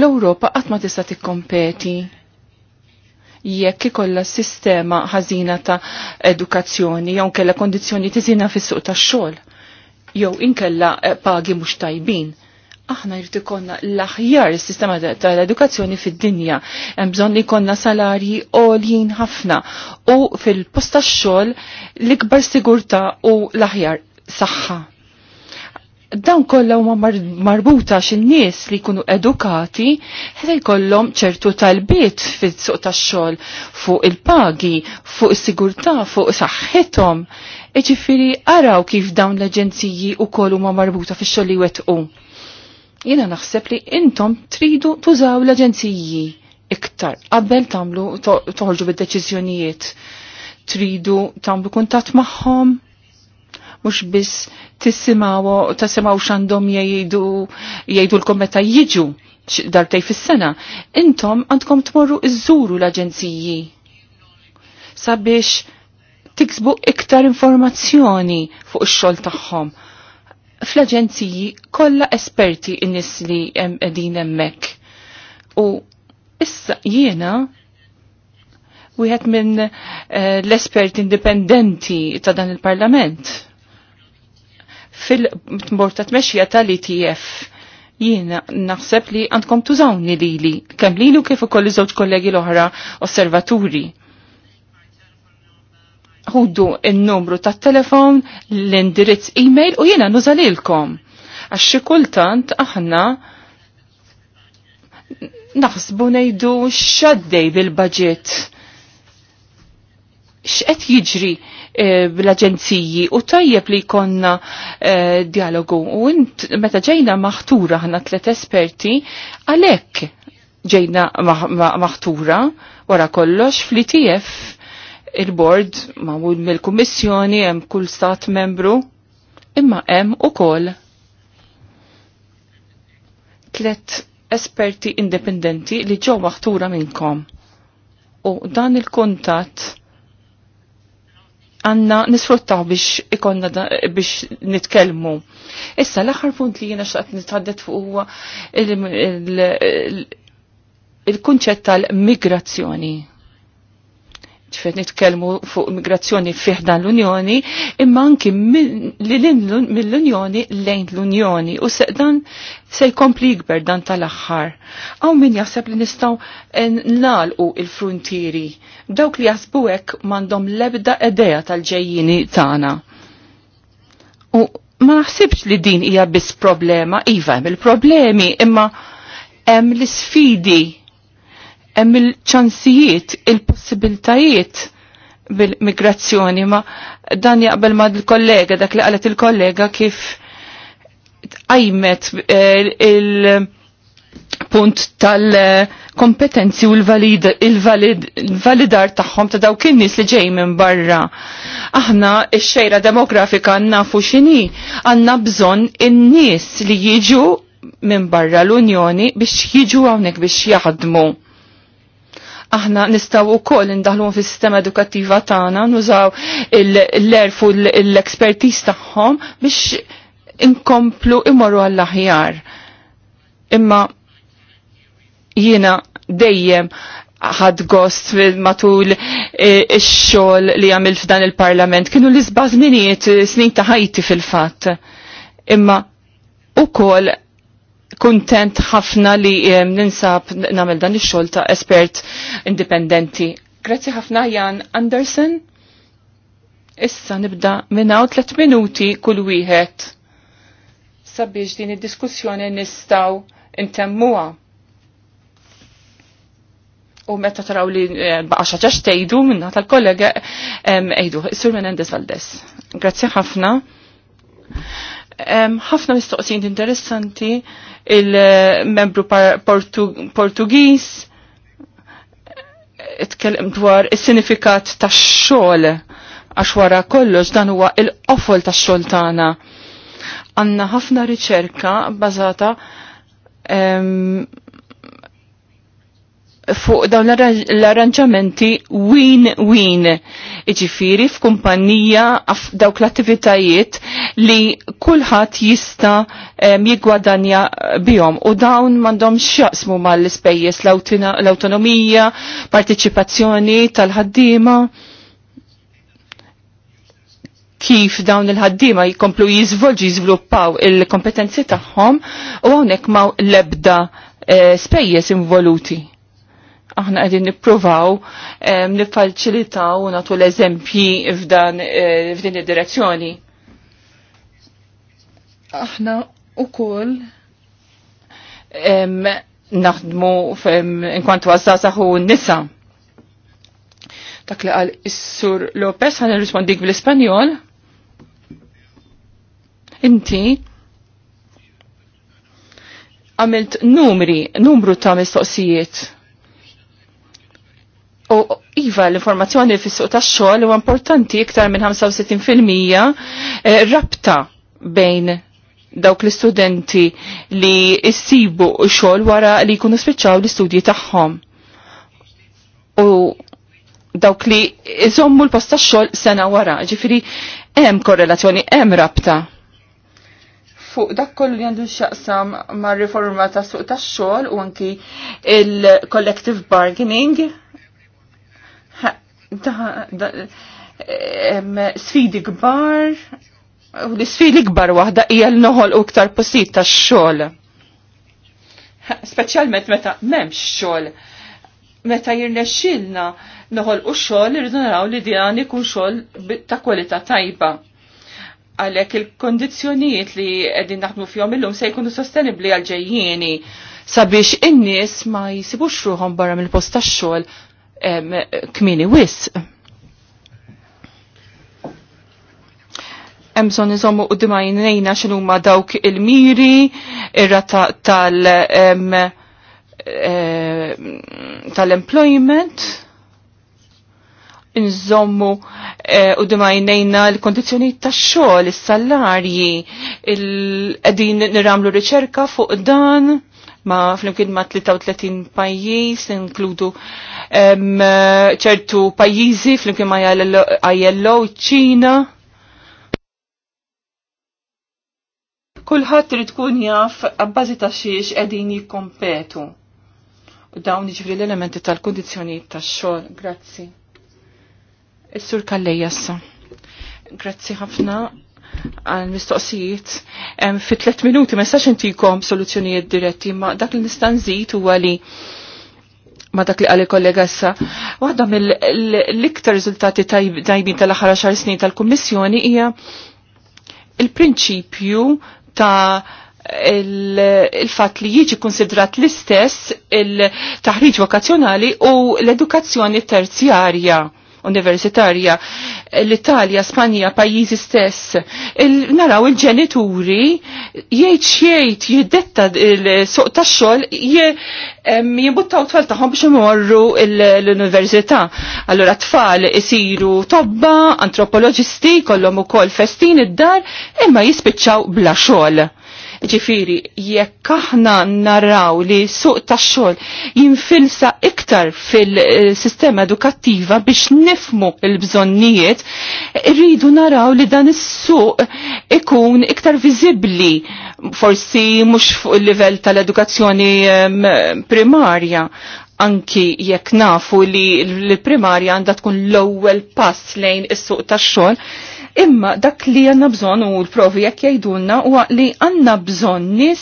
l-Ewropa qatt ma tista' tikkompeti jekk ikollha sistema ħażina ta' edukazzjoni jew kella kondizzjoni tiżina fis-suq tax-xogħol jew inkella eh, pagi mhux tajbin. Aħna jrid ikollna l-aħjar is-sistema tal-edukazzjoni fid-dinja. Hemm bżonn li jkollna salarji għoljin ħafna u fil posta tax-xogħol l-ikbar sigurtà u l-aħjar saħħa dan kollha huma mar marbuta x'in-nies li jkunu edukati se jkollhom ċertu talbiet fis-suq tax-xogħol fuq il-pagi, fuq is-sigurtà, fuq saħħithom. Iġifieri araw kif dawn l-aġenziji wkoll huma marbuta fix-xogħol li wettqu. Jiena naħseb li intom tridu tużaw l-aġenziji iktar qabel tagħmlu toħorġu bid-deċiżjonijiet. Tridu tagħmlu kuntatt magħhom, mux biss tisimaw tisimaw xandom jgħidu jgħidu l-kometa jiġu darbtej fis-sena. Intom għandkom tmorru iżżuru l-aġenziji sabiex tiksbu iktar informazzjoni fuq ix-xogħol tagħhom. Fl-aġenziji kollha esperti n-nies li qegħdin hemmhekk. U issa jiena wieħed minn uh, eh, l-espert indipendenti ta' dan il-Parlament fil-bord ta' tmexxija tal-ITF. Jien naħseb li għandkom tużawni lili, kemm lilu kif ukoll iż-żewġ kollegi l-oħra osservaturi. Ħuddu n-numru tat-telefon, l-indirizz email u jiena nużalilkom. Għax xi kultant aħna naħsbu ngħidu xaddej bil budget x'qed jiġri Eh, bl-aġenziji u tajjeb li konna eh, dialogu. U int meta ġejna maħtura ħna tlet esperti għalek ġejna maħtura wara kollox fl-ITF il-board mawul mill-kummissjoni hemm kull stat membru imma hemm ukoll tlet esperti indipendenti li ġew maħtura minnkom. U dan il-kuntatt għanna nisfruttaw biex ikonna biex nitkelmu. Issa l-aħħar punt li jiena xaqt nitħaddet fuq huwa il-kunċett tal-migrazzjoni ċfet nitkelmu fuq migrazzjoni fiħda l-Unjoni, imma anki mill-Unjoni lejn l-Unjoni. U dan se jkompli jikber dan tal-axħar. Għaw min jaħseb li nistaw eh, nalqu il-frontieri. Dawk li jasbu hekk mandom lebda edeja tal-ġejjini tagħna. U ma naħsibx li din hija biss problema, iva, il-problemi, imma hemm l-sfidi hemm il-ċansijiet, il-possibiltajiet bil-migrazzjoni, ma dan jaqbel ma l-kollega, dak li qalet il-kollega kif għajmet eh, il-punt tal-kompetenzi u l-validar tagħhom ta' dawk in-nies li ġej minn barra. Aħna x-xejra demografika nafu x'inhi, għandna bżonn in-nies li jiġu minn barra l-Unjoni biex jiġu hawnhekk biex jaħdmu aħna nistaw u koll indaħlu fis sistema edukativa tagħna, nużaw l-erf u l ekspertis tagħhom biex inkomplu imorru għall-aħjar. Imma jiena dejjem ħad gost matul e, ix-xogħol li għamil f'dan il-Parlament kienu l-isbażminijiet snin ta' ħajti fil-fatt. Imma ukoll kuntent ħafna li eh, ninsab namel dan ix-xogħol ta' espert indipendenti. Grazzi ħafna Jan Anderson. Issa nibda minnaw tlet minuti kull wieħed sabiex din id-diskussjoni nistaw intemmuha. U meta taraw li eh, baqa xaġax tgħidu minna tal-kollega ejdu. Sur Menendez Valdes. Grazzi ħafna ħafna mistoqsijiet interessanti il-membru Portugiż itkellem dwar is-sinifikat tax-xogħol għax wara kollox dan huwa il-qofol tax-xogħol tagħna. Għandna ħafna riċerka bbażata fuq dawn l-arranġamenti win-win. Iġifiri f'kumpanija dawk l-attivitajiet li kulħadd jista' jigwadanja bihom u dawn m'għandhom x'jaqsmu mal-ispejjeż l-awtonomija, partiċipazzjoni tal ħaddima kif dawn il-ħaddima jikomplu jizvolġi jizvluppaw il-kompetenzi tagħhom u għonek ma l-ebda eh, spejjeż involuti aħna għedin nipruvaw ehm, nifalċilitaw u natu l-eżempji f'dan eh, f'din id-direzzjoni. Aħna ehm, u koll naħdmu inkwantu għazzazax u nisa. Dak li għal Issur Lopez għan rispondik bl-Ispanjol. Inti għamilt numri, numru ta' mistoqsijiet U iva l-informazzjoni fis-suq tax-xogħol huwa importanti iktar minn 65% eh, rabta bejn dawk l-istudenti li jsibu xogħol wara li jkunu spiċċaw l-istudji tagħhom. U dawk li jżommu l-post tax-xogħol sena wara, ġifieri hemm korrelazzjoni, hemm rabta fuq dak kollu li għandu xaqsam ma' riforma ta' suq ta' xol u anki il-collective bargaining sfidi kbar u l-sfidi kbar waħda hija l-noħol u iktar posit ta' xogħol. Speċjalment meta m'hemmx xogħol. Meta jirnexxilna noħol u xogħol irridu naraw li dijan ikun xogħol ta' kwalità tajba għalek il-kondizjonijiet li għedin naħdmu fjom illum se jkunu sostenibli għal-ġejjieni sabiex in-nies ma jisibux ruħom barra mill-post tax-xogħol kmini wis. Emson nizomu u xinu ma dawk il-miri, ir-rata tal-employment, nżommu eh, u dimajnejna l-kondizjoni ta' xogħol, is-salarji, qegħdin niramlu riċerka fuq dan ma flimkien ma 33 pajjiż inkludu Eh, ċertu pajjiżi flimkien ma' ILO, ċina. Kulħadd irid tkun jaf abbażi ta' xiex qegħdin jikkompetu. U dawn jiġri l-elementi tal-kundizzjonijiet tax-xogħol. Grazzi. Is-sur Kallejja issa. Grazzi ħafna għal mistoqsijiet fi tlet minuti ma nistax intikom soluzzjonijiet diretti ma dak li nista' nżid huwa li ma dak li għalli kollega issa, waħda mill-iktar riżultati tajbin tal-aħħar xar snin tal-Kummissjoni hija il-prinċipju ta' il-fat li jiġi konsidrat l-istess il-taħriġ vokazzjonali u l-edukazzjoni terzjarja universitarja l-Italja, Spanja, pajjiżi stess, naraw il-ġenituri jgħid xejt jiddetta il-suq tax-xogħol jimbuttaw tfal tagħhom biex imorru l-università. Allura tfal isiru tobba, antropoloġisti, kollhom ukoll festin id-dar, imma jispiċċaw bla xogħol Ġifiri, jekk aħna naraw li suq tax-xogħol jinfilsa iktar fil-sistema edukattiva biex nifmu il-bżonnijiet, rridu naraw li dan is-suq ikun iktar viżibbli forsi mhux fuq il-livell tal-edukazzjoni primarja, anki jekk nafu li l-primarja għandha tkun l-ewwel pass lejn is-suq tax-xogħol, Imma dak li għanna bżon u l-provi jekk jgħidulna u li għanna bżon nis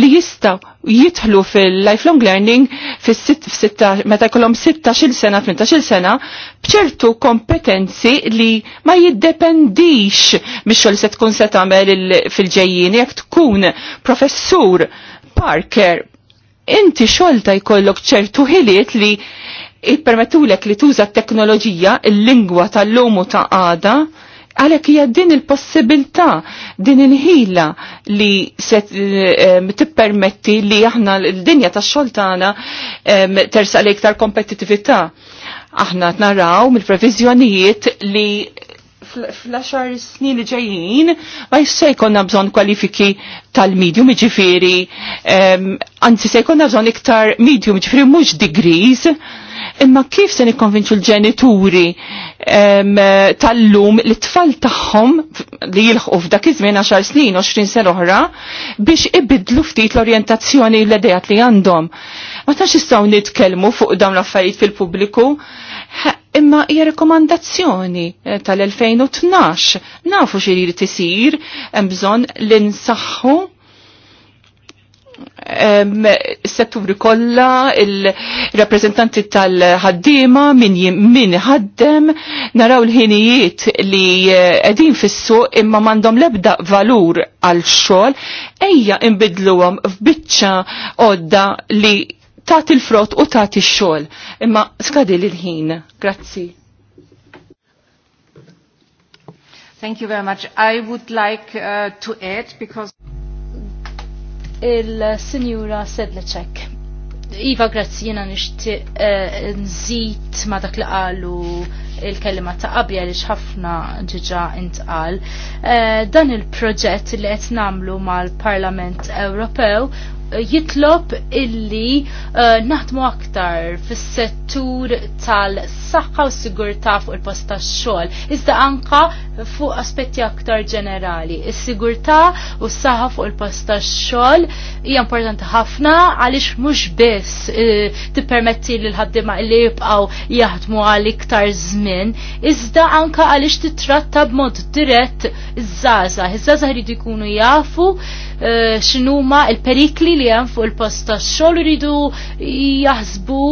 li jistaw jitħlu fil-lifelong learning fil meta kolom 16 sena, 18 sena, bċertu kompetenzi li ma jiddependix mixol se tkun se tagħmel fil-ġejjien, jekk tkun professur Parker, inti xolta jkollok ċertu ħiliet li jippermettu li tuża t-teknoloġija, il-lingwa tal-lumu ta' għada, Għalek hija din il-possibilità, din il-ħila li se ehm, tippermetti li aħna l-dinja tax xoltana ehm, tersa tersa iktar kompetitivita. Aħna naraw mill-previżjonijiet li fl-axar snin li ġejjin ma jissa jkonna bżon kwalifiki tal-medium ġifiri, għanzi ehm, anzi se bżon iktar medium ġifiri mux degrees, Imma kif se nikkonvinċu l-ġenituri tal-lum li tfal tagħhom li jilħu f'dak iż-żmien 10 snin, 20 sena oħra biex ibidlu ftit l-orjentazzjoni l-idejat li għandhom. Ma tax jistgħu nitkellmu fuq dawn l-affarijiet fil-pubbliku. Imma hija rekomandazzjoni eh, tal-2012 nafu xi jrid isir hemm bżonn li nsaħħu setturi kollha, il reprezentanti tal-ħaddima, min ħaddem, naraw l-ħinijiet li qegħdin eh, fissu imma m'għandhom lebda valur għal xogħol, ejja imbidluhom f'biċċa odda li tagħti il-frott u tagħti x-xogħol. Imma skadi l-ħin. Grazzi. Thank you very much. I would like uh, to add because il-Sinjura Sedlecek. Iva, grazzi, jena nishti eh, nżid ma dak li qalu il-kelima ta' qabja li xafna ġiġa intqal. Eh, dan il-proġett li qed namlu mal-Parlament Ewropew jitlob illi uh, naħdmu aktar fis-settur tal-saħħa u sigurtà fuq il-post tax-xogħol, iżda anka fuq aspetti aktar ġenerali. Is-sigurtà u s-saħħa fuq il-post tax-xogħol hija importanti ħafna għaliex mhux biss uh, tippermetti lil ħaddiema li jibqgħu jaħdmu għal iktar żmien, iżda anka għaliex titratta b'mod dirett iż-żgħażagħ. Iż-żgħażagħ jridu jkunu jafu Eh, x'inhuma il-perikli li hemm fuq il-post tax-xogħol iridu jaħsbu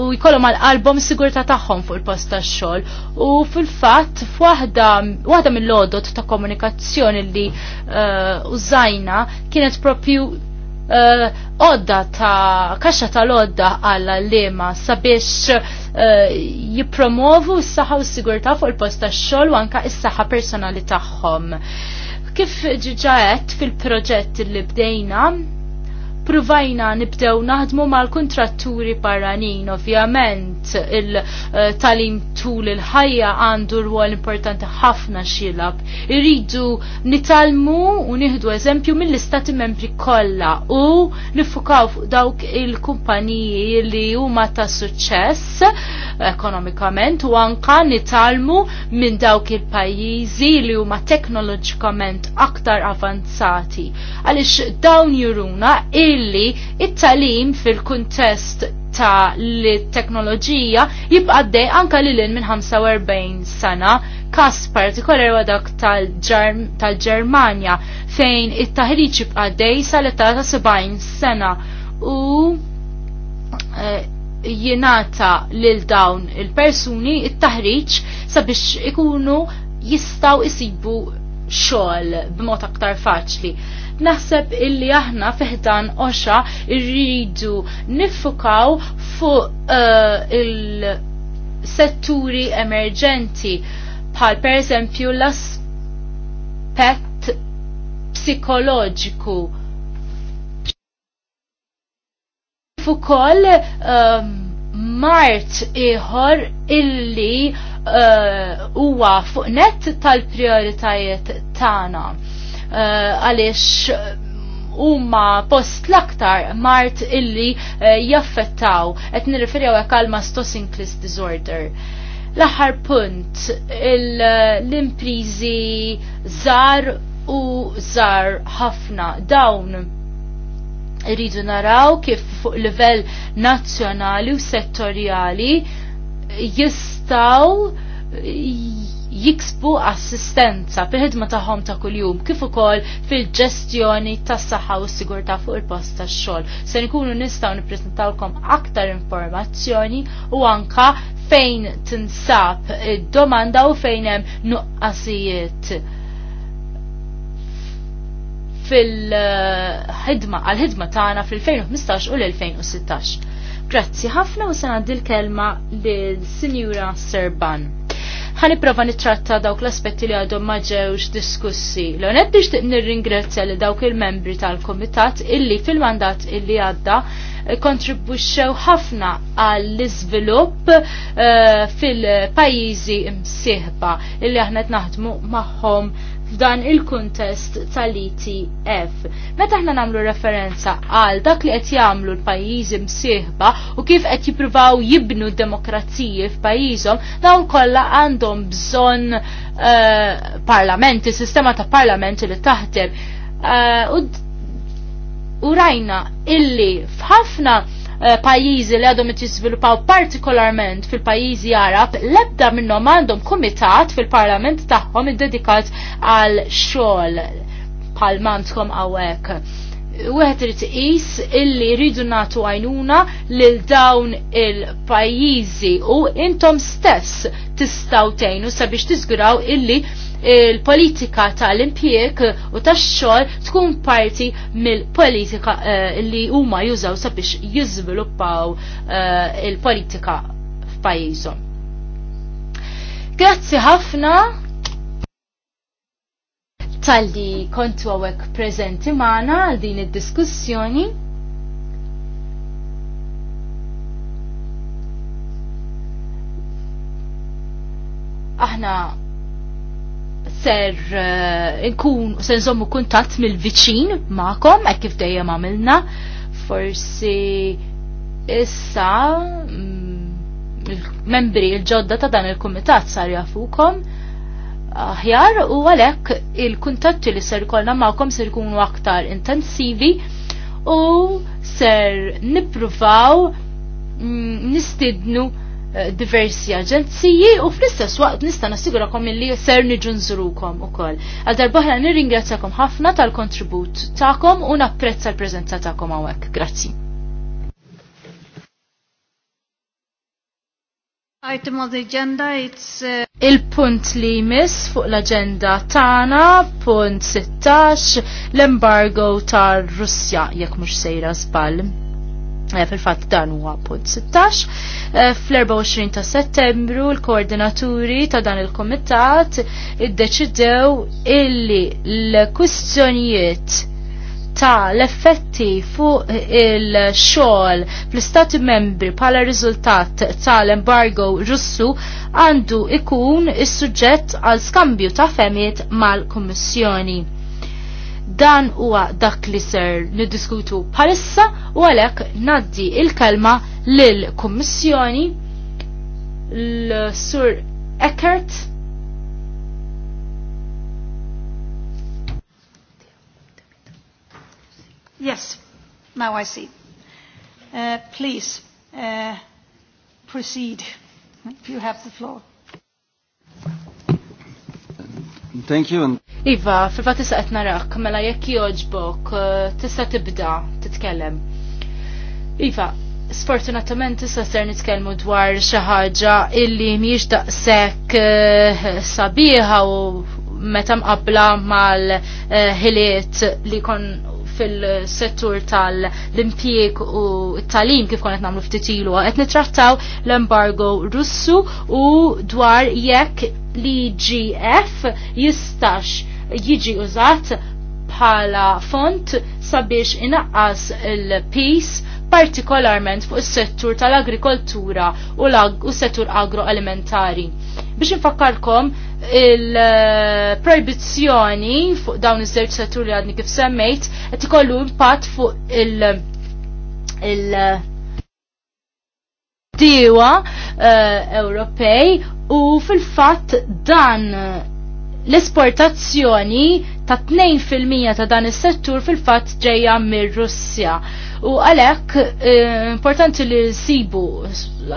u jkollhom għal-qalbhom sigurtà tagħhom fuq il-post tax-xogħol. U fil-fatt f'waħda waħda mill-lodot ta' komunikazzjoni li eh, użajna kienet propju eh, odda ta' kaxa l odda għalla lema sabiex jipromovu s-saħħa u s-sigurta fuq il-post tax-xogħol u anka s-saħħa personali tagħhom. Kif ġiġa fil-proġett li bdejna, pruvajna nibdew naħdmu mal-kontratturi barranin. Ovvjament, il-talim tul il-ħajja għandu rwol importanti ħafna xilab. Irridu nitalmu u nieħdu eżempju mill-istati membri kollha u nifukaw fuq dawk il-kumpaniji li huma ta' suċċess ekonomikament u anka nitalmu minn dawk il-pajjiżi li huma teknoloġikament aktar avanzati. Għaliex dawn juruna il illi it-talim fil-kuntest ta' l teknoloġija jibqaddej anka li l-in minn 45 sana kas partikolari wadak tal-Ġermanja fejn it-taħriġ jibqaddej sal-età ta' 70 sena u e, eh, jenata lil dawn il-persuni it-taħriġ sabiex ikunu jistaw isibu xogħol b'mod aktar faċli. Naħseb illi aħna fiħdan oxa irridu nifukaw fuq uh, il-setturi emerġenti bħal per eżempju l-aspett psikoloġiku. Fukol uh, eh, mart iħor illi Eh, huwa uh, fuq net tal-prioritajiet tagħna eh, għaliex uh, huma post l-aktar mart illi uh, jaffettaw qed nirriferjaw hekk għal mastocyclist disorder. L-aħħar punt l-imprizi żar u żar ħafna dawn irridu naraw kif fuq livell nazzjonali u settorjali jistaw jiksbu assistenza fil-ħidma tagħhom ta' kuljum kif ukoll fil-ġestjoni tas-saħħa u s-sigurtà fuq il-post tax-xogħol. Se nkunu nistgħu nippreżentawkom aktar informazzjoni u anka fejn tinsab id-domanda u fejn hemm nuqqasijiet fil-ħidma għal-ħidma tagħna fil-2015 u l-2016. Grazzi ħafna u sena għaddi kelma l-Sinjura Serban. Ħani prova nittratta dawk l-aspetti li għadhom ma ġewx diskussi. L-onet biex nirringrazzja li dawk il-membri tal-komitat illi fil-mandat illi għadda eh, kontribuxxew ħafna għall-iżvilupp eh, fil-pajjiżi msieħba illi aħna naħdmu magħhom f'dan il-kuntest tal-ITF. Meta aħna nagħmlu referenza għal dak li qed jagħmlu l-pajjiżi msieħba u kif qed jippruvaw jibnu demokrazija f'pajjiżhom, dawn kollha għandhom bżonn uh, eh, parlamenti, sistema ta' parlamenti li taħdem. Uh, u rajna illi f'ħafna Eh, pajjiżi li għadhom jisviluppaw partikolarment fil-pajjiżi Arab, l-ebda minnhom għandhom kumitat fil-parlament tagħhom iddedikat għal xogħol palmantkom għawek. Wieħed irid tqis illi rridu nagħtu għajnuna lil dawn il-pajjiżi u intom stess tistgħu tgħinu sabiex tiżguraw illi il-politika tal-impjek u tax-xogħol tkun parti mill-politika eh, li huma jużaw sabiex jiżviluppaw eh, il-politika f'pajjiżhom. Grazzi ħafna tal-li kontu għawek prezenti maħna għal din id-diskussjoni. Aħna ser eh, nkun se nżommu kuntatt mill-viċin magħkom hekk kif dejjem għamilna. Forsi issa mm, il-membri il-ġodda ta' dan il-kumitat sar jafukom aħjar u għalek il-kuntatti li ser kolna ma'kom ser kunu aktar intensivi u ser nipruvaw mm, nistidnu Eh, diversi aġenziji u fl-istess waqt nista' nassigurakom illi ser niġu nżurukom ukoll. Għal darbaħra nirringrazzjakom ħafna tal-kontribut tagħkom u napprezza l-preżenza tagħkom hawnhekk. Grazzi. Item on the agenda, it's... Uh... Il-punt li jmiss fuq l-agenda tana, punt 16, l-embargo tar Russja, jekk mux sejra zbal. Eh, fil-fatt dan huwa punt 16. Eh, fl-24 ta' settembru l-koordinaturi ta' dan il-komitat iddeċidew illi l-kwistjonijiet ta' l-effetti fuq il-xogħol fl-Stati membri bħala riżultat tal-embargo Russu għandu ikun is-suġġett għal skambju ta' femiet mal-Kummissjoni. Dan huwa dak li ser niddiskutu bħalissa u għalhekk naddi il-kelma lill-Kummissjoni l-Sur Eckert. Yes, now I see. Uh, please, uh, proceed. You have the floor. Thank you. Iva, fil fat tista' qed narak, mela jekk joġbok, uh, tista' tibda titkellem. Iva, sfortunatament tista' ser nitkellmu dwar xi ħaġa illi mhijiex daqshekk uh, sabiħa u meta mqabbla mal-ħiliet uh, li kon fil-settur tal-impjieg u tal-im kif konet namlu f-titilu. għet nitrattaw l-embargo russu u dwar jekk li GF jistax jiġi użat bħala font sabiex inaqqas il-peace partikolarment fuq is-settur tal-agrikoltura u l-settur agroalimentari. Biex infakkarkom il-proibizzjoni fuq dawn iż-żewġ settur li għadni kif semmejt qed ikollu impatt fuq il- il- diwa uh, eh, Ewropej u fil-fatt dan l-esportazzjoni ta' 2% ta' dan is-settur fil-fatt ġejja mir-Russja. U għalhekk eh, importanti li sibu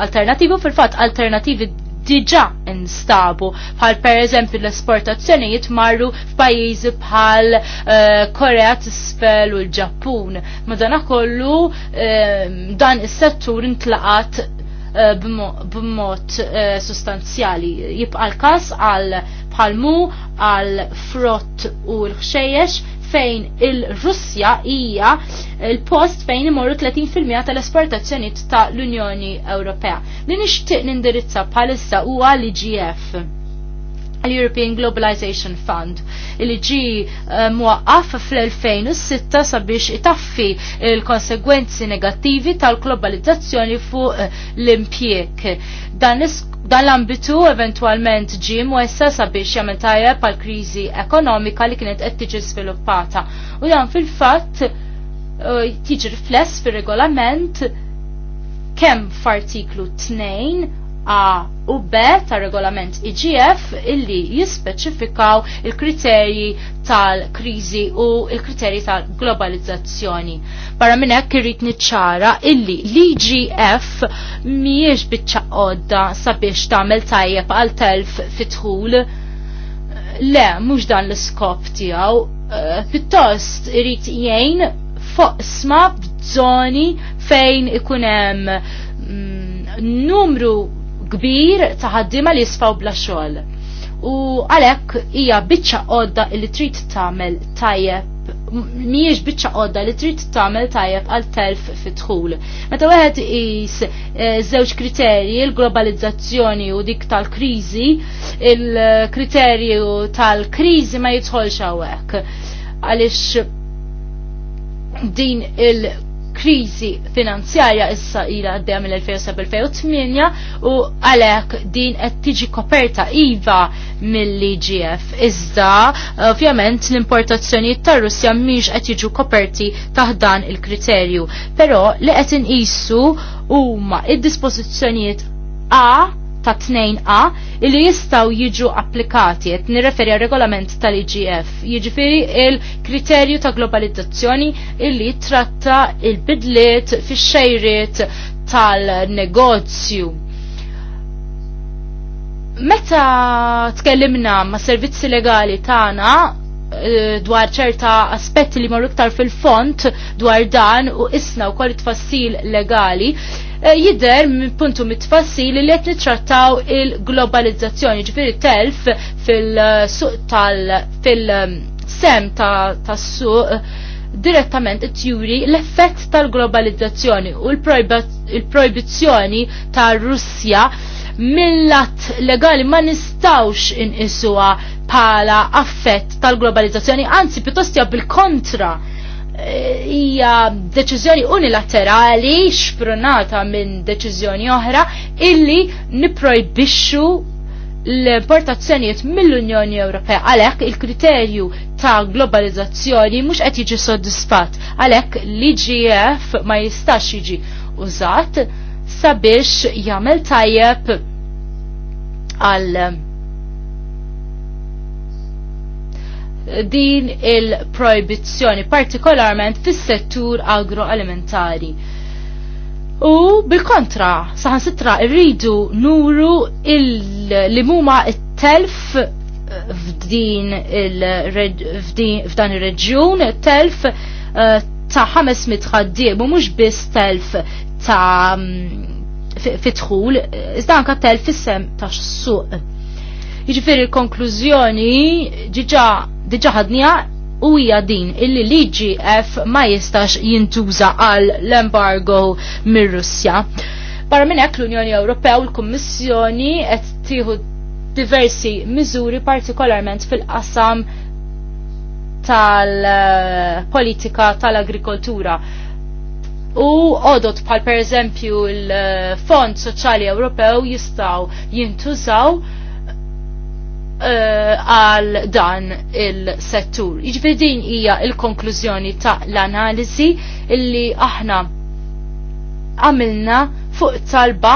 alternativi fil-fatt alternativi diġa instabu bħal per eżempju l-esportazzjonijiet marru f'pajjiżi bħal eh, Korea Korea tisfel u l-Ġappun. Madana kollu eh, dan is-settur intlaqat eh, b'mod sustanzjali. Jibqa l-kas għal palmu, għal frott u l-ħxejjex fejn il-Russja hija il-post fejn imorru 30% tal esportazzjoni ta' l-Unjoni Ewropea. Li nixtieq nindirizza bħalissa huwa l-IGF l-European Globalization Fund li ġi eh, muwaqqaf fl-2006 sabiex itaffi il-konsegwenzi negattivi tal-globalizzazzjoni fuq eh, l-impjek. Dan is Dan l-ambitu eventualment u essa sabiex jagħmel tajjeb pal kriżi ekonomika li kienet qed tiġi sviluppata. U dan fil-fatt tiġi uh, rifless fir-regolament kemm f'artiklu 2 A u B ta' regolament IGF illi jispeċifikaw il-kriterji tal-krizi u il-kriterji tal-globalizzazzjoni. Barra minn hekk irrid niċċara illi l-IGF mhijiex biċċa qodda sabiex tagħmel tajjeb għal telf fitħul. Le, mhux dan l-iskop tiegħu, eh, pittost irrit jgħin fuq sma b'żoni fejn ikun hemm mm, numru kbir ta' ħaddima li jisfaw bla xogħol. U għalhekk hija biċċa qodda li trid tagħmel tajjeb mhijiex biċċa qodda li trid tagħmel tajjeb għal telf tħul. Meta wieħed is eh, żewġ kriterji, l-globalizzazzjoni u dik tal-kriżi, il-kriterju tal-kriżi ma jidħolx hawnhekk. Għaliex din il- krizi finanzjarja issa ila għaddejja mill-2007-2008 u għalek din qed tiġi koperta iva mill-IGF. Iżda, ovvjament, l-importazzjonijiet tar Russja mhix qed jiġu koperti taħdan il-kriterju. Però li qed inqisu huma id-dispożizzjonijiet A ta' 2A illi jistaw jiġu applikati, et nirreferi regolament tal-IGF, jiġifiri il-kriterju ta' globalizzazzjoni illi tratta il-bidliet fi xejriet tal-negozju. Meta tkellimna ma' servizzi legali tagħna eh, dwar ċerta aspetti li marru fil-font dwar dan u isna u koll tfassil legali, Eh, jidher puntu mitfassi li qed nittrattaw il-globalizzazzjoni, ġifieri telf fil-suq tal fil-sem tas-suq direttament it-juri l-effett tal-globalizzazzjoni u l-proibizzjoni tal-Russja millat legali ma nistawx inqisuha pala affett tal-globalizzazzjoni, anzi pjuttost bil-kontra hija deċiżjoni unilaterali xprunata minn deċiżjoni oħra illi niprojbixxu l-importazzjonijiet mill-Unjoni Ewropea. Għalhekk il-kriterju ta' globalizzazzjoni mhux qed jiġi soddisfatt. Għalhekk l-IGF ma jistax jiġi użat sabiex jagħmel tajjeb għal din il-proibizzjoni partikolarment fis-settur agroalimentari. U bil-kontra, saħan sitra rridu nuru li muma telf f'din f'dan ir-reġjun, telf eh, ta' 500 ħaddieb u mhux biss telf ta' mm, fitħul, iżda anka telf fissem sem ta' suq. Jiġifieri il konklużjoni ġiġa diġaħadnija u hija din illi liġi F ma jistax jintuża għal l-embargo mir-Russja. Barra minn hekk l-Unjoni Ewropea u l-Kummissjoni qed tieħu diversi miżuri partikolarment fil-qasam tal-politika tal-agrikoltura. U għodot bħal per eżempju l-Fond Soċjali Ewropew jistaw jintużaw Eh, għal uh, dan il-settur. Iġveri hija il-konklużjoni ta' l-analiżi illi aħna għamilna fuq talba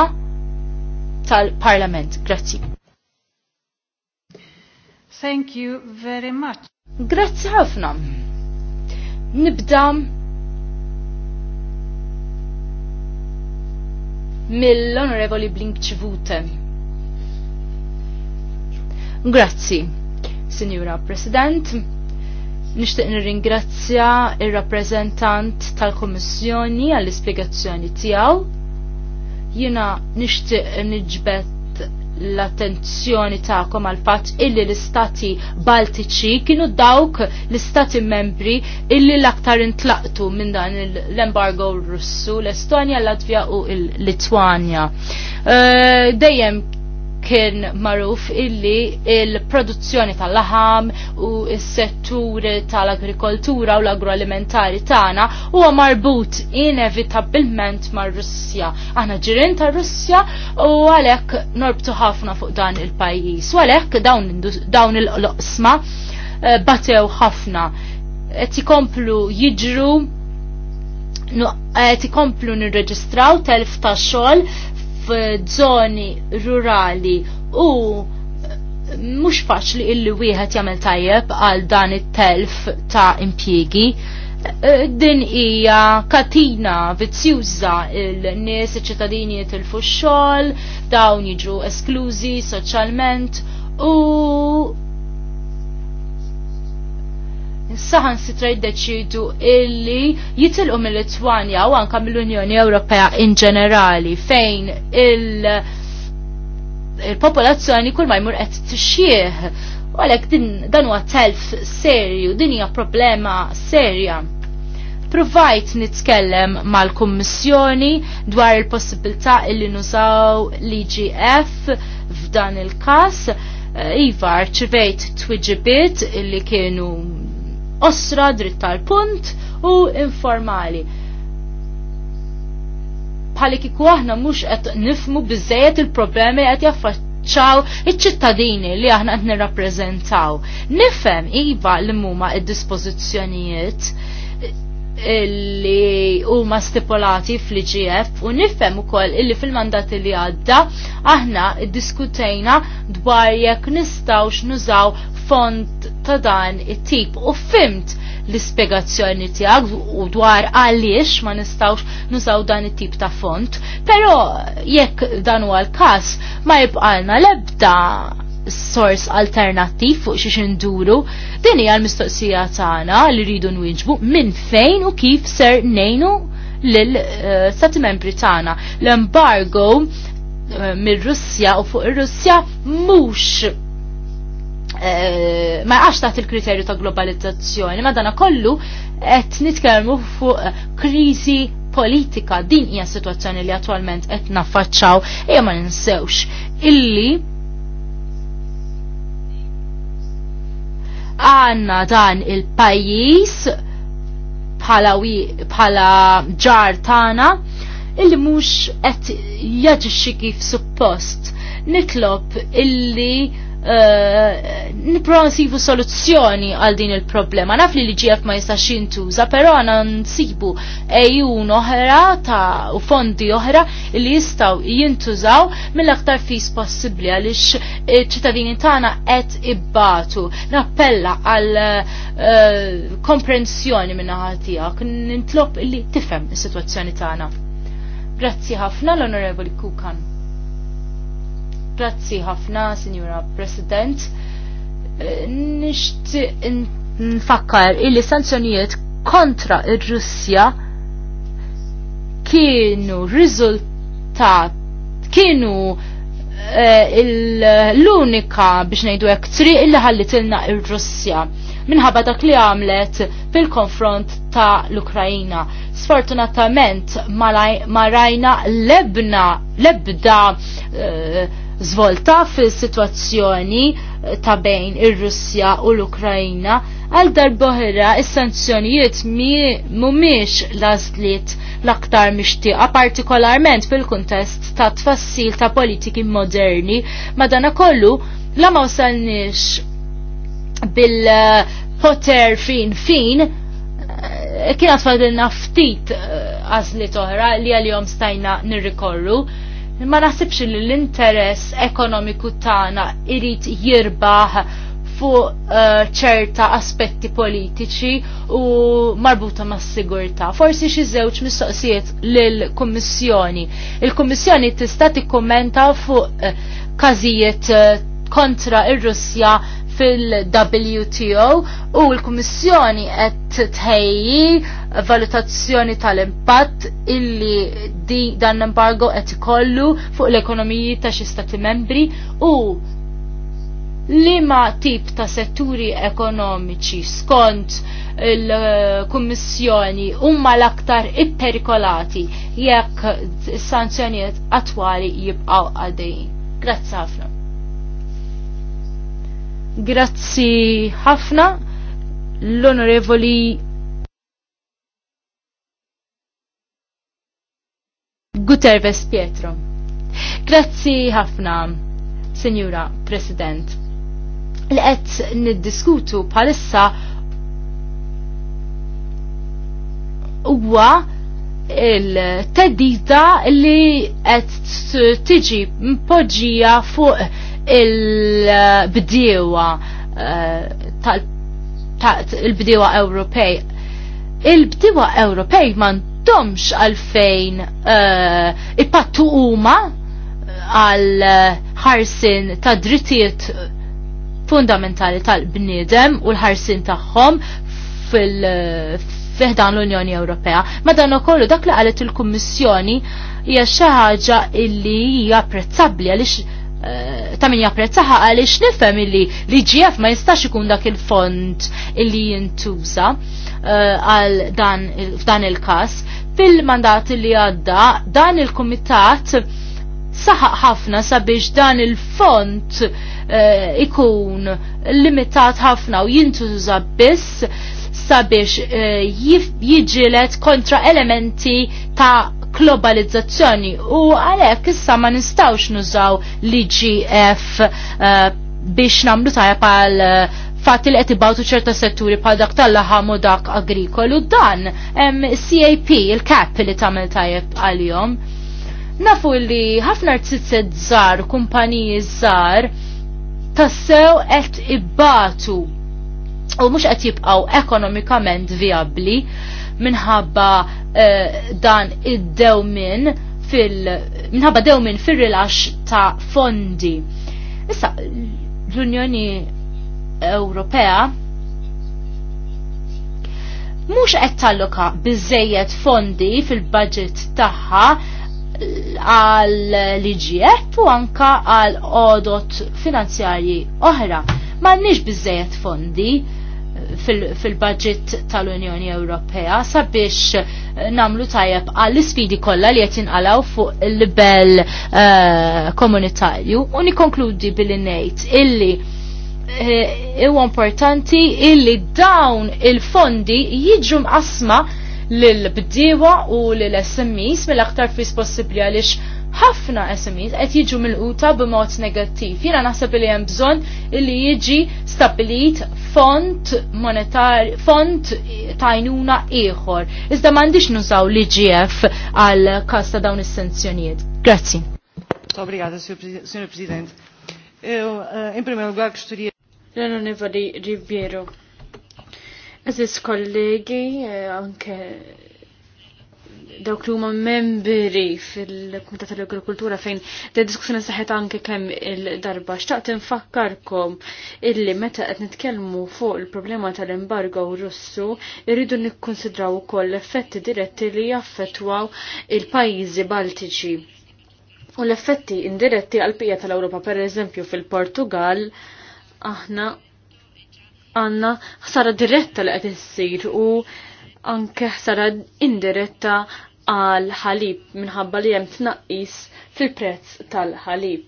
tal-Parlament. Grazzi. Thank you very much. Grazzi ħafna. Nibda mill-Onorevoli Blink Ċivute. Grazzi, Sinjura President. Nishtiq nirringrazzja ir-rappreżentant tal-Kommissjoni għall-ispjegazzjoni tiegħu. Jiena nixtieq niġbed l-attenzjoni ta'kom għal fatt illi l-istati baltiċi kienu dawk l-istati membri illi l-aktar intlaqtu minn dan l-embargo russu l-Estonja, l-Latvija u l-Litwanja. Eh, dejjem kien maruf illi il-produzzjoni tal-laħam u s-settur tal-agrikoltura u l-agroalimentari tagħna huwa marbut inevitabilment mar-Russja. Aħna ġirien tar-Russja u għalhekk norbtu ħafna fuq dan il-pajjiż. U għalhekk dawn il-loqsma eh, batew ħafna. Qed ikomplu jiġru eti komplu nirreġistraw telf ta' xogħol f'żoni rurali u mhux faċli illi wieħed jagħmel tajjeb għal dan it-telf ta' impjiegi. E, din hija katina vizzjuża il-nies iċ-ċittadini jitilfu x-xogħol, dawn jiġu esklużi soċjalment u saħan sitra jiddeċidu illi jitilqu mill-Litwanja u anka mill-Unjoni Ewropea in ġenerali fejn il- il-popolazzjoni kull ma jmur qed tixjih u għalhekk din dan huwa telf serju, din hija problema serja. Provajt nitkellem mal-Kummissjoni dwar il-possibilità illi nużaw l-IGF f'dan il-każ. Iva, ċivejt twiġibiet illi kienu osra, dritt tal-punt u informali Bħalik iku aħna mux qed nifmu bizzejet il-problemi qed jaffaċċaw iċ-ċittadini li aħna qed nirrappreżentaw. Nifhem iva li huma id-dispożizzjonijiet li huma stipulati fl-IGF u nifhem ukoll illi fil-mandat li għadda aħna iddiskutejna dwar jekk nistgħux nużaw fond ta' dan it-tip u fimt l-ispiegazzjoni tiegħek u dwar għaliex ma nistgħux nużaw dan it-tip ta' font, però jekk dan huwa l-każ ma jibqalna lebda sors alternattiv fuq xiex induru, din hija l-mistoqsija tagħna li rridu nwieġbu minn fejn u kif ser nejnu lill-Stati eh, Membri tagħna. L-embargo eh, mir-Russja u fuq ir-Russja mhux Eh, ma għax taħt il-kriterju ta' globalizzazzjoni, ma dana kollu qed nitkellmu fuq kriżi politika din hija situazzjoni li attualment qed naffaċċaw hija ma ninsewx illi għanna dan il-pajjiż bħala ġar tagħna illi mhux qed jaġixxi kif suppost nitlob illi Eh, niprofa nsibu soluzzjoni għal din il-problema. Naf li l-IGF ma jistax jintuża, però għana nsibu ejjun oħra ta' u fondi oħra li jistaw jintużaw mill-aktar fis possibli għalix ċittadini tagħna qed ibbatu. Nappella għal eh, komprensjoni minna ħatijak, nintlob li tifhem is-sitwazzjoni tagħna. Grazzi ħafna l-Onorevoli Kukan. Grazzi ħafna, Signora President. Eh, Nishti nfakkar illi sanzjonijiet kontra ir-Russja kienu riżultat kienu eh, l-unika biex ngħidu hekk triq illi ħallitilna ir-Russja minħabba dak li għamlet fil-konfront ta' l-Ukrajina. Sfortunatament ma rajna lebna, lebda uh, zvolta fil-situazzjoni eh, ta' bejn ir-Russja u l-Ukrajna għal darbohra is-sanzjonijiet mumiex lażliet l-aktar mixtieqa partikolarment fil-kuntest ta' tfassil ta' politiki moderni madana kollu la ma wasalniex bil-poter fin fin eh, kienet fadilna ftit eh, għażliet oħra li għal-jom stajna nirrikorru Ma naħsibx li l-interess ekonomiku tagħna irid jirbaħ fuq eh, ċerta aspetti politiċi u marbuta mas sigurta. Forsi xi żewġ mistoqsijiet lill-Kummissjoni. Il-Kummissjoni tista' tikkummenta fuq uh, każijiet uh, kontra ir-Russja fil-WTO u l-Kummissjoni qed tħejji valutazzjoni tal-impatt illi di dan l-embargo qed ikollu fuq l-ekonomiji ta' xi stati membri u li ma tip ta' setturi ekonomiċi skont il-Kummissjoni umma l-aktar ipperikolati jekk sanzjoniet attwali jibqaw għadej. Grazzi ħafna. Grazzi ħafna l-onorevoli Guterres Pietro. Grazzi ħafna, Signora President. L-qed niddiskutu bħalissa huwa il-teddida li qed tiġi mpoġġija fuq il-bdiewa eh, il-bdiewa Ewropej. Il-bdiewa Ewropej domx għalfejn eh, ipattu huma għal eh, ħarsin ta' drittijiet fundamentali tal-bniedem u l-ħarsin tagħhom fil fiħdan l-Unjoni Ewropea. Madan ukollu dak li qalet il-Kummissjoni hija xi ħaġa illi hija apprezzabbli għaliex Eh, ta' min japprezzaħa għaliex nifhem illi l-IGF ma jistax ikun dak il-fond illi jintuża eh, għal dan il-każ. Fil-mandat li għadda dan il-kumitat saħaq ħafna sabiex dan il-font eh, ikun limitat ħafna u jintuża biss sabiex jiġilet kontra elementi ta' globalizzazzjoni u għalhekk issa ma nistgħux nużaw l-IGF uh, eh, biex namlu tajja pal eh, fatti li qed ċerta setturi bħal dak tal u dak agrikolu dan hemm CAP il-cap li tagħmel tajjeb għalihom. Nafu li ħafna artizzet żgħar, kumpaniji żgħar tassew qed ibbatu u mhux qed jibqgħu ekonomikament viabbli minħabba uh, dan id-dewmin fil minħabba dewmin fil-rilax ta' fondi. Issa l-Unjoni Ewropea mhux qed talloka biżejjed fondi fil-budget tagħha għal liġijiet u anka għal odot finanzjarji oħra. Ma nix bizzejet fondi fil-budget fil tal-Unjoni Ewropea sabiex eh, namlu tajab għall-sfidi kollha li qed inqalaw fuq il libel uh, eh, komunitarju u nikkonkludi billi ngħid illi eh, huwa uh, importanti illi dawn il-fondi jiġu mqasma lil bdiewa u lil SMEs mill-aktar fis possibbli għaliex ħafna SMEs qed jiġu mill-quta b'mod negattiv. Jiena naħseb li hemm bżonn li jiġi stabilit font monetar font tajnuna ieħor. Iżda m'għandix nużaw l-IGF għal każ ta' dawn is-sanzjonijiet. Grazzi. Obrigada, Sr. President. Eu, eh, em primeiro lugar, gostaria... L'onorevole Riviero. Aziz kollegi, eh, anke dawk li huma membri fil-Kumitat tal-Agrikultura fejn da diskussjoni saħet anke kemm il-darba. Xtaqt infakkarkom illi meta qed nitkellmu fuq il-problema tal-embargo Russu, irridu nikkonsidraw ukoll l-effetti diretti li jaffettwaw il-pajjiżi Baltiċi. U l-effetti indiretti għal-pija tal-Ewropa, per eżempju fil-Portugal, aħna għanna ħsara diretta li qed issir u anke ħsara indiretta għal ħalib minħabba li hemm tnaqqis fil-prezz tal-ħalib.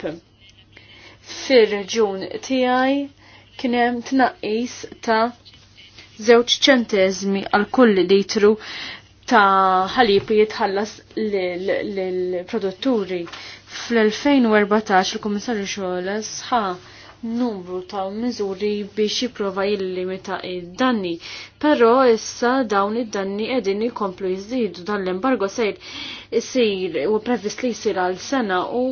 Fir-reġjun tiegħi kien hemm tnaqqis ta' żewġ ċentezmi għal kulli litru ta' ħalib jitħallas lill-produtturi. Fl-2014 il-Kummissarju Xoles ħa numru ta' miżuri biex jipprova jillimita id-danni. Però issa dawn id-danni qegħdin jkomplu jiżdiedu dan l-embargo sejr isir u previst li jsir għal sena u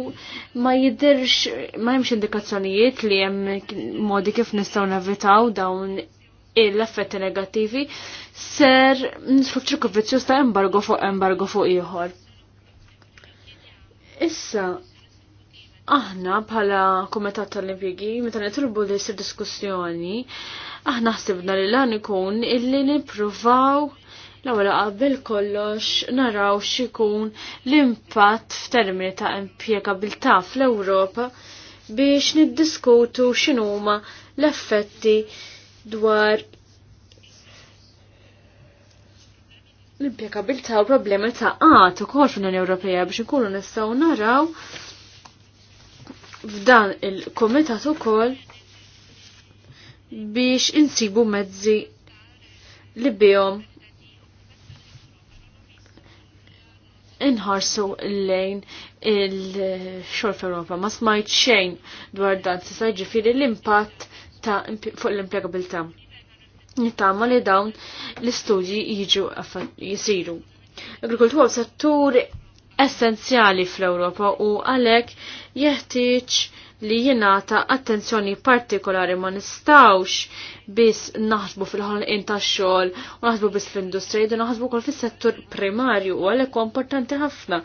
ma jidhirx ma hemmx indikazzjonijiet li hemm modi kif nistgħu nevitaw dawn l-effetti negattivi ser nisfuk ċirku ta' embargo fuq embargo fuq ieħor. Issa, aħna bħala Kumitat tal-Impjegi, meta nitrubu li jsir diskussjoni, aħna ħsibna li lan ikun illi nippruvaw l-ewwel qabel kollox naraw x'ikun l-impatt f'termini ta' impjegabilità fl-Ewropa biex niddiskutu x'inhuma l-effetti dwar l-impjegabilità u problemi ta' għat ukoll fl-Unjoni Ewropea biex inkunu nistgħu naraw f'dan il-komitat ukoll biex insibu mezzi li bihom inħarsu l-lejn il-xorf Europa. Ma smajt xejn dwar dan sisa ġifiri l-impatt ta' fuq l-implegabilta. Nittama li dawn l-istudji jiġu jisiru. Agrikoltura settur essenzjali fl-Ewropa u għalhekk jeħtieġ li jingħata attenzjoni partikolari ma nistawx biss naħsbu fil-ħolqien tax-xogħol u naħsbu biss fl-industrija jdu naħsbu kol fis-settur primarju u għalhekk importanti ħafna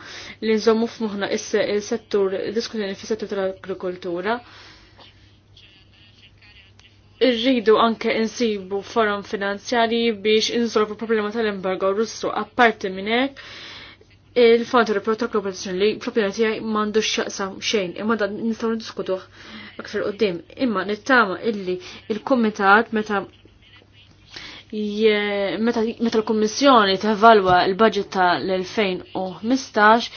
li nżommu f'moħħna is-settur diskutini fis-settur tal-agrikoltura irridu anke insibu forum finanzjari biex insolvu problema tal-embargo russu apparti minn hekk il fatur il protokoll protezzjoni li propjoni tiegħi m'għandux xaqsam xejn, imma dan nistgħu niddiskutuh aktar d-dim, Imma nittama illi il-kumitat meta meta l-Kummissjoni tevalwa l-budget ta' l-2015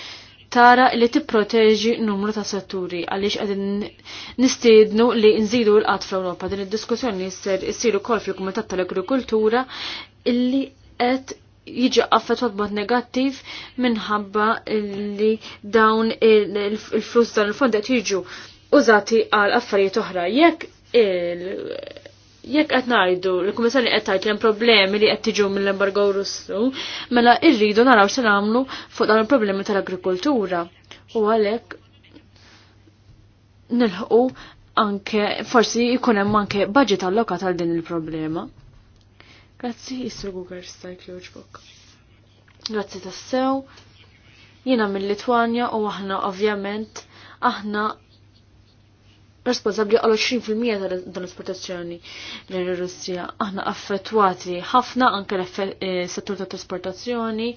tara li tipproteġi numru ta' setturi għaliex qegħdin nistiednu li nżidu l-qatt fl-Ewropa. Din id-diskussjoni jsir issiru kol fil-Kumitat tal-Agrikultura illi qed jiġi affettwat b'mod negattiv minħabba li dawn il-flus dan il-fond qed jiġu użati għal affarijiet oħra. Jekk jekk qed ngħidu li kummissarju qed tgħid hemm problemi li qed tiġu mill-embargo Russu, mela rridu naraw se nagħmlu fuq dawn il-problemi tal-agrikoltura. U għalhekk nilħqu anke forsi jkun hemm anke budget allokat għal din il-problema. Grazzi, jistru Google Strike Lodgebok. Grazzi tassew. Jina mill-Litwanja u aħna ovvjament aħna responsabli għal 20% ta' dan l-esportazzjoni l-Russija. Aħna affettwati ħafna anke l-settur eh, ta' trasportazzjoni.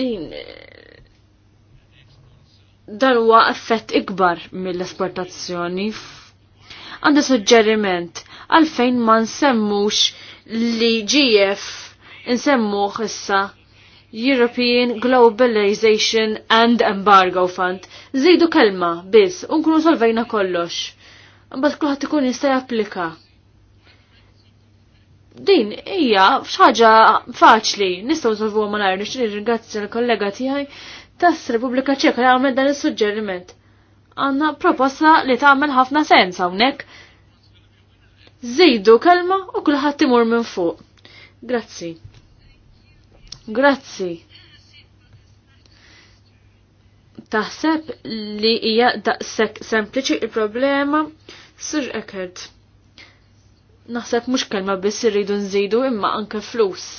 Din eh, dan huwa effett ikbar mill-esportazzjoni. Għandi suġġeriment għalfejn ma nsemmux li GF nsemmuh issa European Globalization and Embargo Fund. Zidu kelma, biss, unkunu solvejna kollox. Mbagħad kluħat ikun jista' japplika. Din hija xaġa faċli, nistgħu nsolvuha malajr nixtieq ringrazzja l-kollega tiegħi tas-Repubblika Ċeka li għamel dan is-suġġeriment. Għandna proposta li tagħmel ħafna sens hawnhekk Zejdu kalma u kulħadd imur minn fuq. Grazzi. Grazzi. Taħseb li hija daqshekk sempliċi il-problema sur ekert. Naħseb mhux kelma biss irridu nżidu imma anke flus.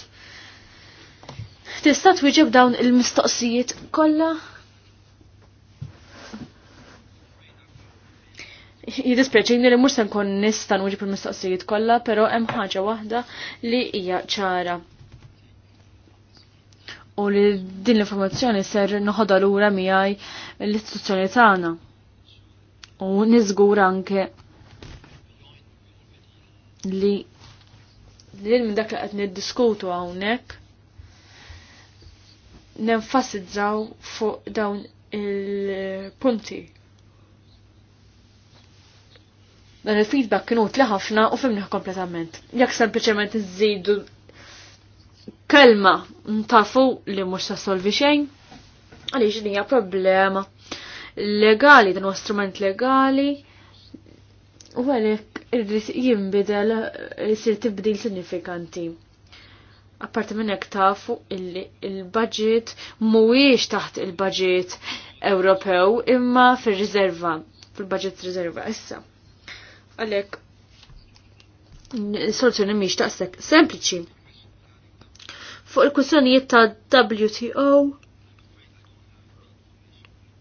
Tista' twieġeb dawn il-mistoqsijiet kollha? jidispjaċini li mhux se nkun nista' uġi il-mistoqsijiet kollha, però hemm ħaġa waħda li hija ċara. U li din l-informazzjoni ser noħodha lura miegħi l-istituzzjoni tagħna. U niżgur anke li li minn dak li qed niddiskutu hawnhekk nenfasizzaw fuq dawn il-punti Dan il-feedback kienu utli ħafna u fimniħ kompletament. Jekk sempliċement iżidu kelma ntafu li mhux sa solvi xejn, għaliex din hija problema legali, dan huwa strument legali, u għalhekk irrid jinbidel isir tibdil sinifikanti apparti minn hekk tafu il-budget mhuwiex taħt il-budget Ewropew imma fir-riserva, fil-budget riserva issa. Għalek, n-soluzjoni miex taqsek sempliċi. Fuq il-kwistjonijiet ta' WTO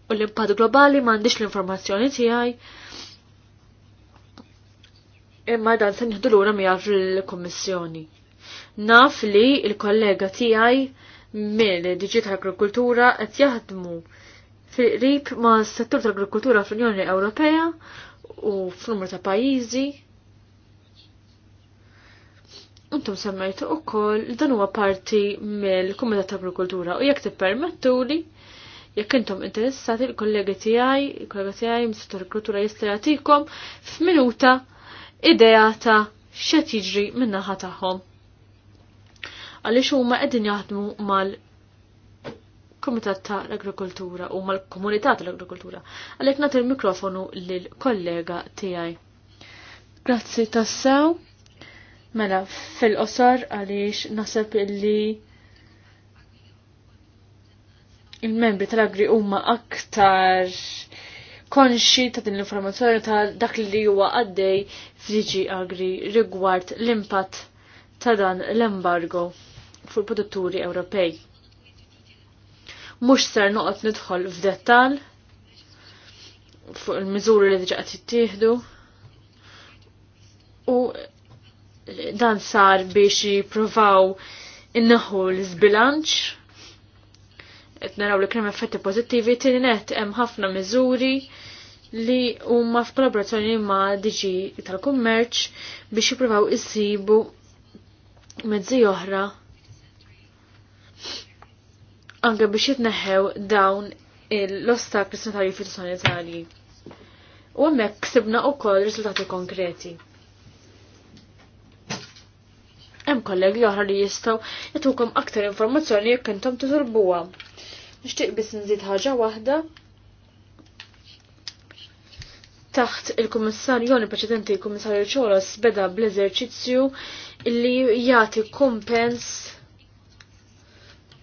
u l impad globali m'għandix l-informazzjoni tiegħi. Imma dan se nieħdu lura miegħu l kummissjoni Naf li l-kollega tiegħi mill digital agrikultura qed jaħdmu fil-qrib ma' settur tal-agrikultura fl-Unjoni Ewropea u f'numru ta' pajjiżi. Intom semmejtu ukoll dan huwa parti mill-Kumitat ta' Agrikultura u jekk tippermettuli jekk intom interessati il-kollegi tiegħi, il-kollega tiegħi Mr. Agrikultura jista' jagħtikom f'minuta idea ta' x'qed jiġri min-naħa tagħhom. Għaliex huma qegħdin jaħdmu mal Kumitat ta' l-Agrikoltura u mal-Komunità tal agrikoltura Għalek nagħti l mikrofonu lill-kollega tiegħi. Grazzi tassew. Mela, fil-qosar għaliex naħseb illi il-membri tal-agri huma aktar konxi ta' din l-informazzjoni ta' dak li huwa għaddej fiġi Agri rigward l-impatt ta' dan l-embargo fuq produtturi Ewropej mhux ser noqgħod nidħol f'dettall fuq il-miżuri li diġa qed jittieħdu. U dan sar biex jippruvaw innaħu l zbilanċ qed naraw li kemm effetti pozittivi, tieni net hemm ħafna miżuri li huma f'kollaborazzjoni ma' DG tal-kummerċ biex jippruvaw isibu mezzi oħra anke biex jitneħħew dawn l-ostakli sanitarji fitosanitarji. U hemmhekk ksibna wkoll rizultati konkreti. Hemm kollegi oħra li jistgħu jagħtukom aktar informazzjoni jekk intom tiżurbuha. Nixtieq biss nżid ħaġa waħda taħt il-kummissarjoni preċedenti il-kummissarju ċolos beda bl-eżerċizzju li jagħti kumpens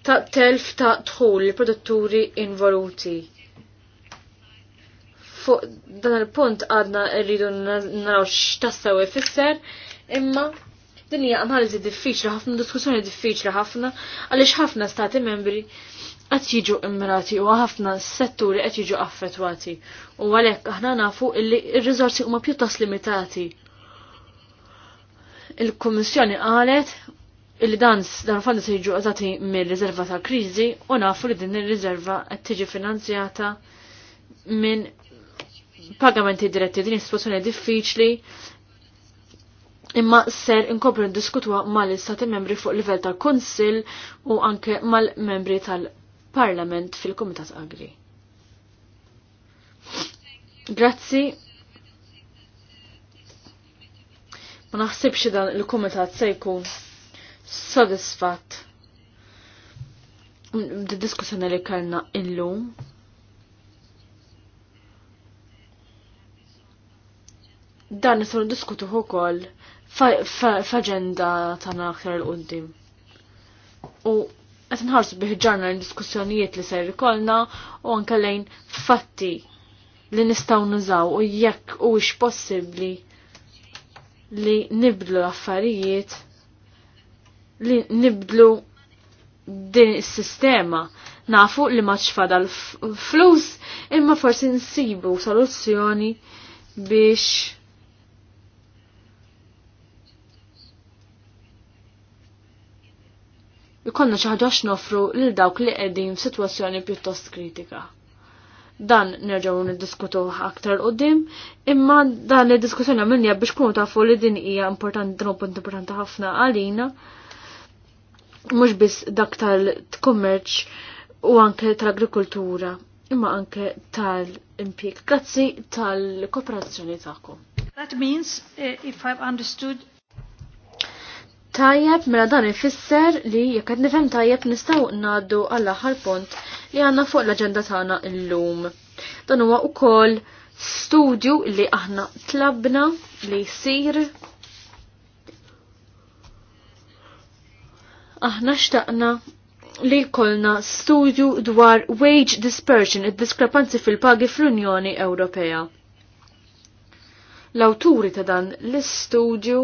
ta' telf ta' tħul il-produtturi involuti. Fuq dan il-punt għadna rridu naraw x'tassew ifisser, imma din hija analiżi diffiċli ħafna, diskussjoni diffiċli ħafna, għaliex ħafna stati membri qed jiġu immirati u ħafna setturi qed jiġu affettwati. U għalhekk aħna nafu illi r-riżorsi huma pjuttost limitati. Il-Kummissjoni qalet il dan dan fondi se jiġu għazati mill-riserva ta' kriżi u nafu li din ir-riserva qed tiġi finanzjata minn pagamenti diretti din situazzjoni diffiċli imma ser inkomplu ndiskutwa mal-istati membri fuq livell tal-Kunsill u anke mal-membri tal-Parlament fil-Kumitat Agri. Grazzi. Ma naħsibx dan il-Kumitat se jkun sodisfatt di diskussjoni li kellna illum. Dan nistgħu diskutu wkoll f'aġenda tagħna aktar il qudiem U qed nħarsu bih ġarna l-diskussjonijiet li ser ikollna u anke lejn fatti li nistgħu nużaw u jekk huwiex possibbli li nibdlu l-affarijiet li nibdlu din is-sistema. Nafu li ma l flus imma forsi nsibu soluzzjoni biex ikonna ċaħġax nofru lil dawk li qegħdin f'sitwazzjoni pjuttost kritika. Dan nerġgħu niddiskutu aktar dim, imma dan id-diskussjoni għamilni biex kunu tafu li din hija importanti, punt importanti ħafna għalina mhux biss dak tal-kummerċ u anke tal-agrikoltura, imma anke tal-impjeg. Grazzi tal-kooperazzjoni tagħkom. That means, eh, if I've understood Tajjeb, mela dan ifisser li jekk qed nifhem tajjeb nistgħu ngħaddu għall aħħar punt li għandna fuq l-aġenda tagħna llum. Dan huwa wkoll studju li aħna tlabna li jsir aħna xtaqna li kolna studju dwar wage dispersion, id-diskrepanzi fil-pagi fl-Unjoni Ewropea. L-awturi ta' dan l-istudju,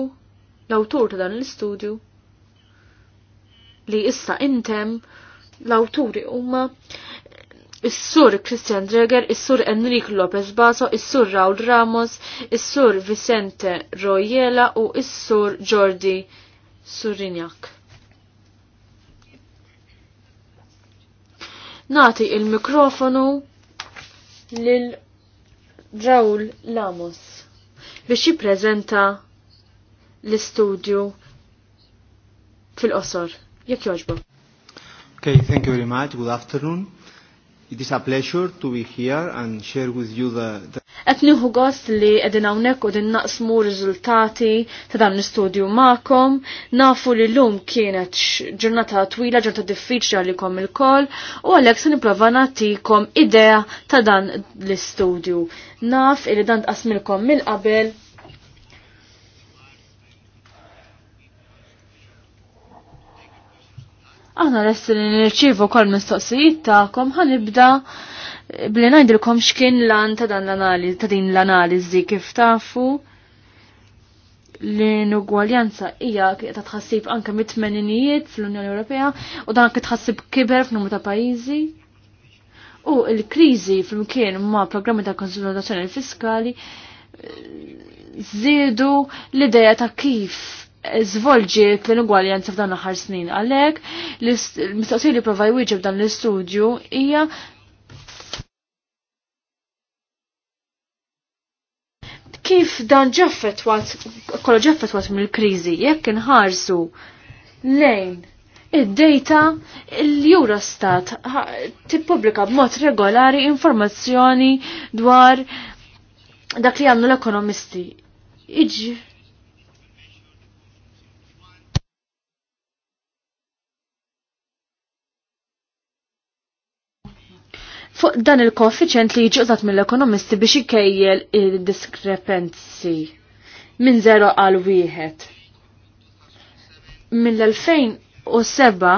l-awtur ta' dan l-istudju, li issa intem, l-awturi huma Is-sur Christian Dreger, is-sur Enrique Lopez Baso, is-sur Raul Ramos, is-sur Vicente Royela u is-sur Jordi Surinjak. Nati il-mikrofonu lil Raul Lamos biex jippreżenta l-istudju fil-qosor. Jekk joġbu. Okay, thank you very much. Good afternoon. It is a pleasure to be here and share with you the... the... Etniħu gost li edin għawnek u din naqsmu rizultati ta' dan l-istudju ma'kom. Nafu li l-lum kienet ġurnata twila, ġurnata diffiċli kom il kol u għalek se niprofa kom idea ta' dan l-istudju. Naf li dan tqasmilkom mill-qabel Aħna lesti li nirċivu kol mistoqsijiet ta'kom ħanibda bli ngħidilkom x'kien lan ta' dan l-analiżi ta' din l-analiżi kif tafu l ugwaljanza hija ta' tħassib anke mit-tmeninijiet fl-Unjoni Ewropea u dan anke tħassib kiber f'numru ta' pajjiżi. U l-kriżi flimkien ma' programmi ta' konsolidazzjoni fiskali eh, żiedu l-idea ta' kif zvolġiet l-inugwaljanza f'dan l-aħħar snin. Għalhekk l-mistoqsija li prova jwieġeb dan l-istudju hija kif dan ġaffet wat, kollu ġaffet mill-krizi, jekk nħarsu lejn id-data l-Eurostat tippubblika b'mod regolari informazzjoni dwar dak li għannu l-ekonomisti. Iġi fuq dan il koffiċent li ġuqzat mill-ekonomisti biex ikejjel il-diskrepenzi minn 0 għal wieħed. Mill-2007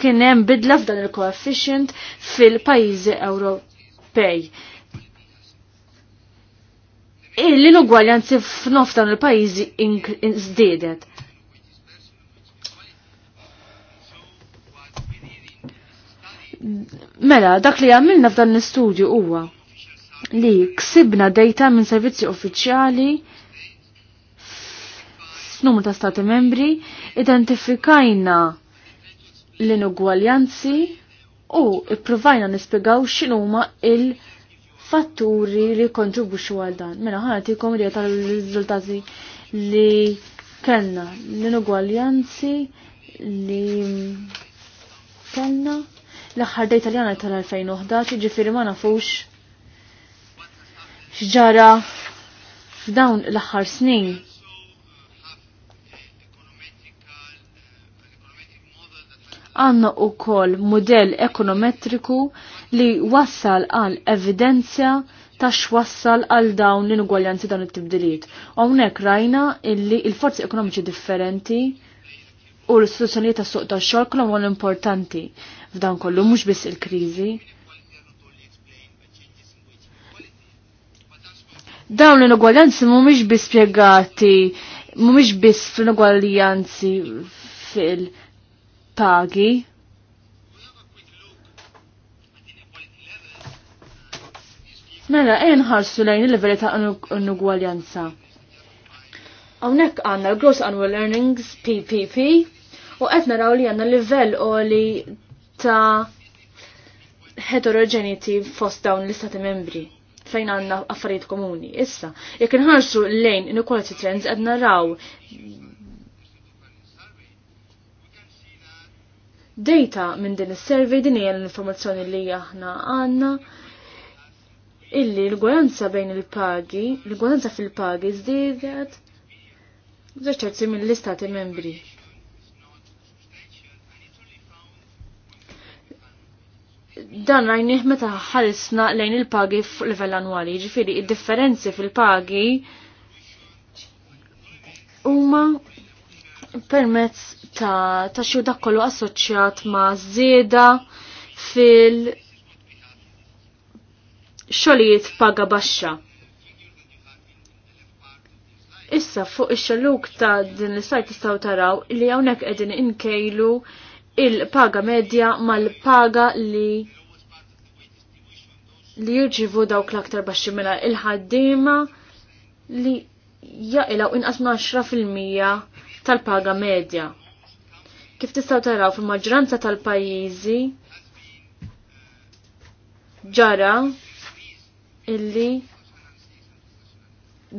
kien hemm bidla f'dan il-koefficient fil-pajjiżi Ewropej. L-inugwaljanzi f'nof dan il-pajjiżi żdiedet. In Mela, dak li għamilna f'dan l-istudju huwa li ksibna dejta minn servizzi uffiċjali f'numru ta' stati membri, identifikajna l-inugwaljanzi u ippruvajna nispjegaw x'inhuma il- fatturi li kontribuxu għal dan. Mela tikom li tal-riżultati li kellna l-inugwaljanzi li kellna l-aħħar dejta tal-jana tal-2011, ġifiri ma nafux xġara f'dawn l-aħħar snin. Għanna u kol model ekonometriku li wassal għal evidenzja ta' xwassal għal dawn l ingwaljanzi dawn it-tibdiliet. Hawnhekk rajna illi il-forzi ekonomiċi differenti u l istituzjoniet tas suq tax-xogħol kollha importanti f'dan kollu mhux biss il-kriżi. Dawn l-inugwaljanzi mhumiex biss spjegati, mhumiex biss fl-inugwaljanzi fil-pagi. Mela, ejn nħarsu lejn il-livelli ta' inugwaljanza. Hawnhekk għandna l-gross annual earnings PPP u qed naraw li għandna livell oli ta' heterogeniti fost dawn l-istati membri fejn għanna affarijiet komuni. Issa, jekk nħarsu lejn inequality trends qed naraw data minn din is-survey din hija l-informazzjoni li aħna għandna illi l-gwaranza bejn il-pagi, l-gwaranza fil-pagi żdiedet ċerti mill-istati membri. dan rajnieh meta ħarisna lejn il-pagi level annuali, ġifiri il differenzi fil-pagi huma permezz ta' ta' xi dak kollu assoċjat ma' żieda fil xogħlijiet paga baxxa. Issa fuq ix xaluk ta' din l-sajt tistgħu taraw li hawnhekk qegħdin inkejlu in il-paga medja mal-paga li li jirġivu dawk l-aktar baxxi mela il-ħaddima li jaqilaw inqas ma' 10% tal-paga medja. Kif tistaw taraw fil-maġranza tal-pajjiżi ġara illi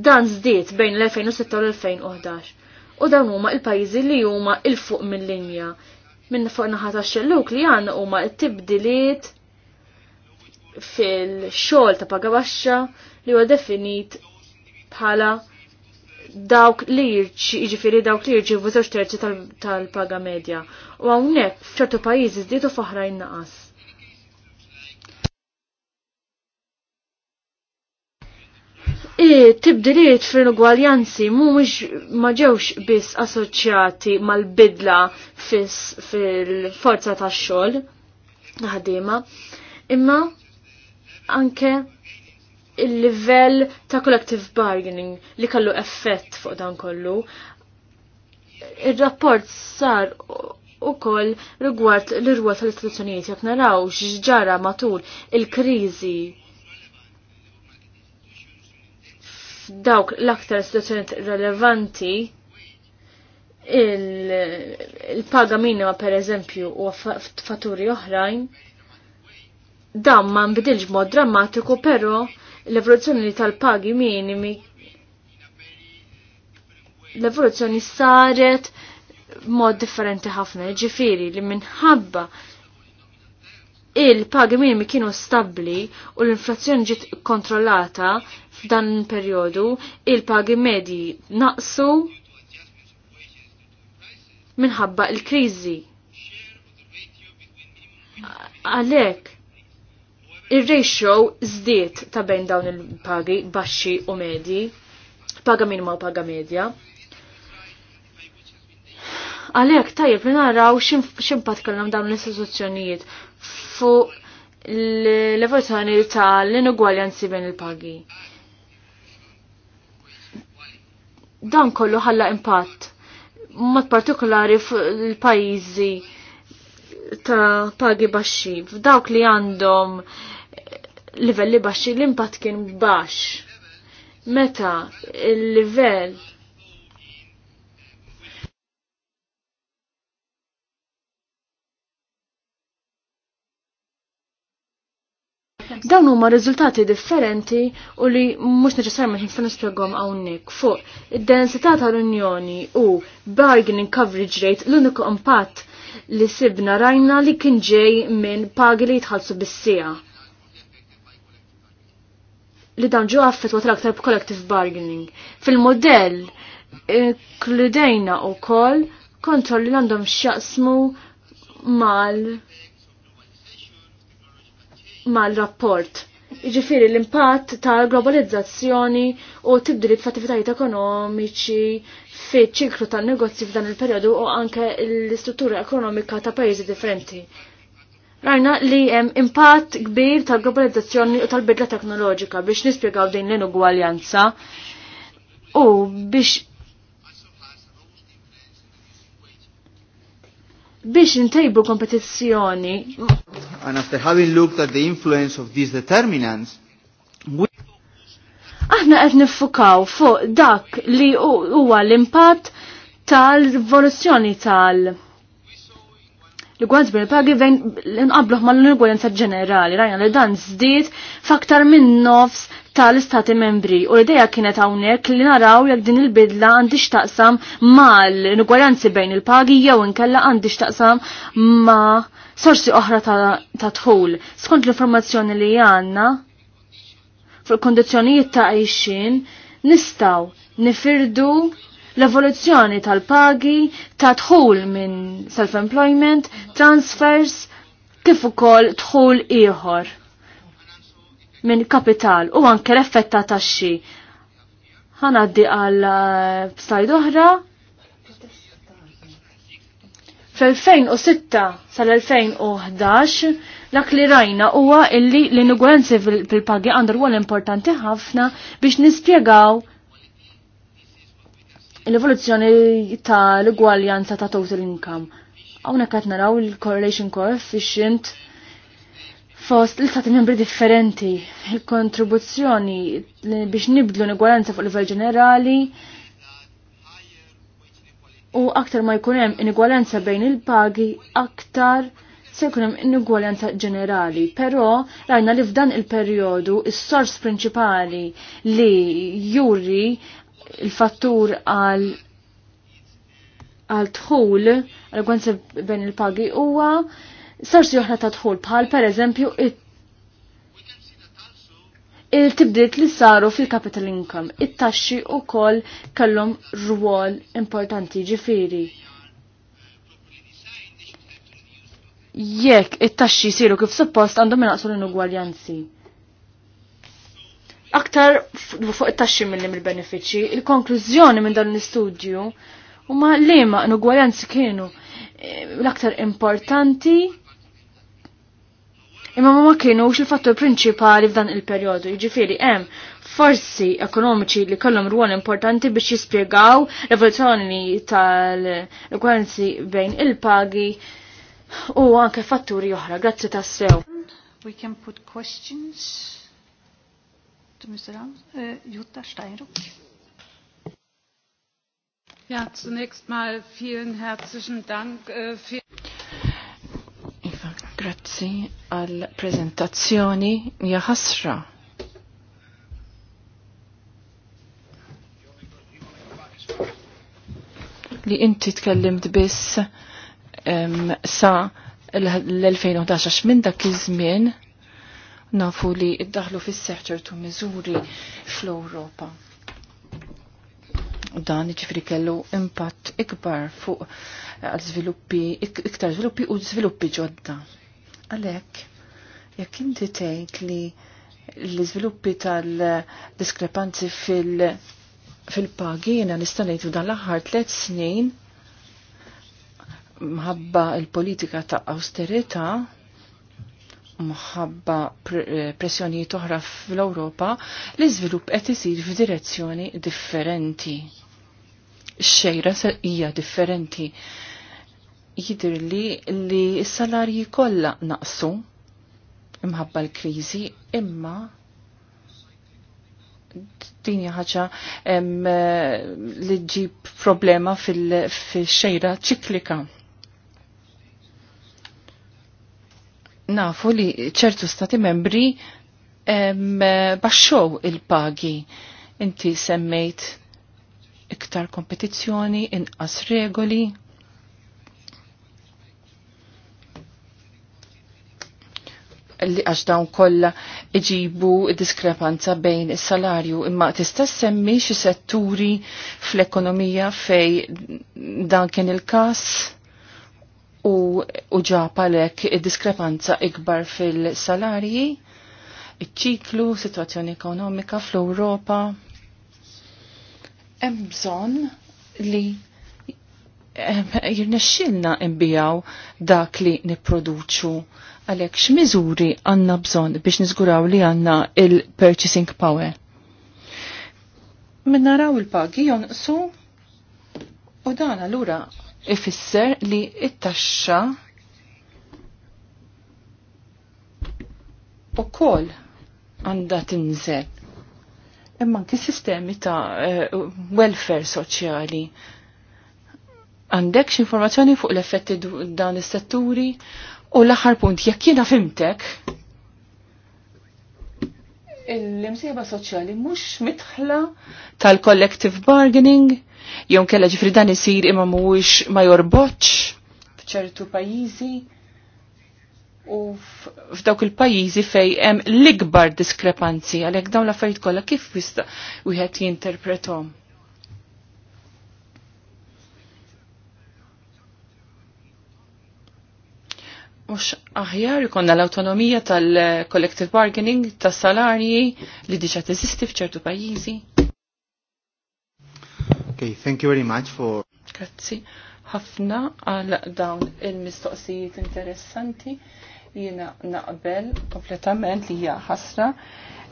dan żdied bejn l-2006 u l-2011 u dan huma il-pajjiżi li huma il fuq mill-linja minn fuq naħata xelluk li għan huma t-tibdiliet fil-xogħol ta' paga li huwa definit bħala dawk li jirċi, ġifiri dawk li jirċi vuzoċ terċi tal-paga medja. U għawnek, fċertu pajizi zditu faħrajn naqas. tibdiliet fil ugwaljanzi mhumiex ma ġewx biss assoċjati mal-bidla fil-forza tax-xogħol ħaddiema, imma anke il-livell ta' collective bargaining li kallu effett fuq dan kollu. Ir-rapport sar u koll rigward l-irwa tal-istituzzjonijiet jekk naraw ġara matul il-kriżi f'dawk l-aktar situazzjoni relevanti il-paga il minima per eżempju u fatturi oħrajn dan ma nbidilġ mod drammatiku però l-evoluzzjoni tal-pagi minimi l-evoluzzjoni saret mod differenti ħafna ġifiri li minħabba il-pagi minimi kienu stabli u l-inflazzjoni ġiet kontrollata f'dan il-perjodu, il-pagi medji naqsu minħabba il-kriżi. Għalhekk ir-ratio żdiet ta' bejn dawn il-pagi baxxi u medji, paga minima u paga medja għalek tajjeb li naraw ximpat kellhom dawn l-istituzzjonijiet fuq l-evoluzzjoni l inugwaljanzi bejn il-pagi. Dan kollu ħalla impatt mod partikolari fuq il-pajjiżi ta' pagi baxxi. F'dawk li għandhom livelli baxxi l-impatt kien baxx. Meta il-livell Dawn huma riżultati differenti u li mhux neċessarjament nistgħu nispjegahom hawnhekk fuq id-densità tal-Unjoni u bargaining coverage rate l-uniku impatt li sibna rajna li kien ġej minn pagi li jitħallsu bis-sija. Li dawn ġew affettwat l-aktar collective bargaining. Fil-modell kludejna wkoll koll kontrolli għandhom xjaqsmu mal mal-rapport. Iġifiri l-impatt tal-globalizzazzjoni u tibdilit f'attivitajiet ekonomiċi fit ċiklu tan-negozji f'dan il periodu u anke l-istruttura ekonomika ta' pajjiżi differenti. Rajna li hemm impatt kbir tal-globalizzazzjoni u tal-bidla teknoloġika biex nispjegaw din l-inugwaljanza u biex biex intejbu kompetizzjoni. And after having looked at the influence of these determinants, we... Aħna qed niffukaw fuq dak li huwa l-impatt tal-rivoluzzjoni tal-, -tal l-gwanz bil-pagi vejn l-inqabluħ ma ġenerali, rajna li dan zdiet faktar minn nofs tal-istati membri u l-ideja kienet hawnhekk li naraw jekk din il-bidla għandix taqsam mal-inugwaljanzi bejn il-pagi jew inkella għandix taqsam ma' sorsi oħra ta' tħul. Skont l-informazzjoni li għandna fuq kondizzjonijiet ta' għajxin nistaw nifirdu l-evoluzzjoni tal-pagi ta' tħul minn self-employment, transfers, kif ukoll tħul ieħor minn kapital u anke l-effett ta' taxxi. Ħanaddi għal eh, slajd oħra. Fl-2006 sal-2011 dak li rajna huwa illi l-inugwenzi fil-pagi għandu rwol importanti ħafna biex nispjegaw l-evoluzzjoni ta' l-ugwaljanza ta' total income. Għawna qed naraw il-correlation coefficient fost l-istati membri differenti, il-kontribuzzjoni biex nibdlu l-igwalanza fuq livell ġenerali u aktar ma jkun hemm inigwalanza bejn il-pagi aktar se jkun hemm inigwalanza ġenerali. Però rajna li f'dan il-perjodu is-sors prinċipali li juri il-fattur għal għal tħul għal bejn il-pagi huwa Sarsi joħna ta' dħul bħal pereżempju il-tibdiet li saru fil-capital income. It-taxxi u kol kellhom rwol importanti ġifiri. Jekk it-taxxi siru kif suppost għandhom inaqsu l-inugwaljanzi. Aktar fuq it-taxxi minn mill-benefiċċji, il-konklużjoni minn dan l-istudju huma liema inugwaljanzi kienu eh, l-aktar importanti imma ma kienu kienux il-fattur prinċipali f'dan il periodu Jiġifieri em, forsi ekonomiċi li kollom ruol importanti biex jispiegaw l evoluzjoni tal-ekwenzi bejn il-pagi u anke fatturi oħra. Grazzi ta' sew. We can put questions to Mr. Rams. Uh, Jutta Steinruck. Ja, zunächst mal vielen herzlichen Dank. Äh, für Grazzi għal prezentazzjoni hija ħasra. Li inti tkellimt biss sa l-2011 minn dak iż-żmien nafu li iddaħlu fis-seħ tu miżuri fl-Ewropa. Dan ġifri kellu impatt ikbar fuq għal iktar żviluppi u żviluppi ġodda. Għalek, jekk inti tgħid li l-iżviluppi tal-diskrepanzi fil- fil nista' ngħidu nistanejtu dan l-aħħar tliet snin mħabba l politika ta' austerita mħabba eh, pressjonijiet oħra fl-Ewropa, l-iżvilupp qed isir f'direzzjoni differenti. xejra hija differenti. differenti jidirli li s-salarji kollha naqsu imħabba l-kriżi imma din ħaġa li ġib problema fil-xejra ċiklika. Nafu li ċertu stati membri baxxow il-pagi. Inti semmejt iktar kompetizzjoni, inqas regoli. li għax dawn kollha iġibu diskrepanza bejn is-salarju imma tista' semmi xi setturi fl-ekonomija fej dan kien il-każ u uġab għalhekk id-diskrepanza ikbar fil-salarji, iċ-ċiklu, situazzjoni ekonomika fl-Ewropa. Hemm bżonn li eh, jirnexxilna imbijaw dak li nipproduċu Għalek x'miżuri għanna bżonn biex niżguraw li għanna il-purchasing power? Min naraw il-pagi jonqsu u dan allura ifisser li it-taxxa u kol għanda tinżel. Imman ki sistemi ta' eh, welfare soċjali. għandek x informazzjoni fuq l-effetti dan is-setturi U l-aħħar punt, jekk jiena fimtek, l-imsieba soċjali mhux mitħla tal-collective bargaining, jew kella ġifri dan isir imma mhuwiex ma jorbotx f'ċertu pajjiżi u f'dawk il-pajjiżi fej hemm l-ikbar diskrepanzi għalhekk dawn l-affarijiet kollha kif jista' wieħed jinterpretom. Mux aħjar ikonna l-autonomija tal-collective bargaining, tal salarji li diġa teżisti f'ċertu pajjiżi. Okay, thank you very much for... Grazzi. Ħafna għal dawn il-mistoqsijiet interessanti jiena naqbel kompletament li hija ħasra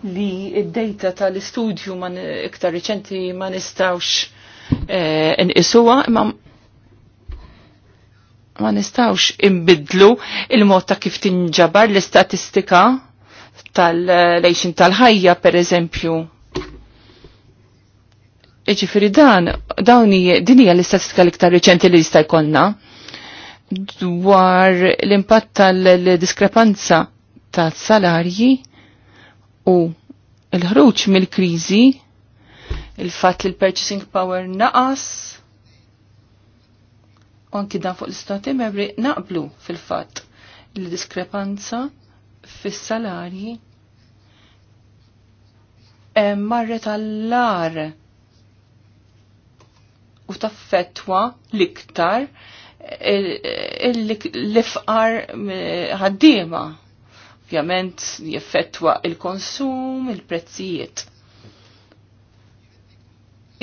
li id-data tal-istudju iktar riċenti ma nistawx in-isuwa, eh, ma ma nistawx imbidlu il-mod ta' kif tinġabar l-istatistika tal-lejxin tal-ħajja per eżempju. Iġifiri dan, dawni dinija l-istatistika l-iktar reċenti li jista' jkollna dwar l-impatt tal-diskrepanza tal-salarji u l ħruġ mill-kriżi, il-fatt li l-purchasing power naqas, anki dan fuq l-istati membri naqblu fil-fatt li diskrepanza fis-salarji eh, marret għall-lar u taffetwa liktar eh, l-ifqar eh, ħaddiema. Ovvjament jeffettwa il-konsum, il-prezzijiet.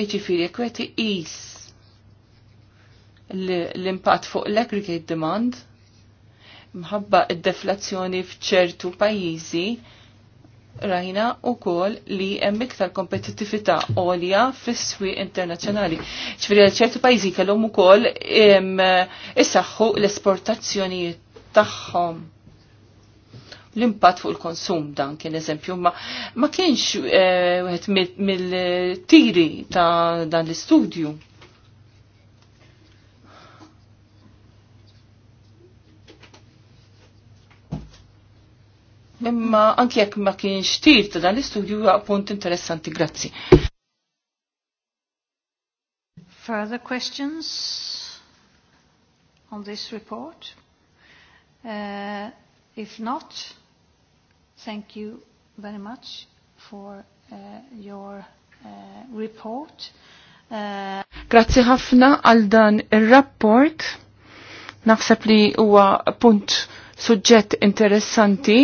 Iġifiri kweti is l-impatt fuq l-aggregate demand mħabba id-deflazzjoni fċertu pajjiżi rajna u kol li hemm iktar kompetitività għolja fis-swi internazzjonali. ċifri ċertu pajjiżi kellhom ukoll isaħħu l-esportazzjonijiet tagħhom l-impatt fuq il-konsum dan kien eżempju, ma, ma kienx eh, wieħed mill-tiri ta' dan l-istudju Imma anki jekk ma kienx tir ta' dan l-istudju huwa punt interessanti, grazzi. Further questions on this report? Uh, if not, thank you very much for uh, your uh, report. Uh... Grazzi ħafna għal dan ir-rapport. Naħseb li huwa punt suġġett interessanti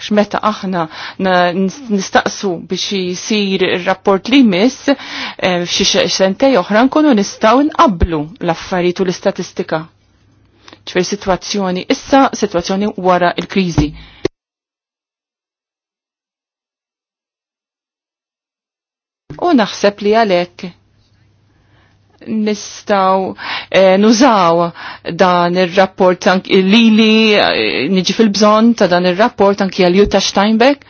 x'meta aħna nistaqsu biex jisir ir-rapport li jmiss eh, f'xi xente oħra nkunu nistgħu nqablu l-affarijiet u l-istatistika. Ċfer sitwazzjoni issa, sitwazzjoni wara il-kriżi. U naħseb li għalhekk nistaw eh, nużaw dan il-rapport li li eh, niġi fil-bżon ta' dan il-rapport anki għal Jutta Steinbeck